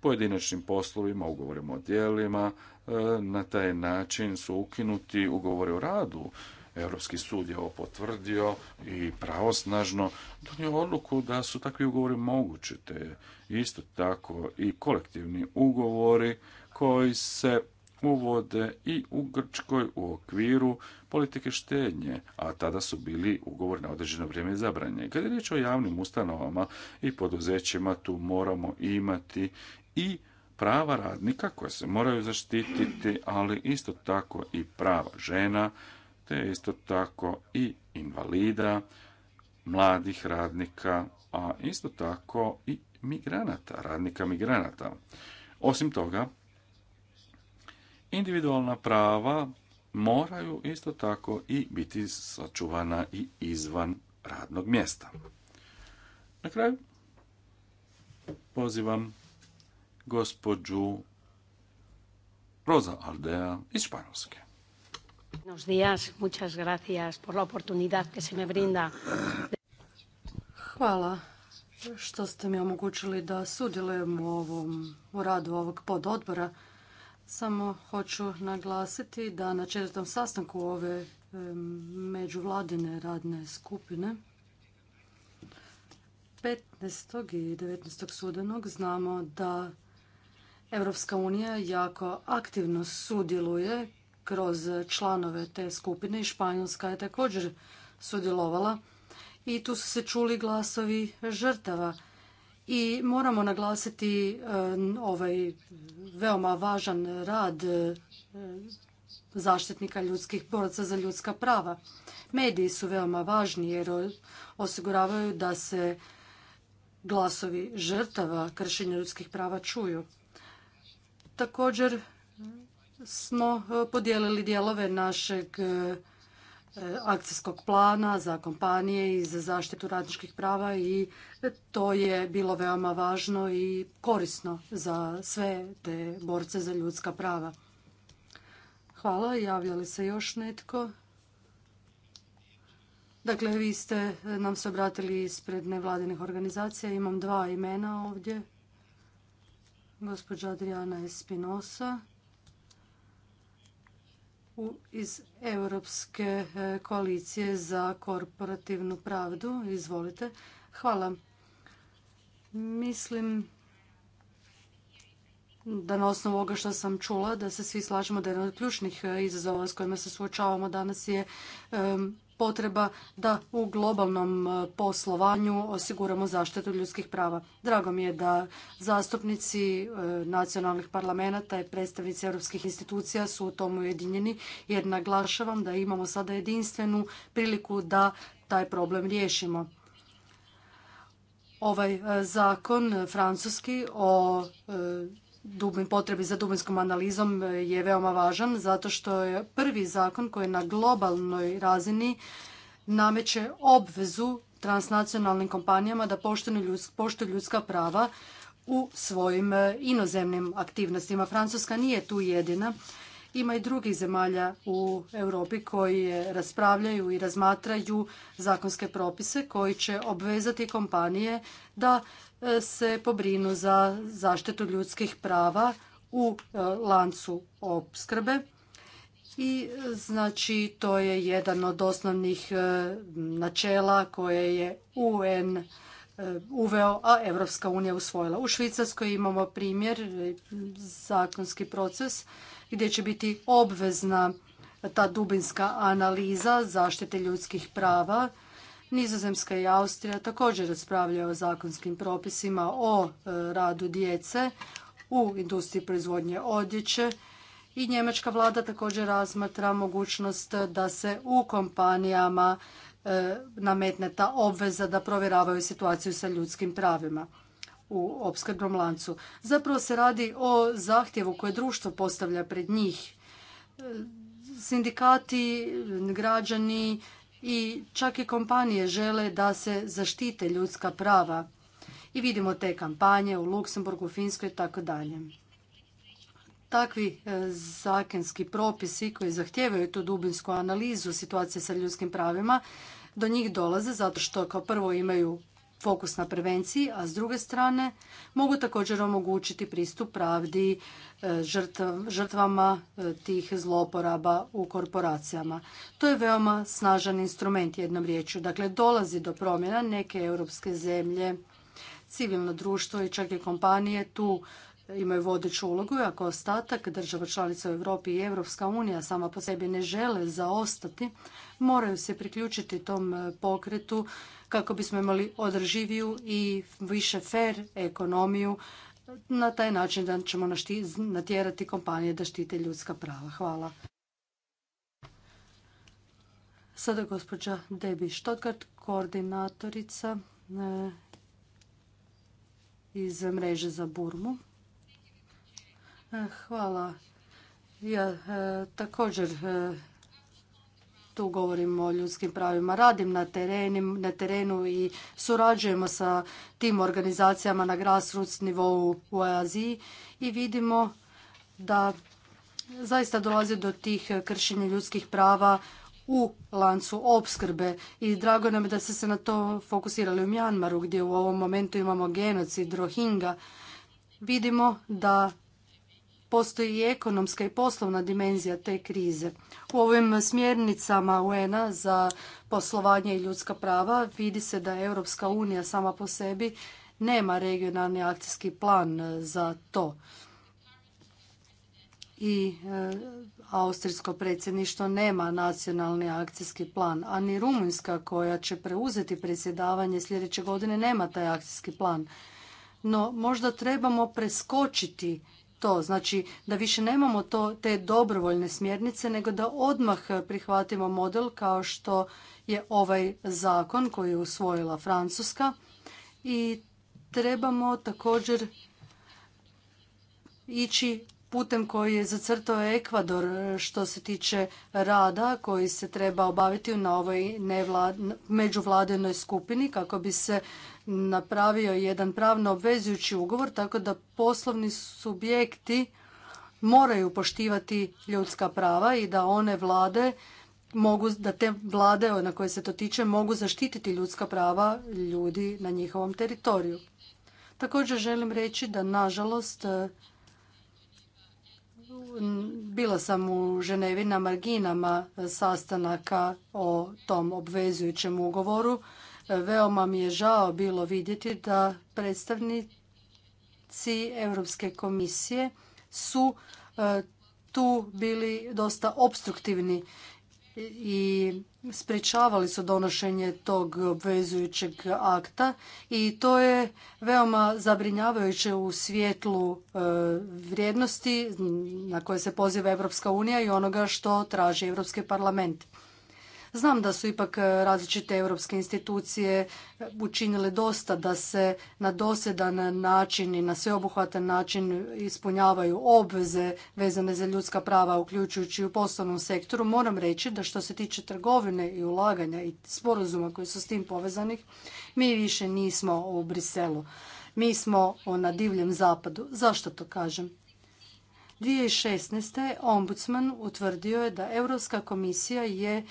pojedinačnim poslovima, ugovorima o djelima, e, na taj način su ukinuti ugovori o radu Europski sud je ovo potvrdio i pravosnažno donio odluku da su takvi ugovori mogući, te isto tako i kolektivni ugovori koji se uvode i u Grčkoj u okviru politike štednje, a tada su bili ugovor na određeno vrijeme zabranje. Kad je riječ o javnim ustanovama i poduzećima, tu moramo imati i prava radnika koja se moraju zaštititi, ali isto tako i prava žena, te isto tako i invalida, mladih radnika, a isto tako i migranata, radnika migranata. Osim toga, individualna prava moraju isto tako i biti sačuvana i izvan radnog mjesta. Na kraju pozivam gospođu Roza Aldea iz Španjolske. Buenos días, muchas gracias por la oportunidad que se Hvala što ste mi omogućili da sudjelujem u, ovom, u radu ovog pododbora. Samo hoću naglasiti da na četvrtom sastanku ove međuvladine radne skupine 15. i 19. sudenog znamo da Europska unija jako aktivno sudjeluje kroz članove te skupine i Španjolska je također sudjelovala i tu su se čuli glasovi žrtava. I moramo naglasiti e, ovaj veoma važan rad e, zaštitnika ljudskih boraca za ljudska prava. Mediji su veoma važni jer osiguravaju da se glasovi žrtava kršenja ljudskih prava čuju. Također smo e, podijelili dijelove našeg e, akcijskog plana za kompanije i za zaštitu radničkih prava i to je bilo veoma važno i korisno za sve te borce za ljudska prava. Hvala. Javlja li se još netko? Dakle, vi ste nam se obratili ispred nevladinih organizacija. Imam dva imena ovdje. Gospođa Adriana Espinosa iz Europske e, koalicije za korporativnu pravdu. Izvolite. Hvala. Mislim da na osnovu ovoga što sam čula da se svi slažemo da je jedan od ključnih e, izazova s kojima se suočavamo danas je e, potreba da u globalnom e, poslovanju osiguramo zaštitu ljudskih prava. Drago mi je da zastupnici e, nacionalnih parlamenta i predstavnici europskih institucija su u tom ujedinjeni jer naglašavam da imamo sada jedinstvenu priliku da taj problem riješimo. Ovaj e, zakon francuski o dubin, potrebi za dubinskom analizom e, je veoma važan zato što je prvi zakon koji na globalnoj razini nameće obvezu transnacionalnim kompanijama da poštuju ljudska prava u svojim e, inozemnim aktivnostima. Francuska nije tu jedina. Ima i drugih zemalja u Europi koji raspravljaju i razmatraju zakonske propise koji će obvezati kompanije da se pobrinu za zaštitu ljudskih prava u e, lancu opskrbe i znači to je jedan od osnovnih e, načela koje je UN e, uveo, a Europska unija usvojila. U Švicarskoj imamo primjer, zakonski proces gdje će biti obvezna ta dubinska analiza zaštite ljudskih prava Nizozemska i Austrija također raspravljaju o zakonskim propisima o e, radu djece u industriji proizvodnje odjeće i njemačka vlada također razmatra mogućnost da se u kompanijama e, nametne ta obveza da provjeravaju situaciju sa ljudskim pravima u opskrbnom lancu. Zapravo se radi o zahtjevu koje društvo postavlja pred njih. E, sindikati, građani, i čak i kompanije žele da se zaštite ljudska prava. I vidimo te kampanje u Luksemburgu, Finskoj i tako dalje. Takvi e, zakonski propisi koji zahtijevaju tu dubinsku analizu situacije sa ljudskim pravima do njih dolaze zato što kao prvo imaju fokus na prevenciji, a s druge strane mogu također omogućiti pristup pravdi e, žrtvama e, tih zloporaba u korporacijama. To je veoma snažan instrument jednom riječju. Dakle, dolazi do promjena neke europske zemlje, civilno društvo i čak i kompanije tu imaju vodeću ulogu, ako ostatak država članica u Europi i Europska unija sama po sebi ne žele zaostati, moraju se priključiti tom e, pokretu kako bismo imali održiviju i više fer ekonomiju. Na taj način da ćemo natjerati kompanije da štite ljudska prava. Hvala. Sada gospođa Debi Štotgart, koordinatorica e, iz mreže za Burmu. E, hvala. Ja e, također e, tu govorimo o ljudskim pravima. Radim na, terenu i surađujemo sa tim organizacijama na grassroots nivou u Aziji i vidimo da zaista dolazi do tih kršenja ljudskih prava u lancu opskrbe i drago nam je da ste se na to fokusirali u Mjanmaru gdje u ovom momentu imamo genocid Rohinga. Vidimo da postoji i ekonomska i poslovna dimenzija te krize. U ovim smjernicama UN-a za poslovanje i ljudska prava vidi se da Europska unija sama po sebi nema regionalni akcijski plan za to. I e, austrijsko predsjedništvo nema nacionalni akcijski plan, a ni Rumunjska koja će preuzeti predsjedavanje sljedeće godine nema taj akcijski plan. No možda trebamo preskočiti to, znači da više nemamo to, te dobrovoljne smjernice, nego da odmah prihvatimo model kao što je ovaj zakon koji je usvojila Francuska i trebamo također ići putem koji je zacrtao Ekvador što se tiče rada koji se treba obaviti na ovoj međuvladenoj skupini kako bi se napravio jedan pravno obvezujući ugovor tako da poslovni subjekti moraju poštivati ljudska prava i da one vlade mogu, da te vlade na koje se to tiče mogu zaštititi ljudska prava ljudi na njihovom teritoriju. Također želim reći da nažalost bila sam u Ženevi na marginama sastanaka o tom obvezujućem ugovoru Veoma mi je žao bilo vidjeti da predstavnici Europske komisije su e, tu bili dosta obstruktivni i sprečavali su donošenje tog obvezujućeg akta i to je veoma zabrinjavajuće u svjetlu e, vrijednosti na koje se poziva Europska unija i onoga što traži Europski parlament. Znam da su ipak e, različite europske institucije e, učinile dosta da se na dosedan način i na sveobuhvatan način ispunjavaju obveze vezane za ljudska prava, uključujući u poslovnom sektoru. Moram reći da što se tiče trgovine i ulaganja i sporazuma koji su s tim povezanih, mi više nismo u Briselu. Mi smo na divljem zapadu. Zašto to kažem? 2016. ombudsman utvrdio je da Europska komisija je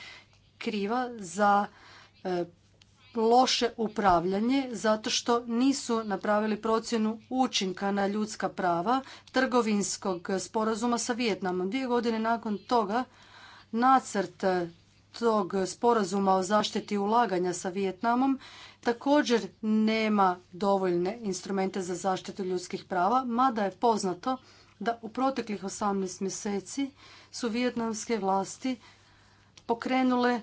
kriva za e, loše upravljanje zato što nisu napravili procjenu učinka na ljudska prava trgovinskog sporazuma sa Vijetnamom. Dvije godine nakon toga nacrt tog sporazuma o zaštiti ulaganja sa Vijetnamom također nema dovoljne instrumente za zaštitu ljudskih prava, mada je poznato da u proteklih 18 mjeseci su vijetnamske vlasti pokrenule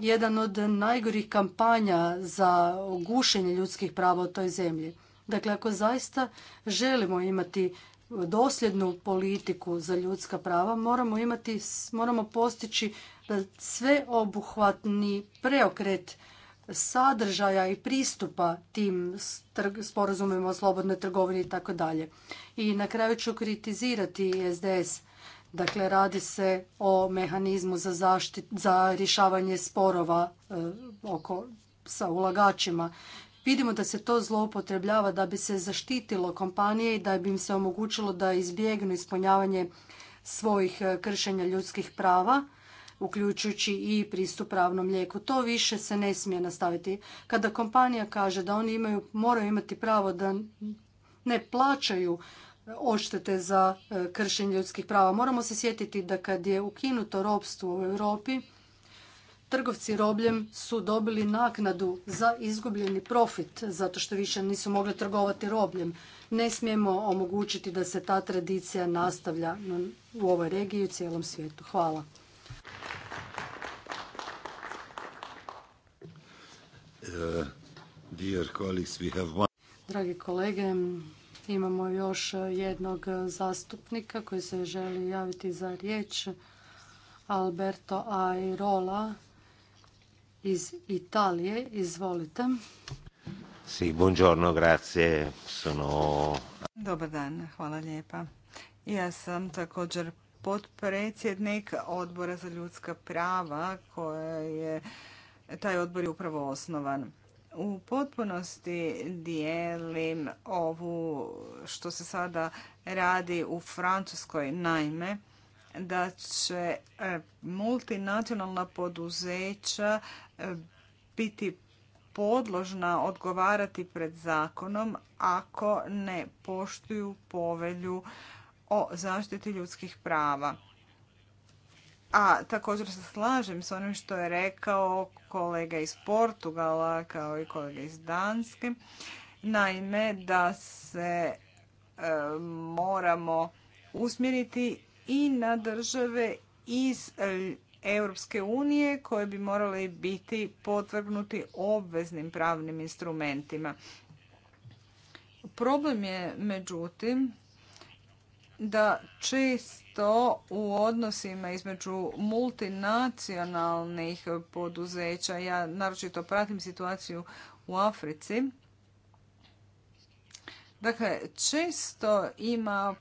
jedan od najgorih kampanja za gušenje ljudskih prava u toj zemlji. Dakle, ako zaista želimo imati dosljednu politiku za ljudska prava, moramo, imati, moramo postići sveobuhvatni preokret sadržaja i pristupa tim sporazumima o slobodnoj trgovini i tako dalje. I na kraju ću kritizirati SDS Dakle, radi se o mehanizmu za, zaštit, za rješavanje sporova eh, oko, sa ulagačima. Vidimo da se to zloupotrebljava da bi se zaštitilo kompanije i da bi im se omogućilo da izbjegnu ispunjavanje svojih eh, kršenja ljudskih prava uključujući i pristup pravnom lijeku. To više se ne smije nastaviti. Kada kompanija kaže da oni imaju, moraju imati pravo da ne plaćaju odštete za e, kršenje ljudskih prava. Moramo se sjetiti da kad je ukinuto ropstvo u Europi, trgovci robljem su dobili naknadu za izgubljeni profit, zato što više nisu mogli trgovati robljem. Ne smijemo omogućiti da se ta tradicija nastavlja u ovoj regiji i u cijelom svijetu. Hvala. Uh, Dragi kolege, Imamo još e, jednog e, zastupnika koji se želi javiti za riječ. Alberto Airola iz Italije. Izvolite. Dobar dan, hvala lijepa. Ja sam također potpredsjednik odbora za ljudska prava koja je taj odbor je upravo osnovan u potpunosti dijelim ovu što se sada radi u Francuskoj naime da će e, multinacionalna poduzeća e, biti podložna odgovarati pred zakonom ako ne poštuju povelju o zaštiti ljudskih prava. A također se slažem s onim što je rekao kolega iz Portugala kao i kolega iz Danske. Naime, da se e, moramo usmjeriti i na države iz Europske unije koje bi morale biti potvrgnuti obveznim pravnim instrumentima. Problem je međutim da čest što u odnosima između multinacionalnih poduzeća, ja naročito pratim situaciju u Africi, dakle često ima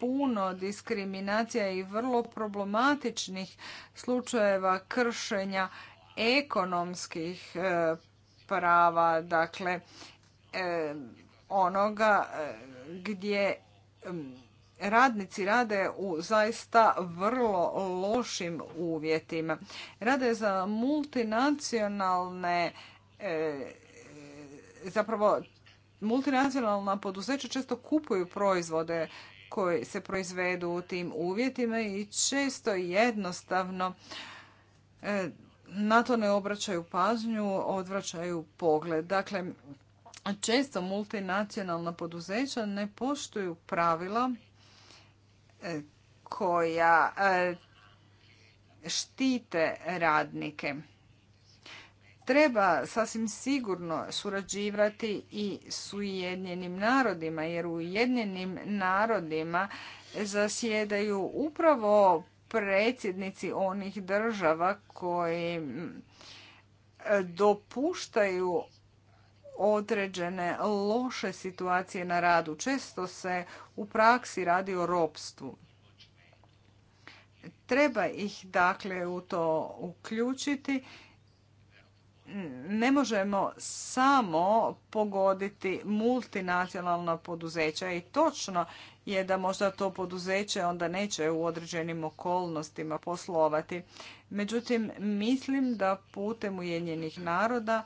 puno diskriminacija i vrlo problematičnih slučajeva kršenja ekonomskih e, prava, dakle e, onoga e, gdje radnici rade u zaista vrlo lošim uvjetima. Rade za multinacionalne e, zapravo multinacionalna poduzeća često kupuju proizvode koji se proizvedu u tim uvjetima i često jednostavno e, na to ne obraćaju pažnju, odvraćaju pogled. Dakle, često multinacionalna poduzeća ne poštuju pravila koja e, štite radnike. Treba sasvim sigurno surađivati i s Ujedinjenim narodima, jer u Ujedinjenim narodima zasjedaju upravo predsjednici onih država koji dopuštaju određene loše situacije na radu. Često se u praksi radi o ropstvu. Treba ih dakle u to uključiti. Ne možemo samo pogoditi multinacionalna poduzeća i točno je da možda to poduzeće onda neće u određenim okolnostima poslovati. Međutim, mislim da putem Ujedinjenih naroda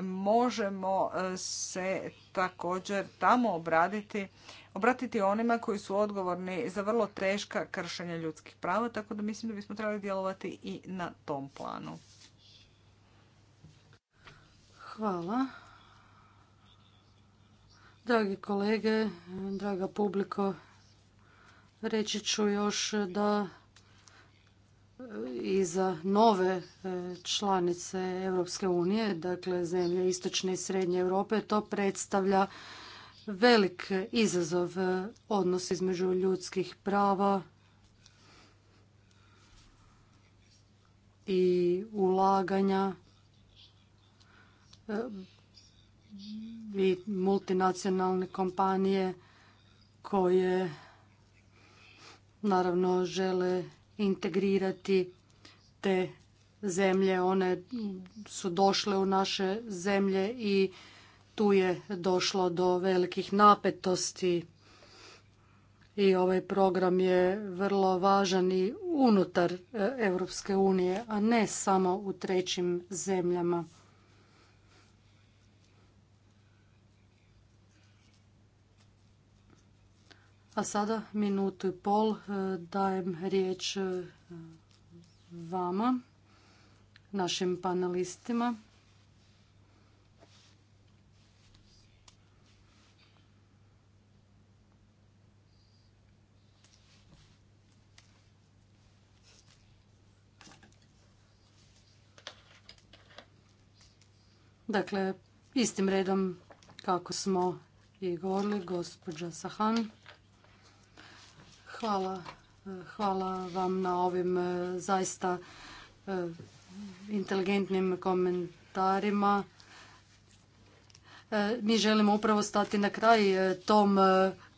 možemo e, se također tamo obraditi, obratiti onima koji su odgovorni za vrlo teška kršenja ljudskih prava, tako da mislim da bismo trebali djelovati i na tom planu. Hvala. Dragi kolege, draga publiko, reći ću još da i za nove e, članice Europske unije, dakle zemlje istočne i srednje Europe, to predstavlja velik izazov e, odnos između ljudskih prava i ulaganja e, i multinacionalne kompanije koje naravno žele integrirati te zemlje. One su došle u naše zemlje i tu je došlo do velikih napetosti i ovaj program je vrlo važan i unutar Europske unije, a ne samo u trećim zemljama. A sada minutu i pol e, dajem riječ e, vama, našim panelistima. Dakle, istim redom kako smo i govorili, gospođa Sahan. Hvala. Hvala vam na ovim e, zaista e, inteligentnim komentarima. E, mi želimo upravo stati na kraj tom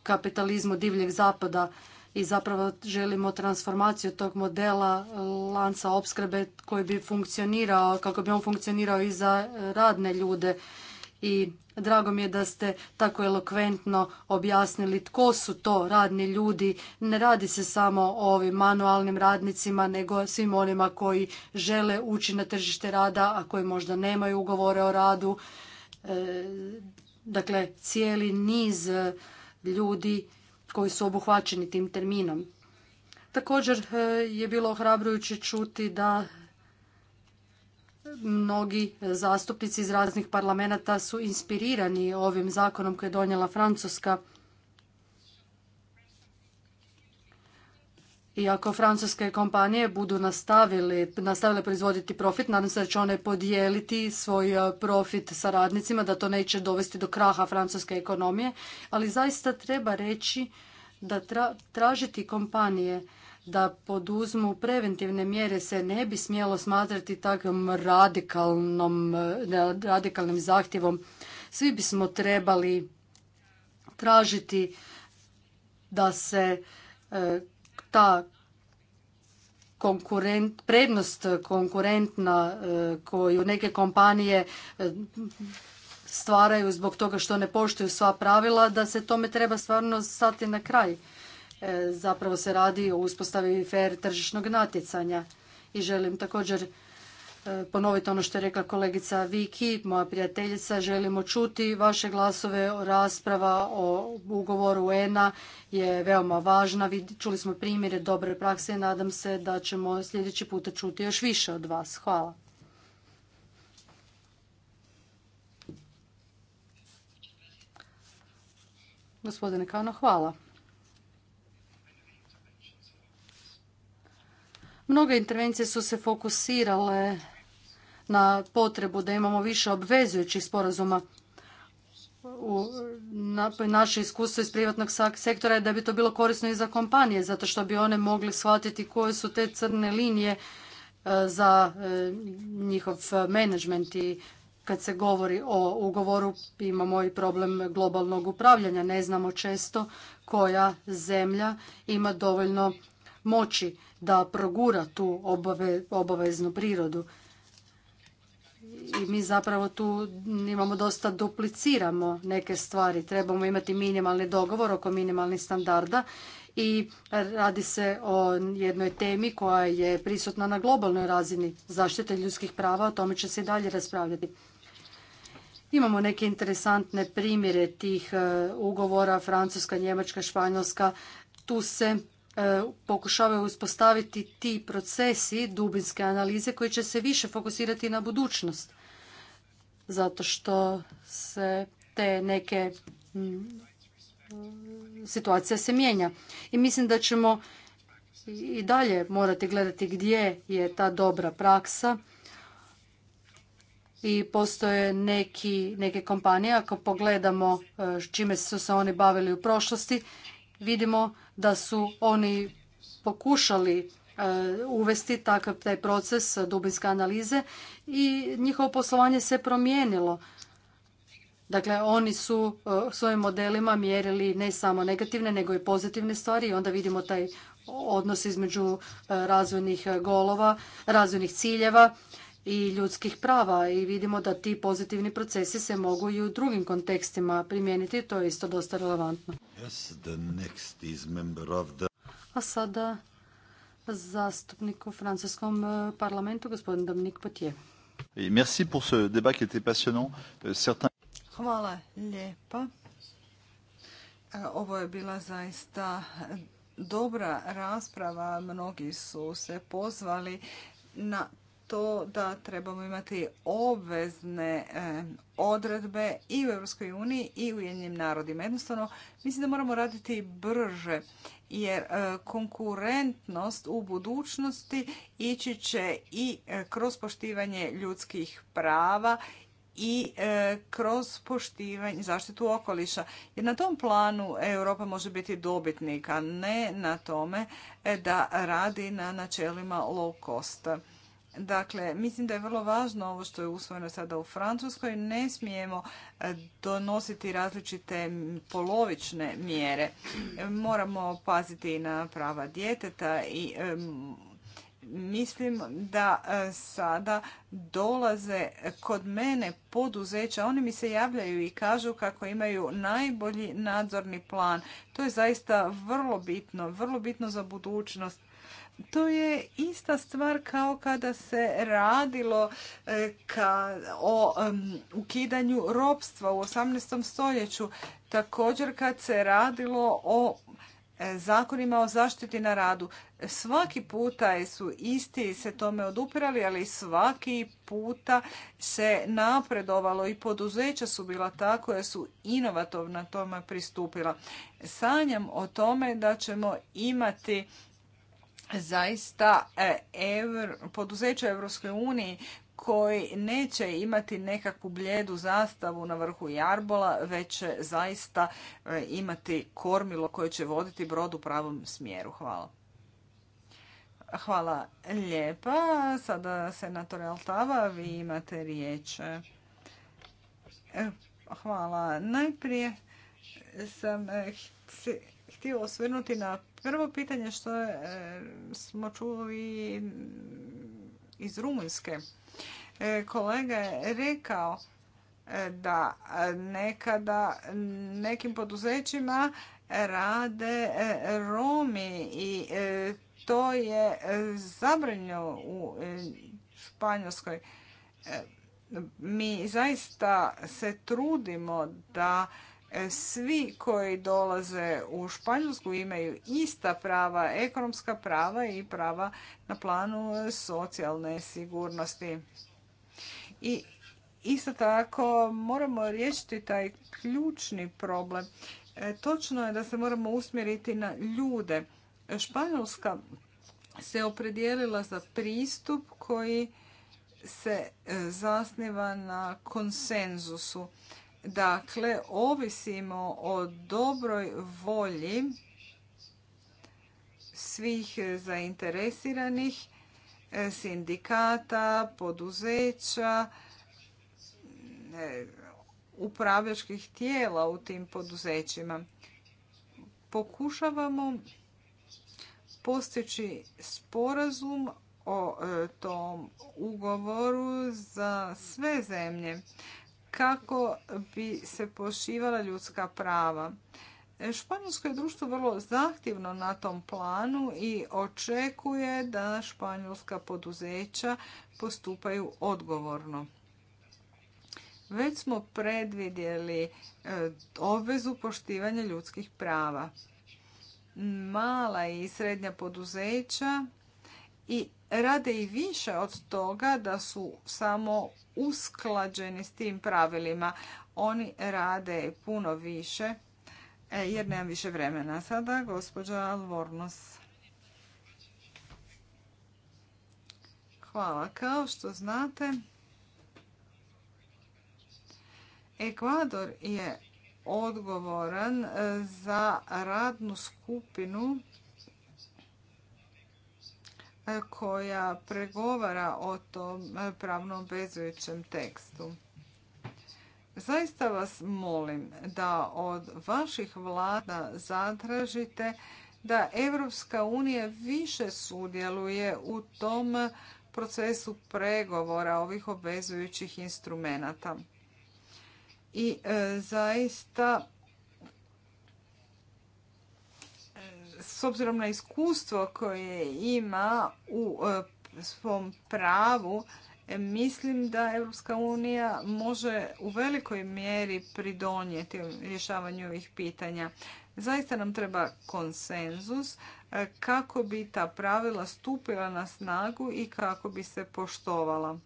kapitalizmu divljeg zapada i zapravo želimo transformaciju tog modela lanca opskrbe koji bi funkcionirao, kako bi on funkcionirao i za radne ljude i drago mi je da ste tako elokventno objasnili tko su to radni ljudi. Ne radi se samo o ovim manualnim radnicima, nego svim onima koji žele ući na tržište rada, a koji možda nemaju ugovore o radu. E, dakle, cijeli niz ljudi koji su obuhvaćeni tim terminom. Također e, je bilo ohrabrujuće čuti da mnogi zastupnici iz raznih parlamenta su inspirirani ovim zakonom koji je donijela Francuska. I ako francuske kompanije budu nastavile proizvoditi profit, nadam se da će one podijeliti svoj e, profit sa radnicima, da to neće dovesti do kraha francuske ekonomije, ali zaista treba reći da tražiti kompanije da poduzmu preventivne mjere se ne bi smjelo smatrati takvom radikalnom, radikalnim zahtjevom. Svi bismo trebali tražiti da se e, ta konkurent, prednost konkurentna e, koju neke kompanije e, stvaraju zbog toga što ne poštuju sva pravila, da se tome treba stvarno stati na kraj. E, zapravo se radi o uspostavi fer tržišnog natjecanja. I želim također e, ponoviti ono što je rekla kolegica Viki, moja prijateljica, želimo čuti vaše glasove, rasprava o ugovoru ENA je veoma važna. Čuli smo primjere dobre prakse i nadam se da ćemo sljedeći puta čuti još više od vas. Hvala. Gospodine Kano, hvala. Mnoge intervencije su se fokusirale na potrebu da imamo više obvezujućih sporazuma. naše iskustvo iz privatnog sektora je da bi to bilo korisno i za kompanije, zato što bi one mogli shvatiti koje su te crne linije e, za e, njihov menadžment i kad se govori o ugovoru imamo i problem globalnog upravljanja. Ne znamo često koja zemlja ima dovoljno moći da progura tu obaveznu prirodu. I mi zapravo tu imamo dosta dupliciramo neke stvari. Trebamo imati minimalni dogovor oko minimalnih standarda i radi se o jednoj temi koja je prisutna na globalnoj razini zaštite ljudskih prava, o tome će se i dalje raspravljati. Imamo neke interesantne primjere tih e, ugovora, Francuska, Njemačka, Španjolska. Tu se E, pokušavaju uspostaviti ti procesi dubinske analize koji će se više fokusirati na budućnost. Zato što se te neke mm, situacija se mijenja. I mislim da ćemo i dalje morati gledati gdje je ta dobra praksa i postoje neki, neke kompanije. Ako pogledamo e, čime su se oni bavili u prošlosti, vidimo da su oni pokušali e, uvesti takav taj proces dubinske analize i njihovo poslovanje se promijenilo. Dakle, oni su e, svojim modelima mjerili ne samo negativne, nego i pozitivne stvari i onda vidimo taj odnos između e, razvojnih golova, razvojnih ciljeva i ljudskih prava i vidimo da ti pozitivni procesi se mogu i u drugim kontekstima primijeniti. To je isto dosta relevantno. A sada zastupnik u francuskom e, parlamentu, gospodin Dominik Potier. Hvala lijepa. E, ovo je bila zaista dobra rasprava. Mnogi su se pozvali na to da trebamo imati obvezne e, odredbe i u Europskoj uniji i u jednim narodima. Jednostavno, mislim da moramo raditi brže jer e, konkurentnost u budućnosti ići će i e, kroz poštivanje ljudskih prava i kroz poštivanje zaštitu okoliša. Jer na tom planu Europa može biti dobitnik, a ne na tome da radi na načelima low cost. Dakle, mislim da je vrlo važno ovo što je usvojeno sada u Francuskoj. Ne smijemo e, donositi različite polovične mjere. Moramo paziti na prava djeteta i mislim da e, sada dolaze kod mene poduzeća, oni mi se javljaju i kažu kako imaju najbolji nadzorni plan. To je zaista vrlo bitno, vrlo bitno za budućnost to je ista stvar kao kada se radilo e, ka, o ukidanju ropstva u 18. stoljeću. Također kad se radilo o e, zakonima o zaštiti na radu. Svaki puta su isti se tome odupirali, ali svaki puta se napredovalo i poduzeća su bila ta koja su inovativno tome pristupila. Sanjam o tome da ćemo imati zaista e, evr, poduzeća Europskoj uniji koji neće imati nekakvu bljedu zastavu na vrhu jarbola, već će zaista e, imati kormilo koje će voditi brod u pravom smjeru. Hvala. Hvala lijepa. Sada senator Altava, vi imate riječ. E, hvala. Najprije sam htio osvrnuti na Prvo pitanje što e, smo čuli iz Rumunjske. E, kolega je rekao e, da nekada nekim poduzećima rade Romi i to je zabranjeno u Španjolskoj. Mi zaista se trudimo da E, svi koji dolaze u Španjolsku imaju ista prava, ekonomska prava i prava na planu socijalne sigurnosti. I isto tako moramo riješiti taj ključni problem. E, točno je da se moramo usmjeriti na ljude. Španjolska se opredijelila za pristup koji se e, zasniva na konsenzusu. Dakle, ovisimo o dobroj volji svih zainteresiranih e, sindikata, poduzeća, e, upravljačkih tijela u tim poduzećima. Pokušavamo postići sporazum o e, tom ugovoru za sve zemlje kako bi se poštivala ljudska prava. Španjolsko je društvo vrlo zahtjevno na tom planu i očekuje da španjolska poduzeća postupaju odgovorno. Već smo predvidjeli e, obvezu poštivanja ljudskih prava. Mala i srednja poduzeća i rade i više od toga da su samo usklađeni s tim pravilima. Oni rade puno više e, jer nemam više vremena. Sada gospođa Alvornos. Hvala. Kao što znate, Ekvador je odgovoran za radnu skupinu koja pregovara o tom e, pravno obvezujućem tekstu. Zaista vas molim da od vaših vlada zatražite da Europska unija više sudjeluje u tom procesu pregovora ovih obvezujućih instrumenata. I e, zaista s obzirom na iskustvo koje ima u e, svom pravu, e, mislim da Europska unija može u velikoj mjeri pridonijeti rješavanju ovih pitanja. Zaista nam treba konsenzus e, kako bi ta pravila stupila na snagu i kako bi se poštovala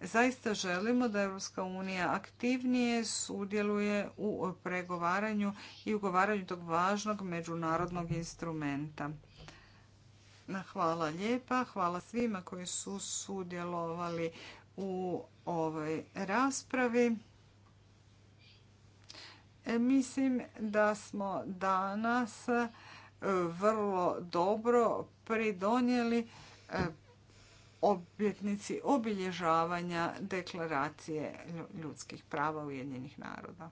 zaista želimo da Europska unija aktivnije sudjeluje u pregovaranju i ugovaranju tog važnog međunarodnog instrumenta. Hvala lijepa, hvala svima koji su sudjelovali u ovoj raspravi. E, mislim da smo danas e, vrlo dobro pridonijeli e, objetnici obilježavanja deklaracije ljudskih prava Ujedinjenih naroda.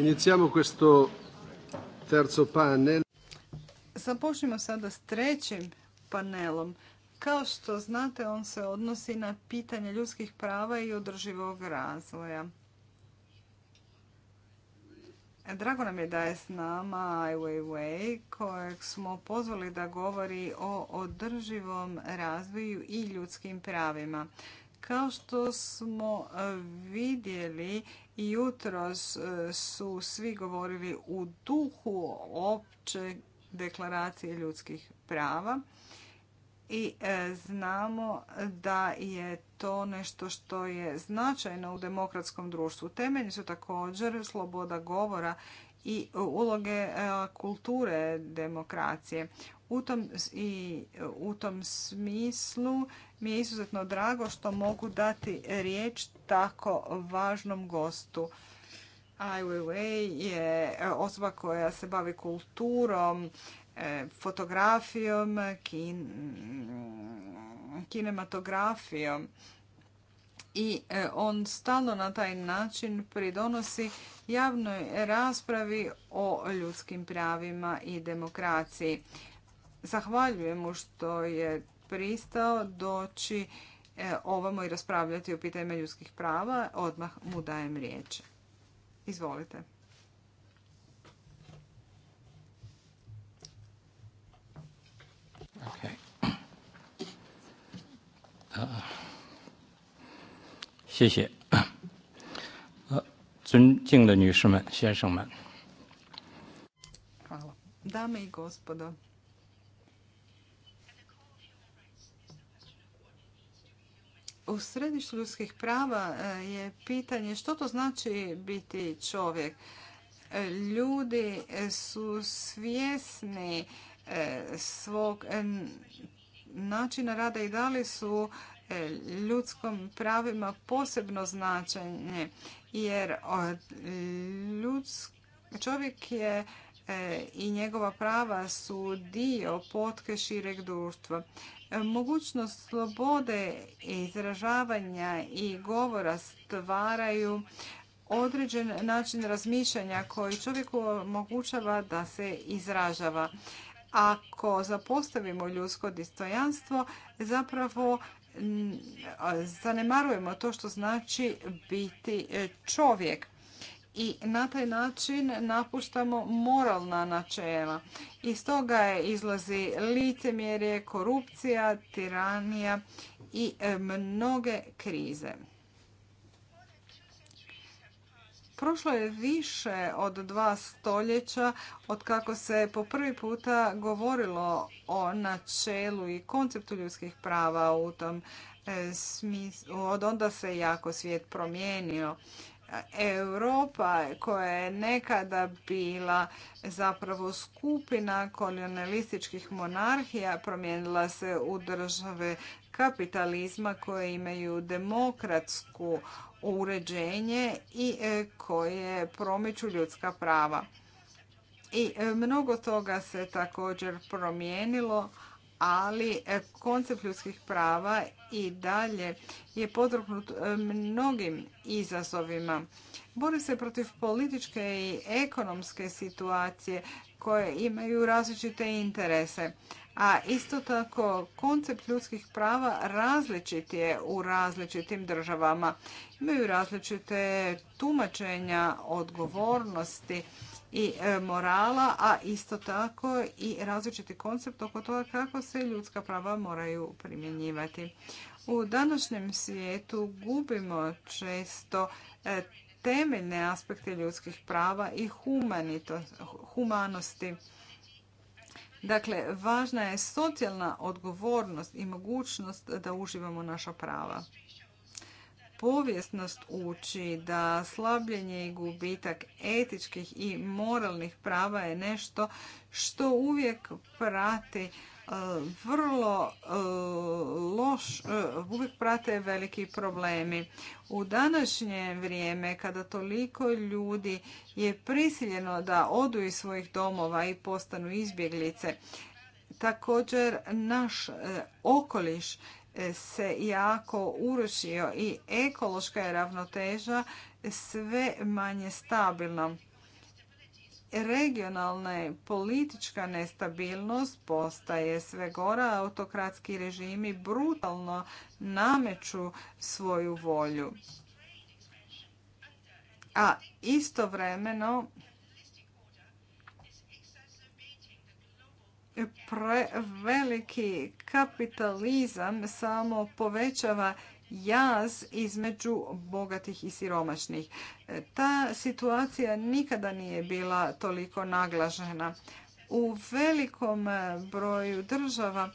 Inicijamo questo Započnimo sada s trećim panelom. Kao što znate, on se odnosi na pitanje ljudskih prava i održivog razvoja. Drago nam je da je s nama Ai Weiwei, kojeg smo pozvali da govori o održivom razvoju i ljudskim pravima. Kao što smo e, vidjeli jutros e, su svi govorili u duhu opće deklaracije ljudskih prava i e, znamo da je to nešto što je značajno u demokratskom društvu. Temelji su također sloboda govora i uloge kulture demokracije. U tom, i, u tom smislu mi je izuzetno drago što mogu dati riječ tako važnom gostu. Ai Weiwei je osoba koja se bavi kulturom, e, fotografijom, kinematografijom i e, on stalno na taj način pridonosi javnoj raspravi o ljudskim pravima i demokraciji zahvaljujem što je pristao doći e, ovamo i raspravljati o pitanjima ljudskih prava. Odmah mu dajem riječ. Izvolite. Dame i gospodo, u središtu ljudskih prava e, je pitanje što to znači biti čovjek. E, ljudi e, su svjesni svog načina rada i da li su ljudskom pravima posebno značenje jer čovjek je E, i njegova prava su dio potke šireg društva. E, mogućnost slobode izražavanja i govora stvaraju određen način razmišljanja koji čovjeku omogućava da se izražava. Ako zapostavimo ljudsko distojanstvo, zapravo zanemarujemo to što znači biti čovjek i na taj način napuštamo moralna načela. Iz toga je izlazi licemjerje, korupcija, tiranija i e, mnoge krize. Prošlo je više od dva stoljeća od kako se po prvi puta govorilo o načelu i konceptu ljudskih prava u tom e, smislu. Od onda se jako svijet promijenio. Europa koja je nekada bila zapravo skupina kolonialističkih monarhija promijenila se u države kapitalizma koje imaju demokratsku uređenje i e, koje promiču ljudska prava. I e, mnogo toga se također promijenilo, ali e, koncept ljudskih prava i dalje je podvrgnut e, mnogim izazovima. Bori se protiv političke i ekonomske situacije koje imaju različite interese. A isto tako koncept ljudskih prava različit je u različitim državama. Imaju različite tumačenja odgovornosti i e, morala, a isto tako i različiti koncept oko toga kako se ljudska prava moraju primjenjivati. U današnjem svijetu gubimo često e, temeljne aspekte ljudskih prava i humanosti. Dakle, važna je socijalna odgovornost i mogućnost da uživamo naša prava povijesnost uči da slabljenje i gubitak etičkih i moralnih prava je nešto što uvijek prati e, vrlo e, loš, e, uvijek prate veliki problemi. U današnje vrijeme kada toliko ljudi je prisiljeno da odu iz svojih domova i postanu izbjeglice, također naš okoliš se jako urušio i ekološka je ravnoteža sve manje stabilna. Regionalna politička nestabilnost postaje sve gora, autokratski režimi brutalno nameću svoju volju. A istovremeno preveliki kapitalizam samo povećava jaz između bogatih i siromašnih. Ta situacija nikada nije bila toliko naglažena. U velikom broju država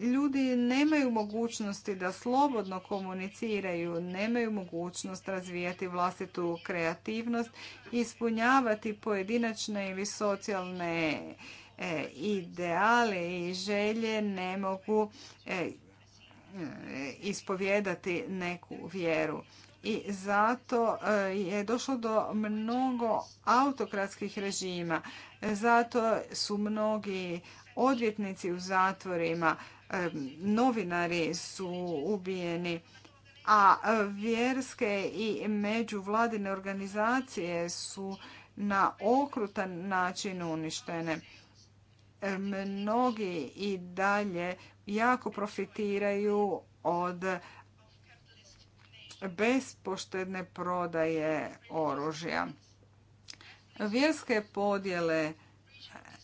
ljudi nemaju mogućnosti da slobodno komuniciraju, nemaju mogućnost razvijati vlastitu kreativnost, ispunjavati pojedinačne ili socijalne E, ideale i želje ne mogu e, ispovjedati neku vjeru. I zato e, je došlo do mnogo autokratskih režima. Zato su mnogi odvjetnici u zatvorima, novinari su ubijeni, a vjerske i međuvladine organizacije su na okrutan način uništene mnogi i dalje jako profitiraju od bespoštedne prodaje oružja. Vjerske podjele,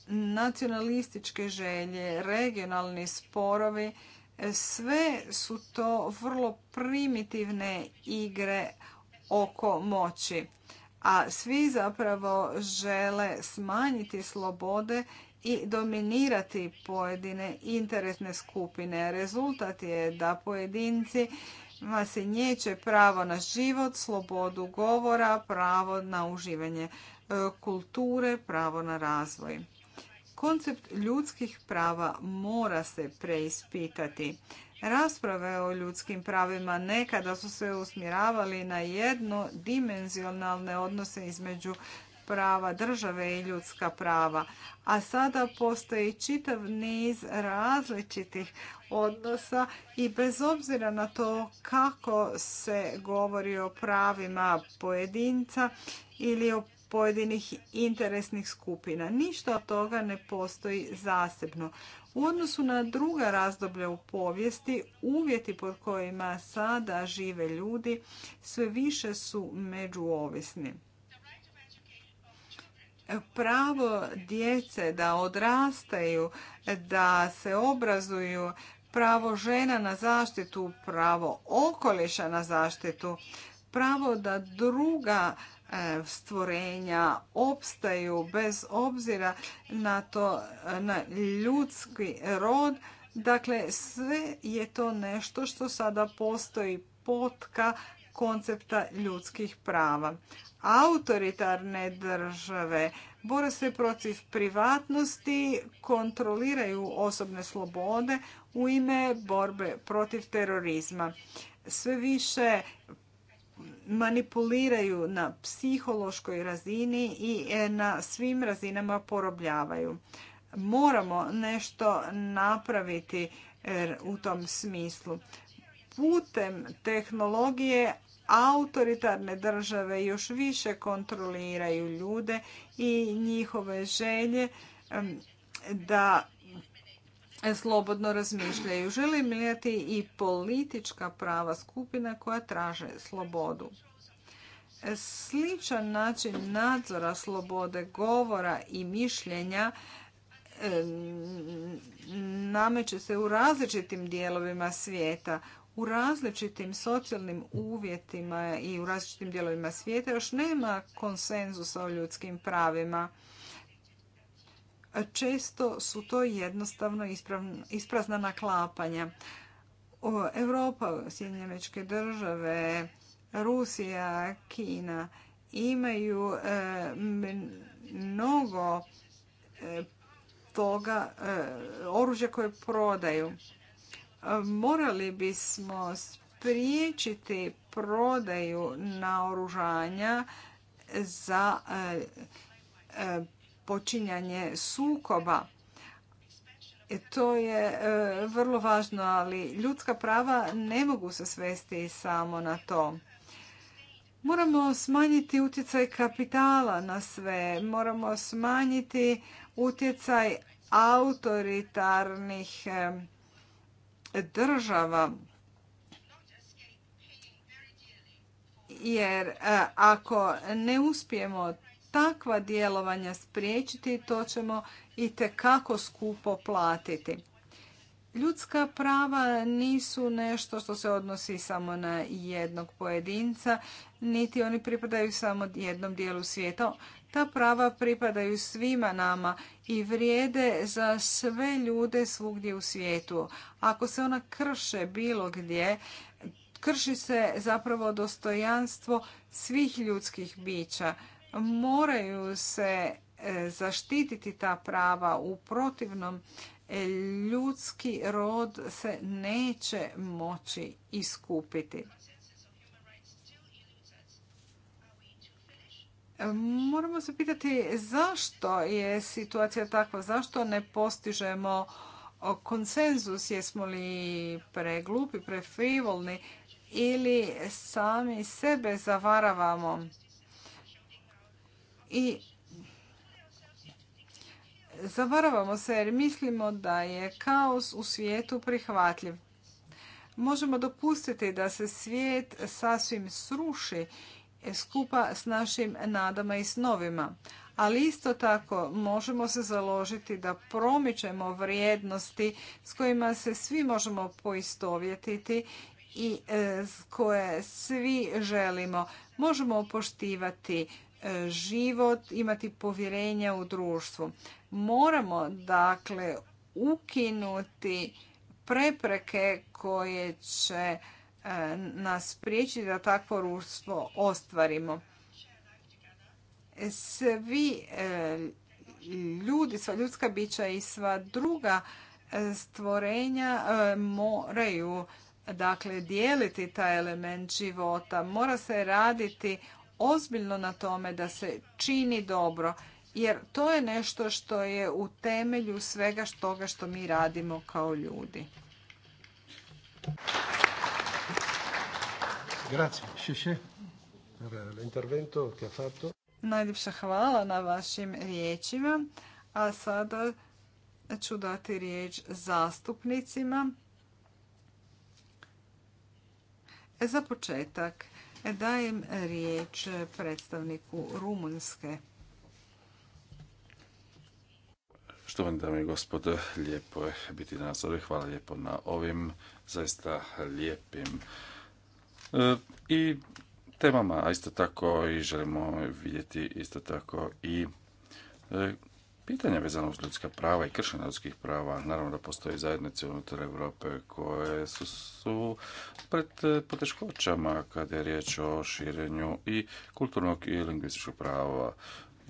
nacionalističke želje, regionalni sporovi, sve su to vrlo primitivne igre oko moći. A svi zapravo žele smanjiti slobode i dominirati pojedine interesne skupine. Rezultat je da pojedinci se njeće pravo na život, slobodu govora, pravo na uživanje e, kulture, pravo na razvoj. Koncept ljudskih prava mora se preispitati. Rasprave o ljudskim pravima nekada su se usmjeravali na jednodimenzionalne odnose između prava države i ljudska prava. A sada postoji čitav niz različitih odnosa i bez obzira na to kako se govori o pravima pojedinca ili o pojedinih interesnih skupina. Ništa od toga ne postoji zasebno. U odnosu na druga razdoblja u povijesti, uvjeti pod kojima sada žive ljudi sve više su međuovisni pravo djece da odrastaju, da se obrazuju, pravo žena na zaštitu, pravo okoliša na zaštitu, pravo da druga e, stvorenja opstaju bez obzira na to na ljudski rod. Dakle, sve je to nešto što sada postoji potka koncepta ljudskih prava autoritarne države bore se protiv privatnosti, kontroliraju osobne slobode u ime borbe protiv terorizma. Sve više manipuliraju na psihološkoj razini i e, na svim razinama porobljavaju. Moramo nešto napraviti e, u tom smislu. Putem tehnologije autoritarne države još više kontroliraju ljude i njihove želje da slobodno razmišljaju. Želim imati i politička prava skupina koja traže slobodu. Sličan način nadzora slobode govora i mišljenja nameće se u različitim dijelovima svijeta u različitim socijalnim uvjetima i u različitim dijelovima svijeta još nema konsenzusa o ljudskim pravima. Često su to jednostavno isprazna naklapanja. Europa, Sjedinjene države, Rusija, Kina imaju e, mnogo e, toga e, oružja koje prodaju morali bismo spriječiti prodaju naoružanja za e, e, počinjanje sukoba. E, to je vrlo važno, ali ljudska prava ne mogu se svesti samo na to. Moramo smanjiti utjecaj kapitala na sve, moramo smanjiti utjecaj autoritarnih država jer e, ako ne uspijemo takva djelovanja spriječiti, to ćemo i tekako skupo platiti. Ljudska prava nisu nešto što se odnosi samo na jednog pojedinca, niti oni pripadaju samo jednom dijelu svijeta. Ta prava pripadaju svima nama i vrijede za sve ljude svugdje u svijetu. Ako se ona krše bilo gdje, krši se zapravo dostojanstvo svih ljudskih bića. Moraju se e, zaštititi ta prava u protivnom e, ljudski rod se neće moći iskupiti. Moramo se pitati zašto je situacija takva, zašto ne postižemo konsenzus, jesmo li preglupi, prefrivolni ili sami sebe zavaravamo. I zavaravamo se jer mislimo da je kaos u svijetu prihvatljiv. Možemo dopustiti da se svijet sasvim sruši skupa s našim nadama i snovima. Ali isto tako možemo se založiti da promičemo vrijednosti s kojima se svi možemo poistovjetiti i e, koje svi želimo. Možemo poštivati e, život, imati povjerenja u društvu. Moramo dakle ukinuti prepreke koje će E, nas spriječi da takvo ruštvo ostvarimo. Svi e, ljudi, sva ljudska bića i sva druga e, stvorenja moraju dakle dijeliti taj element života. Mora se raditi ozbiljno na tome da se čini dobro jer to je nešto što je u temelju svega toga što mi radimo kao ljudi. Grazie. L'intervento che ha fatto. Najljepša hvala na vašim riječima. A sada ću dati riječ zastupnicima. E, za početak e, dajem riječ predstavniku Rumunjske. vam dame i gospodo, lijepo je biti danas ovdje. Hvala lijepo na ovim zaista lijepim E, i temama, a isto tako i želimo vidjeti isto tako i e, pitanja vezano uz ljudska prava i kršenja ljudskih prava. Naravno da postoje zajednice unutar Europe koje su, su pred e, poteškoćama kada je riječ o širenju i kulturnog i lingvističkog prava.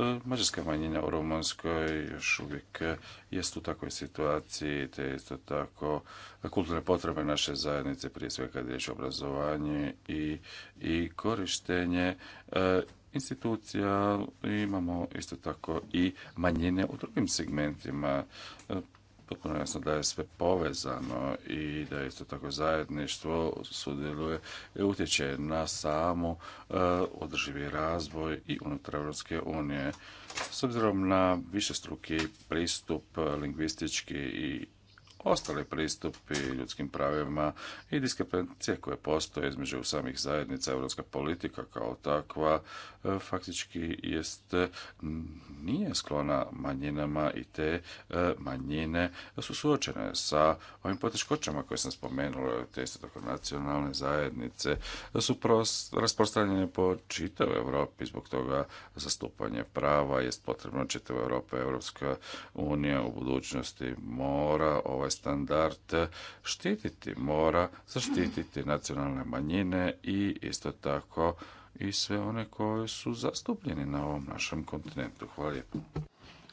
E, Mađarska manjina u Romanskoj još uvijek e, jest u takvoj situaciji, te isto tako e, kulturne potrebe naše zajednice, prije svega kad je riječ o obrazovanju i, i korištenje institucija. Imamo isto tako i manjine u drugim segmentima potpuno jasno da je sve povezano i da isto tako zajedništvo sudjeluje i utječe na samu eh, održivi razvoj i unutar Europske unije. S obzirom na višestruki pristup eh, lingvistički i ostali pristupi ljudskim pravima i diskrepencije koje postoje između samih zajednica, europska politika kao takva e, faktički jest nije sklona manjinama i te e, manjine su suočene sa ovim poteškoćama koje sam spomenula, te isto tako nacionalne zajednice su rasprostranjene po čitavoj Europi zbog toga zastupanje prava jest potrebno čitavoj Europi, Europska unija u budućnosti mora ovaj Ovaj standard štititi mora, zaštititi nacionalne manjine i isto tako i sve one koje su zastupljeni na ovom našem kontinentu. Hvala lijepo.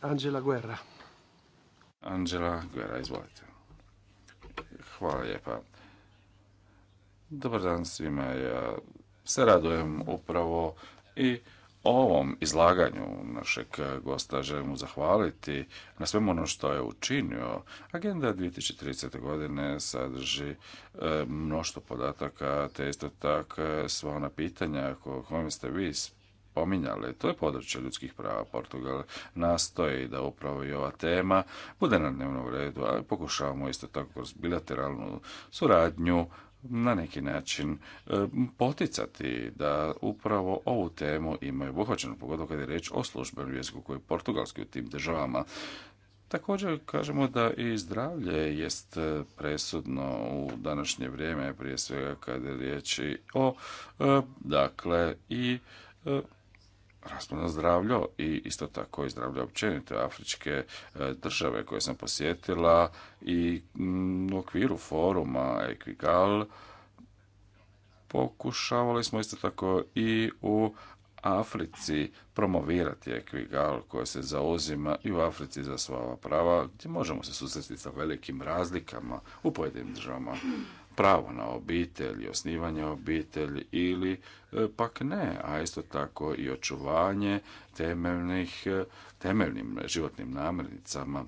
Angela Guerra. Angela Guerra, izvolite. Hvala lijepa. Dobar dan svima. Ja se radujem upravo i ovom izlaganju našeg gosta želimo zahvaliti na svemu ono što je učinio. Agenda 2030. godine sadrži e, mnoštvo podataka, te isto tako e, sva ona pitanja o ste vi spominjali, to je područje ljudskih prava. Portugal nastoji da upravo i ova tema bude na dnevnom redu, ali pokušavamo isto tako kroz bilateralnu suradnju na neki način e, poticati da upravo ovu temu imaju obuhvaćenu, pogotovo kada je riječ o službenom jeziku koji je portugalski u tim državama. Također kažemo da i zdravlje jest e, presudno u današnje vrijeme, prije svega kada je riječ o e, dakle i na zdravlje i isto tako i zdravlje općenite afričke e, države koje sam posjetila i mm, u okviru foruma Equigal pokušavali smo isto tako i u Africi promovirati ekvigal koje se zauzima i u Africi za sva prava gdje možemo se susresti sa velikim razlikama u pojedinim državama pravo na obitelj, osnivanje obitelji ili e, pak ne, a isto tako i očuvanje temeljnih, e, temeljnim životnim namirnicama,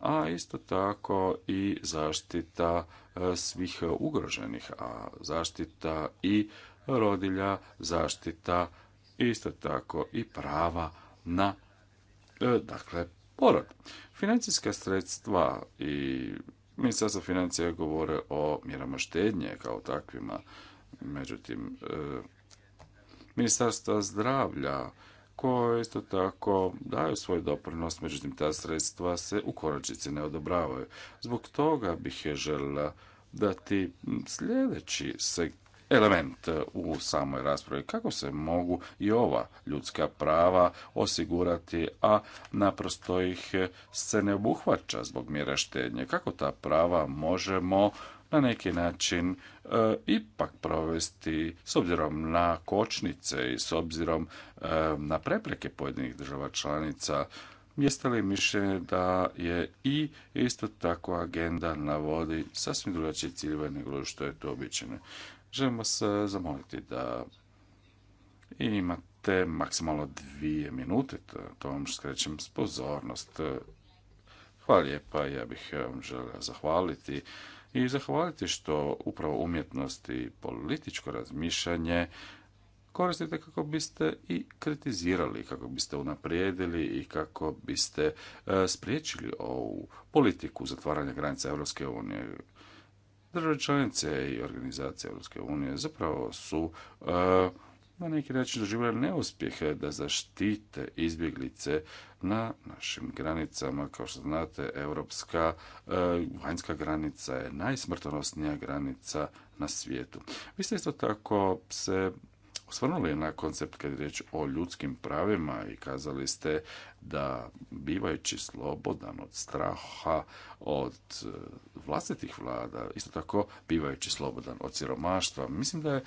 a isto tako i zaštita e, svih ugroženih, a zaštita i rodilja, zaštita isto tako i prava na dakle porod. Financijska sredstva i Ministarstvo financija govore o mjerama štednje kao takvima. Međutim, e, Ministarstva zdravlja koje isto tako daju svoj doprinos, međutim ta sredstva se u koračici ne odobravaju. Zbog toga bih je da dati sljedeći segment element e, u samoj raspravi kako se mogu i ova ljudska prava osigurati, a naprosto ih e, se ne obuhvaća zbog mjera štednje. Kako ta prava možemo na neki način e, ipak provesti s obzirom na kočnice i s obzirom na prepreke pojedinih država članica Jeste li mišljenje da je i isto tako agenda navodi sasvim drugačije ciljeve nego što je to običajno? Želim vas zamoliti da imate maksimalno dvije minute, to vam ono skrećem s pozornost. Hvala lijepa, ja bih vam želio zahvaliti i zahvaliti što upravo umjetnost i političko razmišljanje koristite kako biste i kritizirali, kako biste unaprijedili i kako biste e, spriječili ovu politiku zatvaranja granica EU. unije. Države članice i organizacije Europske unije zapravo su e, na neki način doživjele neuspjehe da zaštite izbjeglice na našim granicama. Kao što znate, europska e, vanjska granica je najsmrtonosnija granica na svijetu. Vi ste isto tako se osvrnuli na koncept kad je riječ o ljudskim pravima i kazali ste da bivajući slobodan od straha, od e, vlastitih vlada, isto tako bivajući slobodan od siromaštva, mislim da je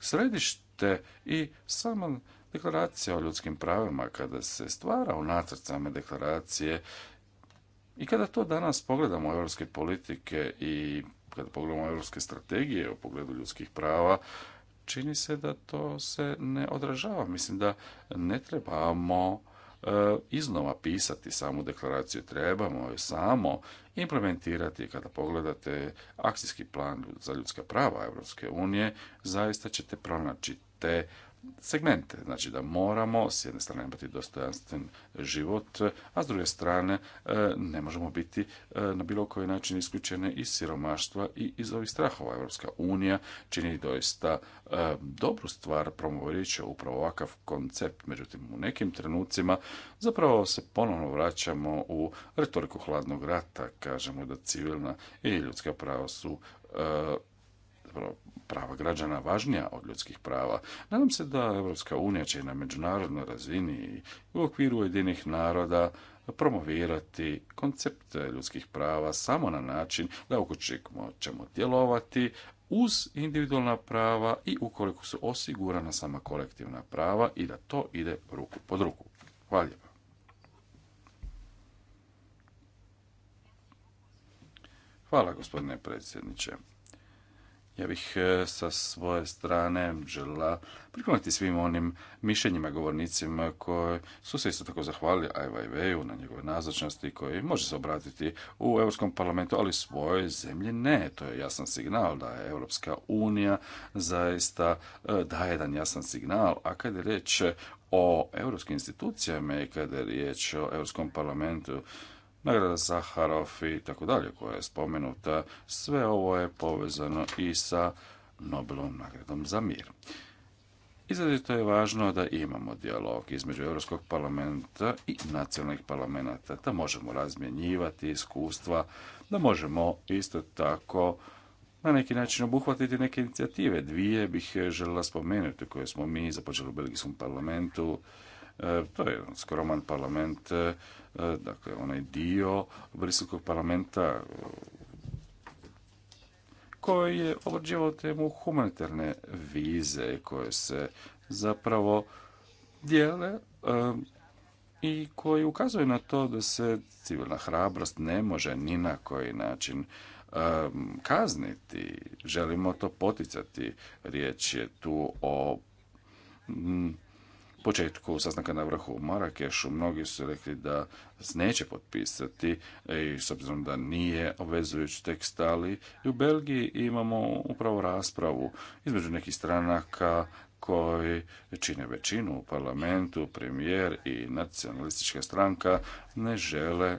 središte i sama deklaracija o ljudskim pravima kada se stvara u nacrt same deklaracije i kada to danas pogledamo europske politike i kada pogledamo europske strategije u pogledu ljudskih prava, čini se da to se ne odražava. Mislim da ne trebamo e, iznova pisati samu deklaraciju, trebamo ju samo implementirati. Kada pogledate akcijski plan za ljudska prava Europske unije, zaista ćete pronaći te segmente. Znači da moramo s jedne strane imati dostojanstven život, a s druge strane e, ne možemo biti e, na bilo koji način isključene iz siromaštva i iz ovih strahova. Evropska unija čini doista e, dobru stvar promovorići upravo ovakav koncept. Međutim, u nekim trenucima zapravo se ponovno vraćamo u retoriku hladnog rata. Kažemo da civilna i ljudska prava su prava građana važnija od ljudskih prava. Nadam se da Evropska unija će na međunarodnoj razini u okviru jedinih naroda promovirati koncept ljudskih prava samo na način da ukoliko ćemo djelovati uz individualna prava i ukoliko su osigurana sama kolektivna prava i da to ide ruku pod ruku. Hvala lijepa. Hvala gospodine predsjedniče. Ja bih e, sa svoje strane žela prikloniti svim onim mišljenjima govornicima koji su se isto tako zahvalili Ai na njegove nazočnosti koji može se obratiti u Europskom parlamentu, ali svoje zemlje ne. To je jasan signal da je Europska unija zaista e, daje jedan jasan signal, a kada je riječ o europskim institucijama i kada je riječ o Europskom parlamentu, nagrada Saharov i tako dalje koja je spomenuta, sve ovo je povezano i sa Nobelovom nagradom za mir. Izrazito je važno da imamo dijalog između Europskog parlamenta i nacionalnih parlamenta, da možemo razmjenjivati iskustva, da možemo isto tako na neki način obuhvatiti neke inicijative. Dvije bih željela spomenuti koje smo mi započeli u Belgijskom parlamentu E, to je jedan skroman parlament, e, e, dakle onaj dio briselskog parlamenta koji je obrađivao temu humanitarne vize koje se zapravo dijele i koji ukazuje na to da se civilna hrabrost ne može ni na koji način kazniti. Želimo to poticati. Riječ je tu o početku sastanka na vrhu u Marakešu mnogi su rekli da neće potpisati e, i s obzirom da nije obvezujući tekst, ali i u Belgiji imamo upravo raspravu između nekih stranaka koji čine većinu u parlamentu, premijer i nacionalistička stranka ne žele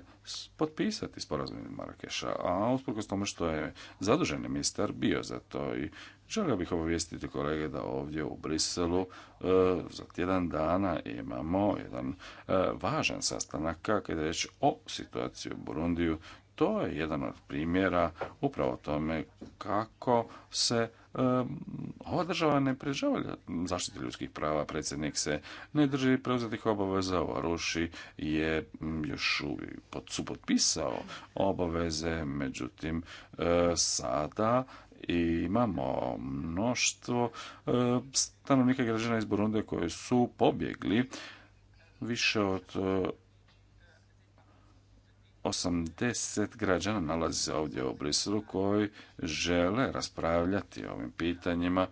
potpisati sporazum Marakeša, a usprkos tome što je zaduženi ministar bio za to i Želio bih obavijestiti kolege da ovdje u Briselu e, za tjedan dana imamo jedan e, važan sastanak kada je riječ o situaciji u Burundiju. To je jedan od primjera upravo tome kako se e, ova država ne prežavlja zaštiti ljudskih prava, predsjednik se ne drži preuzetih obaveza, ova Ruši je još su potpisao obaveze, međutim sada i imamo mnoštvo e, stanovnika građana iz Burunde koji su pobjegli više od 80 e, građana nalazi se ovdje u Briselu koji žele raspravljati o ovim pitanjima.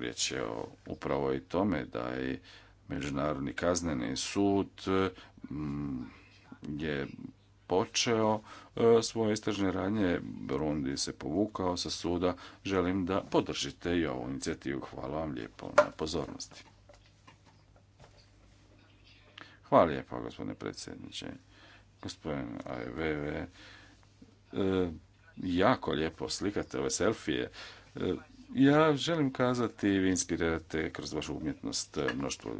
Riječ je upravo i tome da je Međunarodni kazneni sud mm, je počeo e, svoje istražne radnje, Burundi se povukao sa suda. Želim da podržite i ovu inicijativu. Hvala vam lijepo na pozornosti. Hvala lijepo, gospodine predsjedniče. gospodine AVV, e, jako lijepo slikate ove selfije. E, ja želim kazati, vi inspirirate kroz vašu umjetnost mnoštvo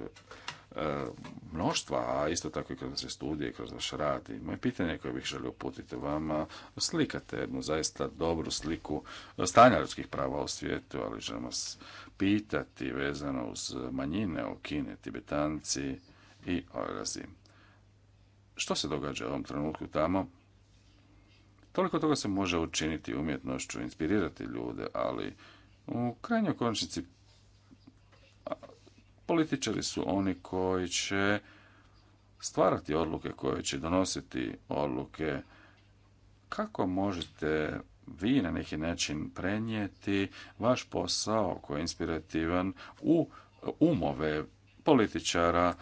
E, mnoštva, a isto tako i kroz studije, kroz vaš rad. I moje pitanje koje bih želio uputiti vama, slikate jednu zaista dobru sliku stanja ljudskih prava u svijetu, ali želimo vas pitati vezano uz manjine u Kine, Tibetanci i Orazi. Što se događa u ovom trenutku tamo? Toliko toga se može učiniti umjetnošću, inspirirati ljude, ali u krajnjoj konačnici Političari su oni koji će stvarati odluke, koje će donositi odluke. Kako možete vi na neki način prenijeti vaš posao koji je inspirativan u umove političara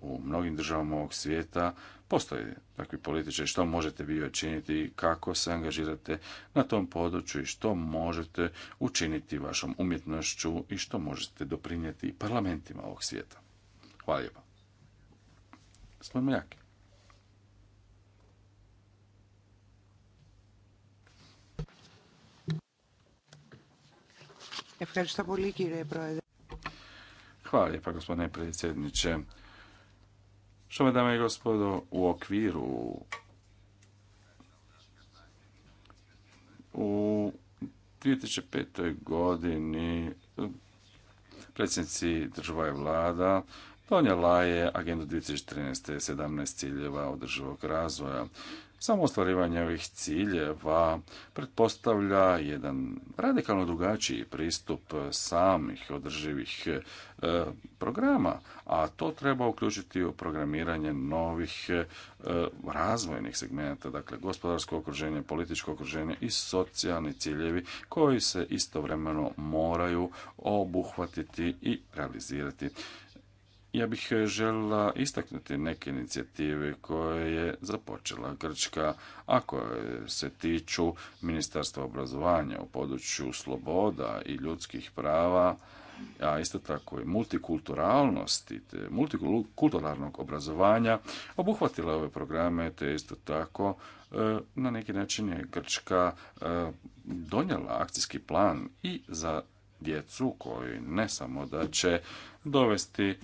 u mnogim državama ovog svijeta postoje takvi političari, što možete vi učiniti i kako se angažirate na tom području i što možete učiniti vašom umjetnošću i što možete doprinijeti parlamentima ovog svijeta. Hvala lijepa. Hvala lijepa gospodine predsjedniče me, dame i gospodo, u okviru u 2005. godini predsjednici država i vlada donijela je agendu 2013. 17 ciljeva održivog razvoja. Samo ostvarivanje ovih ciljeva pretpostavlja jedan radikalno drugačiji pristup samih održivih e, programa, a to treba uključiti u programiranje novih e, razvojnih segmenata, dakle gospodarsko okruženje, političko okruženje i socijalni ciljevi koji se istovremeno moraju obuhvatiti i realizirati. Ja bih e, žela istaknuti neke inicijative koje je započela Grčka, a koje se tiču Ministarstva obrazovanja u području sloboda i ljudskih prava, a isto tako i multikulturalnosti, te multikulturalnog obrazovanja, obuhvatila ove programe, te isto tako e, na neki način je Grčka e, donijela akcijski plan i za djecu koji ne samo da će dovesti e,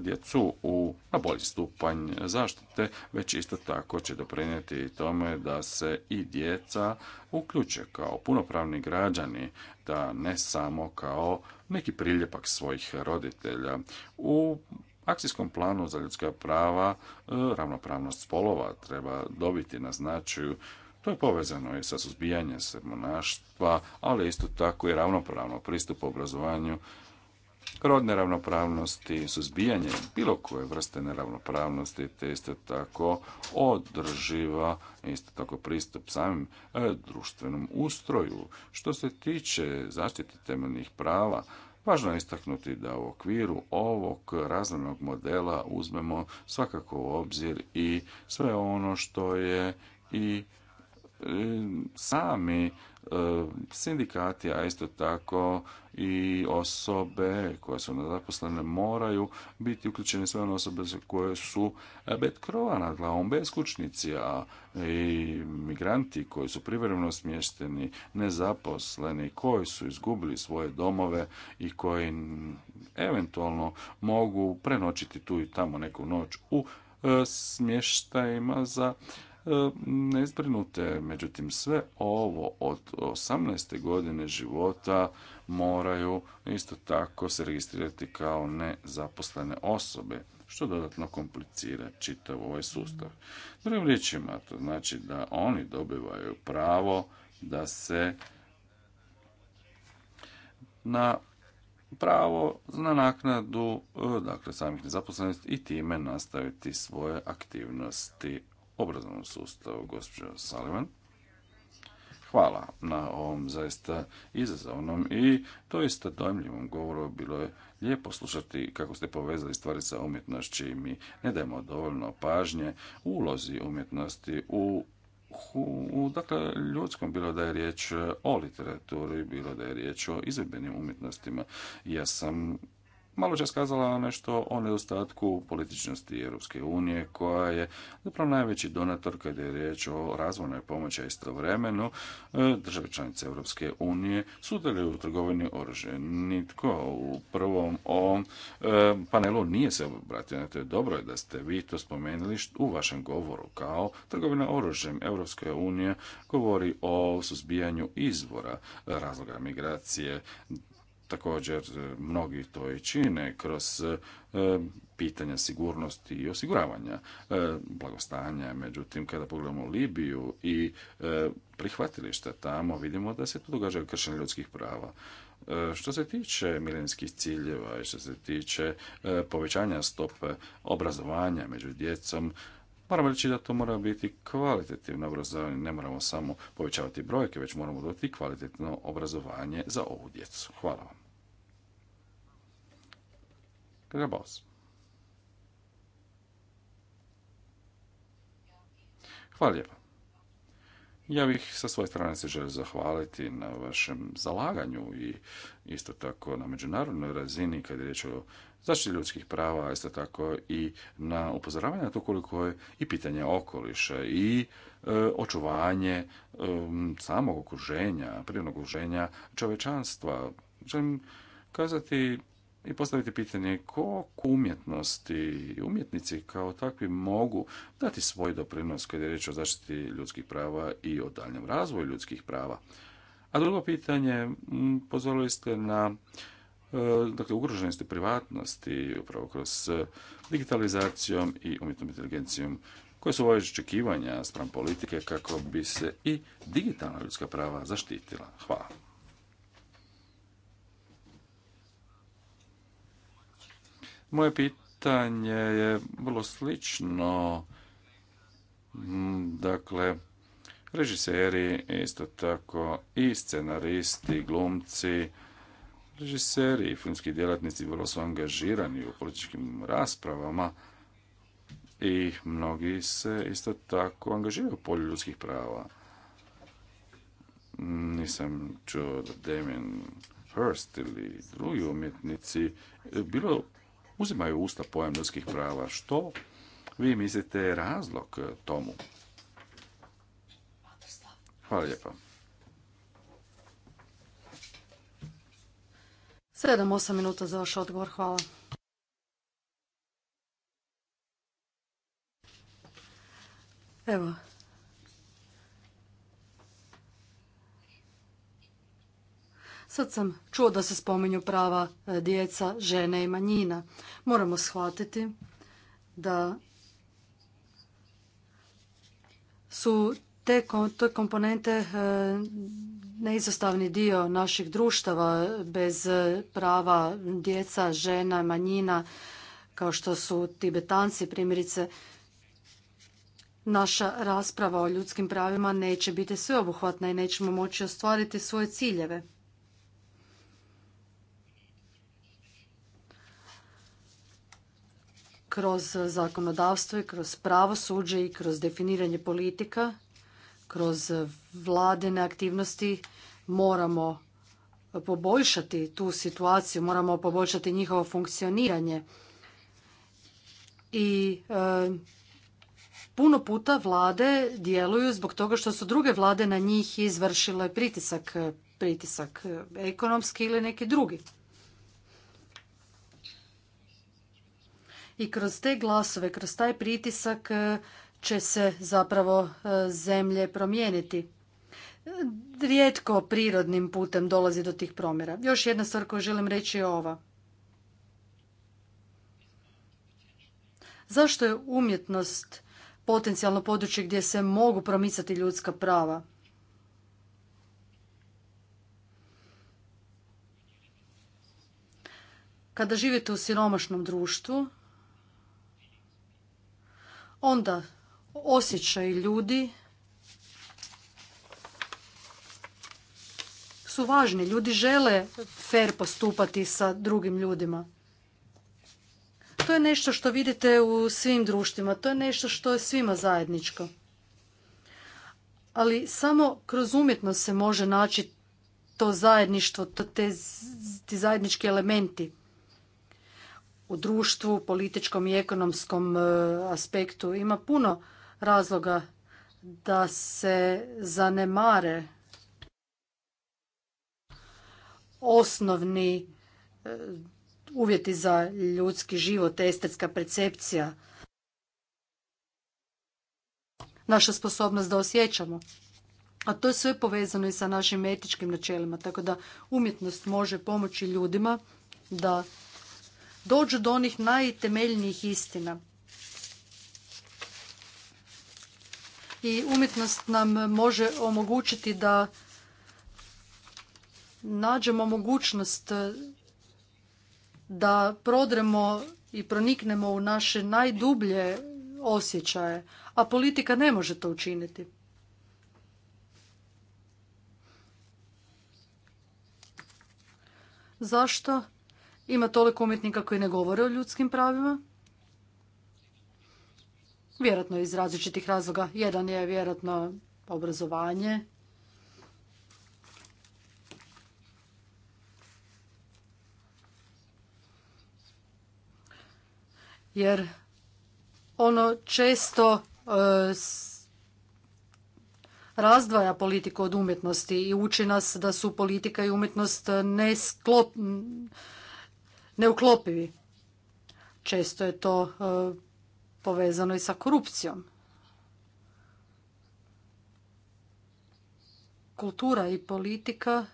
djecu u na bolji stupanj zaštite, već isto tako će doprinijeti tome da se i djeca uključe kao punopravni građani, da ne samo kao neki priljepak svojih roditelja. U akcijskom planu za ljudska prava e, ravnopravnost spolova treba dobiti na značaju to je povezano i sa suzbijanjem siromaštva, ali isto tako i ravnopravno pristup obrazovanju rodne ravnopravnosti, suzbijanje bilo koje vrste neravnopravnosti, te isto tako održiva, isto tako pristup samim e, društvenom ustroju. Što se tiče zaštite temeljnih prava, Važno je istaknuti da u okviru ovog razvojnog modela uzmemo svakako u obzir i sve ono što je i e, sami E, sindikati, a isto tako i osobe koje su nezaposlene moraju biti uključene sve one osobe koje su e, bez krova nad glavom, beskućnici, a i migranti koji su privremeno smješteni, nezaposleni, koji su izgubili svoje domove i koji eventualno mogu prenoćiti tu i tamo neku noć u e, smještajima za ne zbrinute. Međutim, sve ovo od 18. godine života moraju isto tako se registrirati kao nezaposlene osobe što dodatno komplicira čitav ovaj sustav. Drugim riječima, to znači da oni dobivaju pravo da se na pravo na naknadu dakle samih nezaposlenosti i time nastaviti svoje aktivnosti obrazovnom sustavu, gospođo Salivan. Hvala na ovom zaista izazovnom i doista dojmljivom govoru. Bilo je lijepo slušati kako ste povezali stvari sa umjetnošću i mi ne dajemo dovoljno pažnje ulozi umjetnosti u u dakle, ljudskom, bilo da je riječ o literaturi, bilo da je riječ o izvedbenim umjetnostima. Ja sam malo čas kazala nešto o nedostatku političnosti Europske unije koja je zapravo najveći donator kada je riječ o razvojnoj pomoći, a istovremeno e, države članice Europske unije sudjeluju u trgovini oružje. Nitko u prvom o e, panelu nije se obratio na to je dobro da ste vi to spomenuli u vašem govoru kao trgovina oružjem Europske unije govori o suzbijanju izvora razloga migracije Također, e, mnogi to i čine kroz e, pitanja sigurnosti i osiguravanja e, blagostanja. Međutim, kada pogledamo Libiju i prihvatilište tamo, vidimo da se tu događa kršenje ljudskih prava. Što se tiče milenijskih ciljeva i što se tiče povećanja stope obrazovanja među djecom, Moramo reći da to mora biti kvalitativno obrazovanje, ne moramo samo povećavati brojke, već moramo dobiti kvalitetno obrazovanje za ovu djecu. Hvala vam. Kolega Hvala lijepo. Ja bih sa svoje strane se želio zahvaliti na vašem zalaganju i isto tako na međunarodnoj razini kad je riječ o zaštiti ljudskih prava, isto tako i na upozoravanje na to koliko je i pitanje okoliša i e, očuvanje e, samog okruženja, prirodnog okruženja čovečanstva. Želim kazati i postaviti pitanje koliko umjetnosti i umjetnici kao takvi mogu dati svoj doprinos kada je riječ o zaštiti ljudskih prava i o daljem razvoju ljudskih prava. A drugo pitanje, pozvali ste na e, dakle, ugroženosti privatnosti upravo kroz digitalizacijom i umjetnom inteligencijom koje su ove očekivanja spram politike kako bi se i digitalna ljudska prava zaštitila. Hvala. Moje pitanje je vrlo slično. Dakle, režiseri, isto tako i scenaristi, glumci, režiseri i filmski djelatnici vrlo su angažirani u političkim raspravama i mnogi se isto tako angažiraju u polju ljudskih prava. Nisam čuo da Damien Hurst ili drugi umjetnici bilo uzimaju usta pojam ljudskih prava. Što vi mislite je razlog eh, tomu? Hvala lijepa. 7 osam minuta za vaš odgovor. Hvala. Evo, Sad sam čuo da se spominju prava e, djeca, žene i manjina. Moramo shvatiti da su te komponente e, neizostavni dio naših društava bez e, prava djeca, žena, manjina, kao što su tibetanci primjerice, naša rasprava o ljudskim pravima neće biti sveobuhvatna i nećemo moći ostvariti svoje ciljeve. kroz zakonodavstvo i kroz pravosuđe i kroz definiranje politika, kroz vladene aktivnosti moramo poboljšati tu situaciju, moramo poboljšati njihovo funkcioniranje. I e, puno puta vlade djeluju zbog toga što su druge vlade na njih izvršile pritisak, pritisak e, ekonomski ili neki drugi. i kroz te glasove, kroz taj pritisak e, će se zapravo e, zemlje promijeniti. Rijetko prirodnim putem dolazi do tih promjera. Još jedna stvar koju želim reći je ova. Zašto je umjetnost potencijalno područje gdje se mogu promicati ljudska prava? Kada živite u siromašnom društvu, onda osjećaj ljudi su važni. Ljudi žele fer postupati sa drugim ljudima. To je nešto što vidite u svim društvima, to je nešto što je svima zajedničko. Ali samo kroz umjetnost se može naći to zajedništvo, te, ti zajednički elementi u društvu, političkom i ekonomskom e, aspektu. Ima puno razloga da se zanemare osnovni e, uvjeti za ljudski život, estetska percepcija, naša sposobnost da osjećamo. A to je sve povezano i sa našim etičkim načelima, tako da umjetnost može pomoći ljudima da dođu do onih najtemeljnijih istina. I umjetnost nam može omogućiti da nađemo mogućnost e, da prodremo i proniknemo u naše najdublje osjećaje, a politika ne može to učiniti. Zašto? Ima toliko umjetnika koji ne govore o ljudskim pravima. Vjerojatno iz različitih razloga. Jedan je vjerojatno obrazovanje. Jer ono često e, razdvaja politiku od umjetnosti i uči nas da su politika i umjetnost nesklopni neuklopivi. Često je to e, povezano i sa korupcijom. Kultura i politika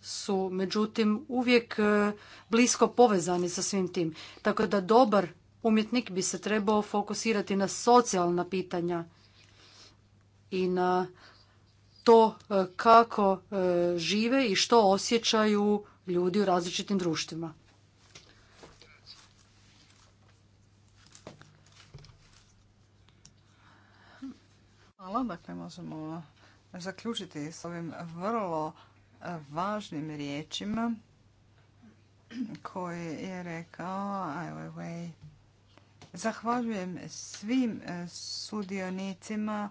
su međutim uvijek e, blisko povezani sa svim tim. Tako da dobar umjetnik bi se trebao fokusirati na socijalna pitanja i na to e, kako žive i što osjećaju ljudi u različitim društvima. Hvala, dakle možemo zaključiti s ovim vrlo e, važnim riječima koje je rekao Ai Weiwei. Zahvaljujem svim e, sudionicima,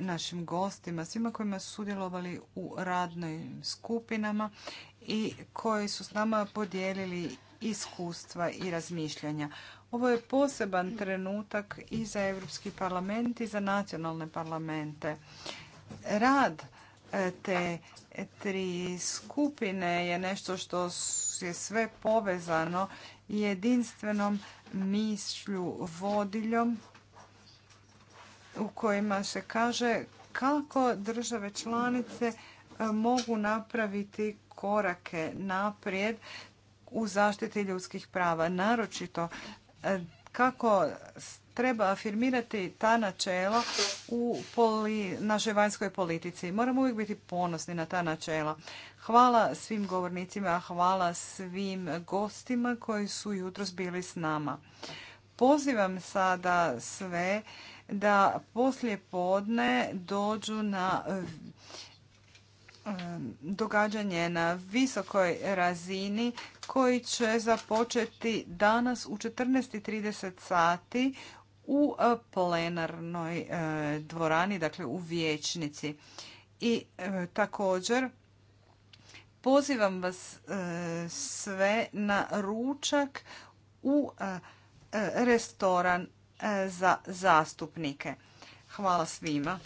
našim gostima, svima kojima su sudjelovali u radnoj skupinama i koji su s nama podijelili iskustva i razmišljanja. Ovo je poseban trenutak i za Europski parlament i za nacionalne parlamente. Rad e, te tri skupine je nešto što je sve povezano jedinstvenom mišlju vodiljom u kojima se kaže kako države članice e, mogu napraviti korake naprijed u zaštiti ljudskih prava. Naročito e, kako treba afirmirati ta načela u poli, našoj vanjskoj politici. Moramo uvijek biti ponosni na ta načela. Hvala svim govornicima, hvala svim gostima koji su jutros bili s nama. Pozivam sada sve da poslije podne dođu na Mm, događanje na visokoj razini koji će započeti danas u 14.30 sati u e, plenarnoj e, dvorani, dakle u vijećnici. I e, također pozivam vas sve na ručak u restoran za zastupnike. Hvala svima.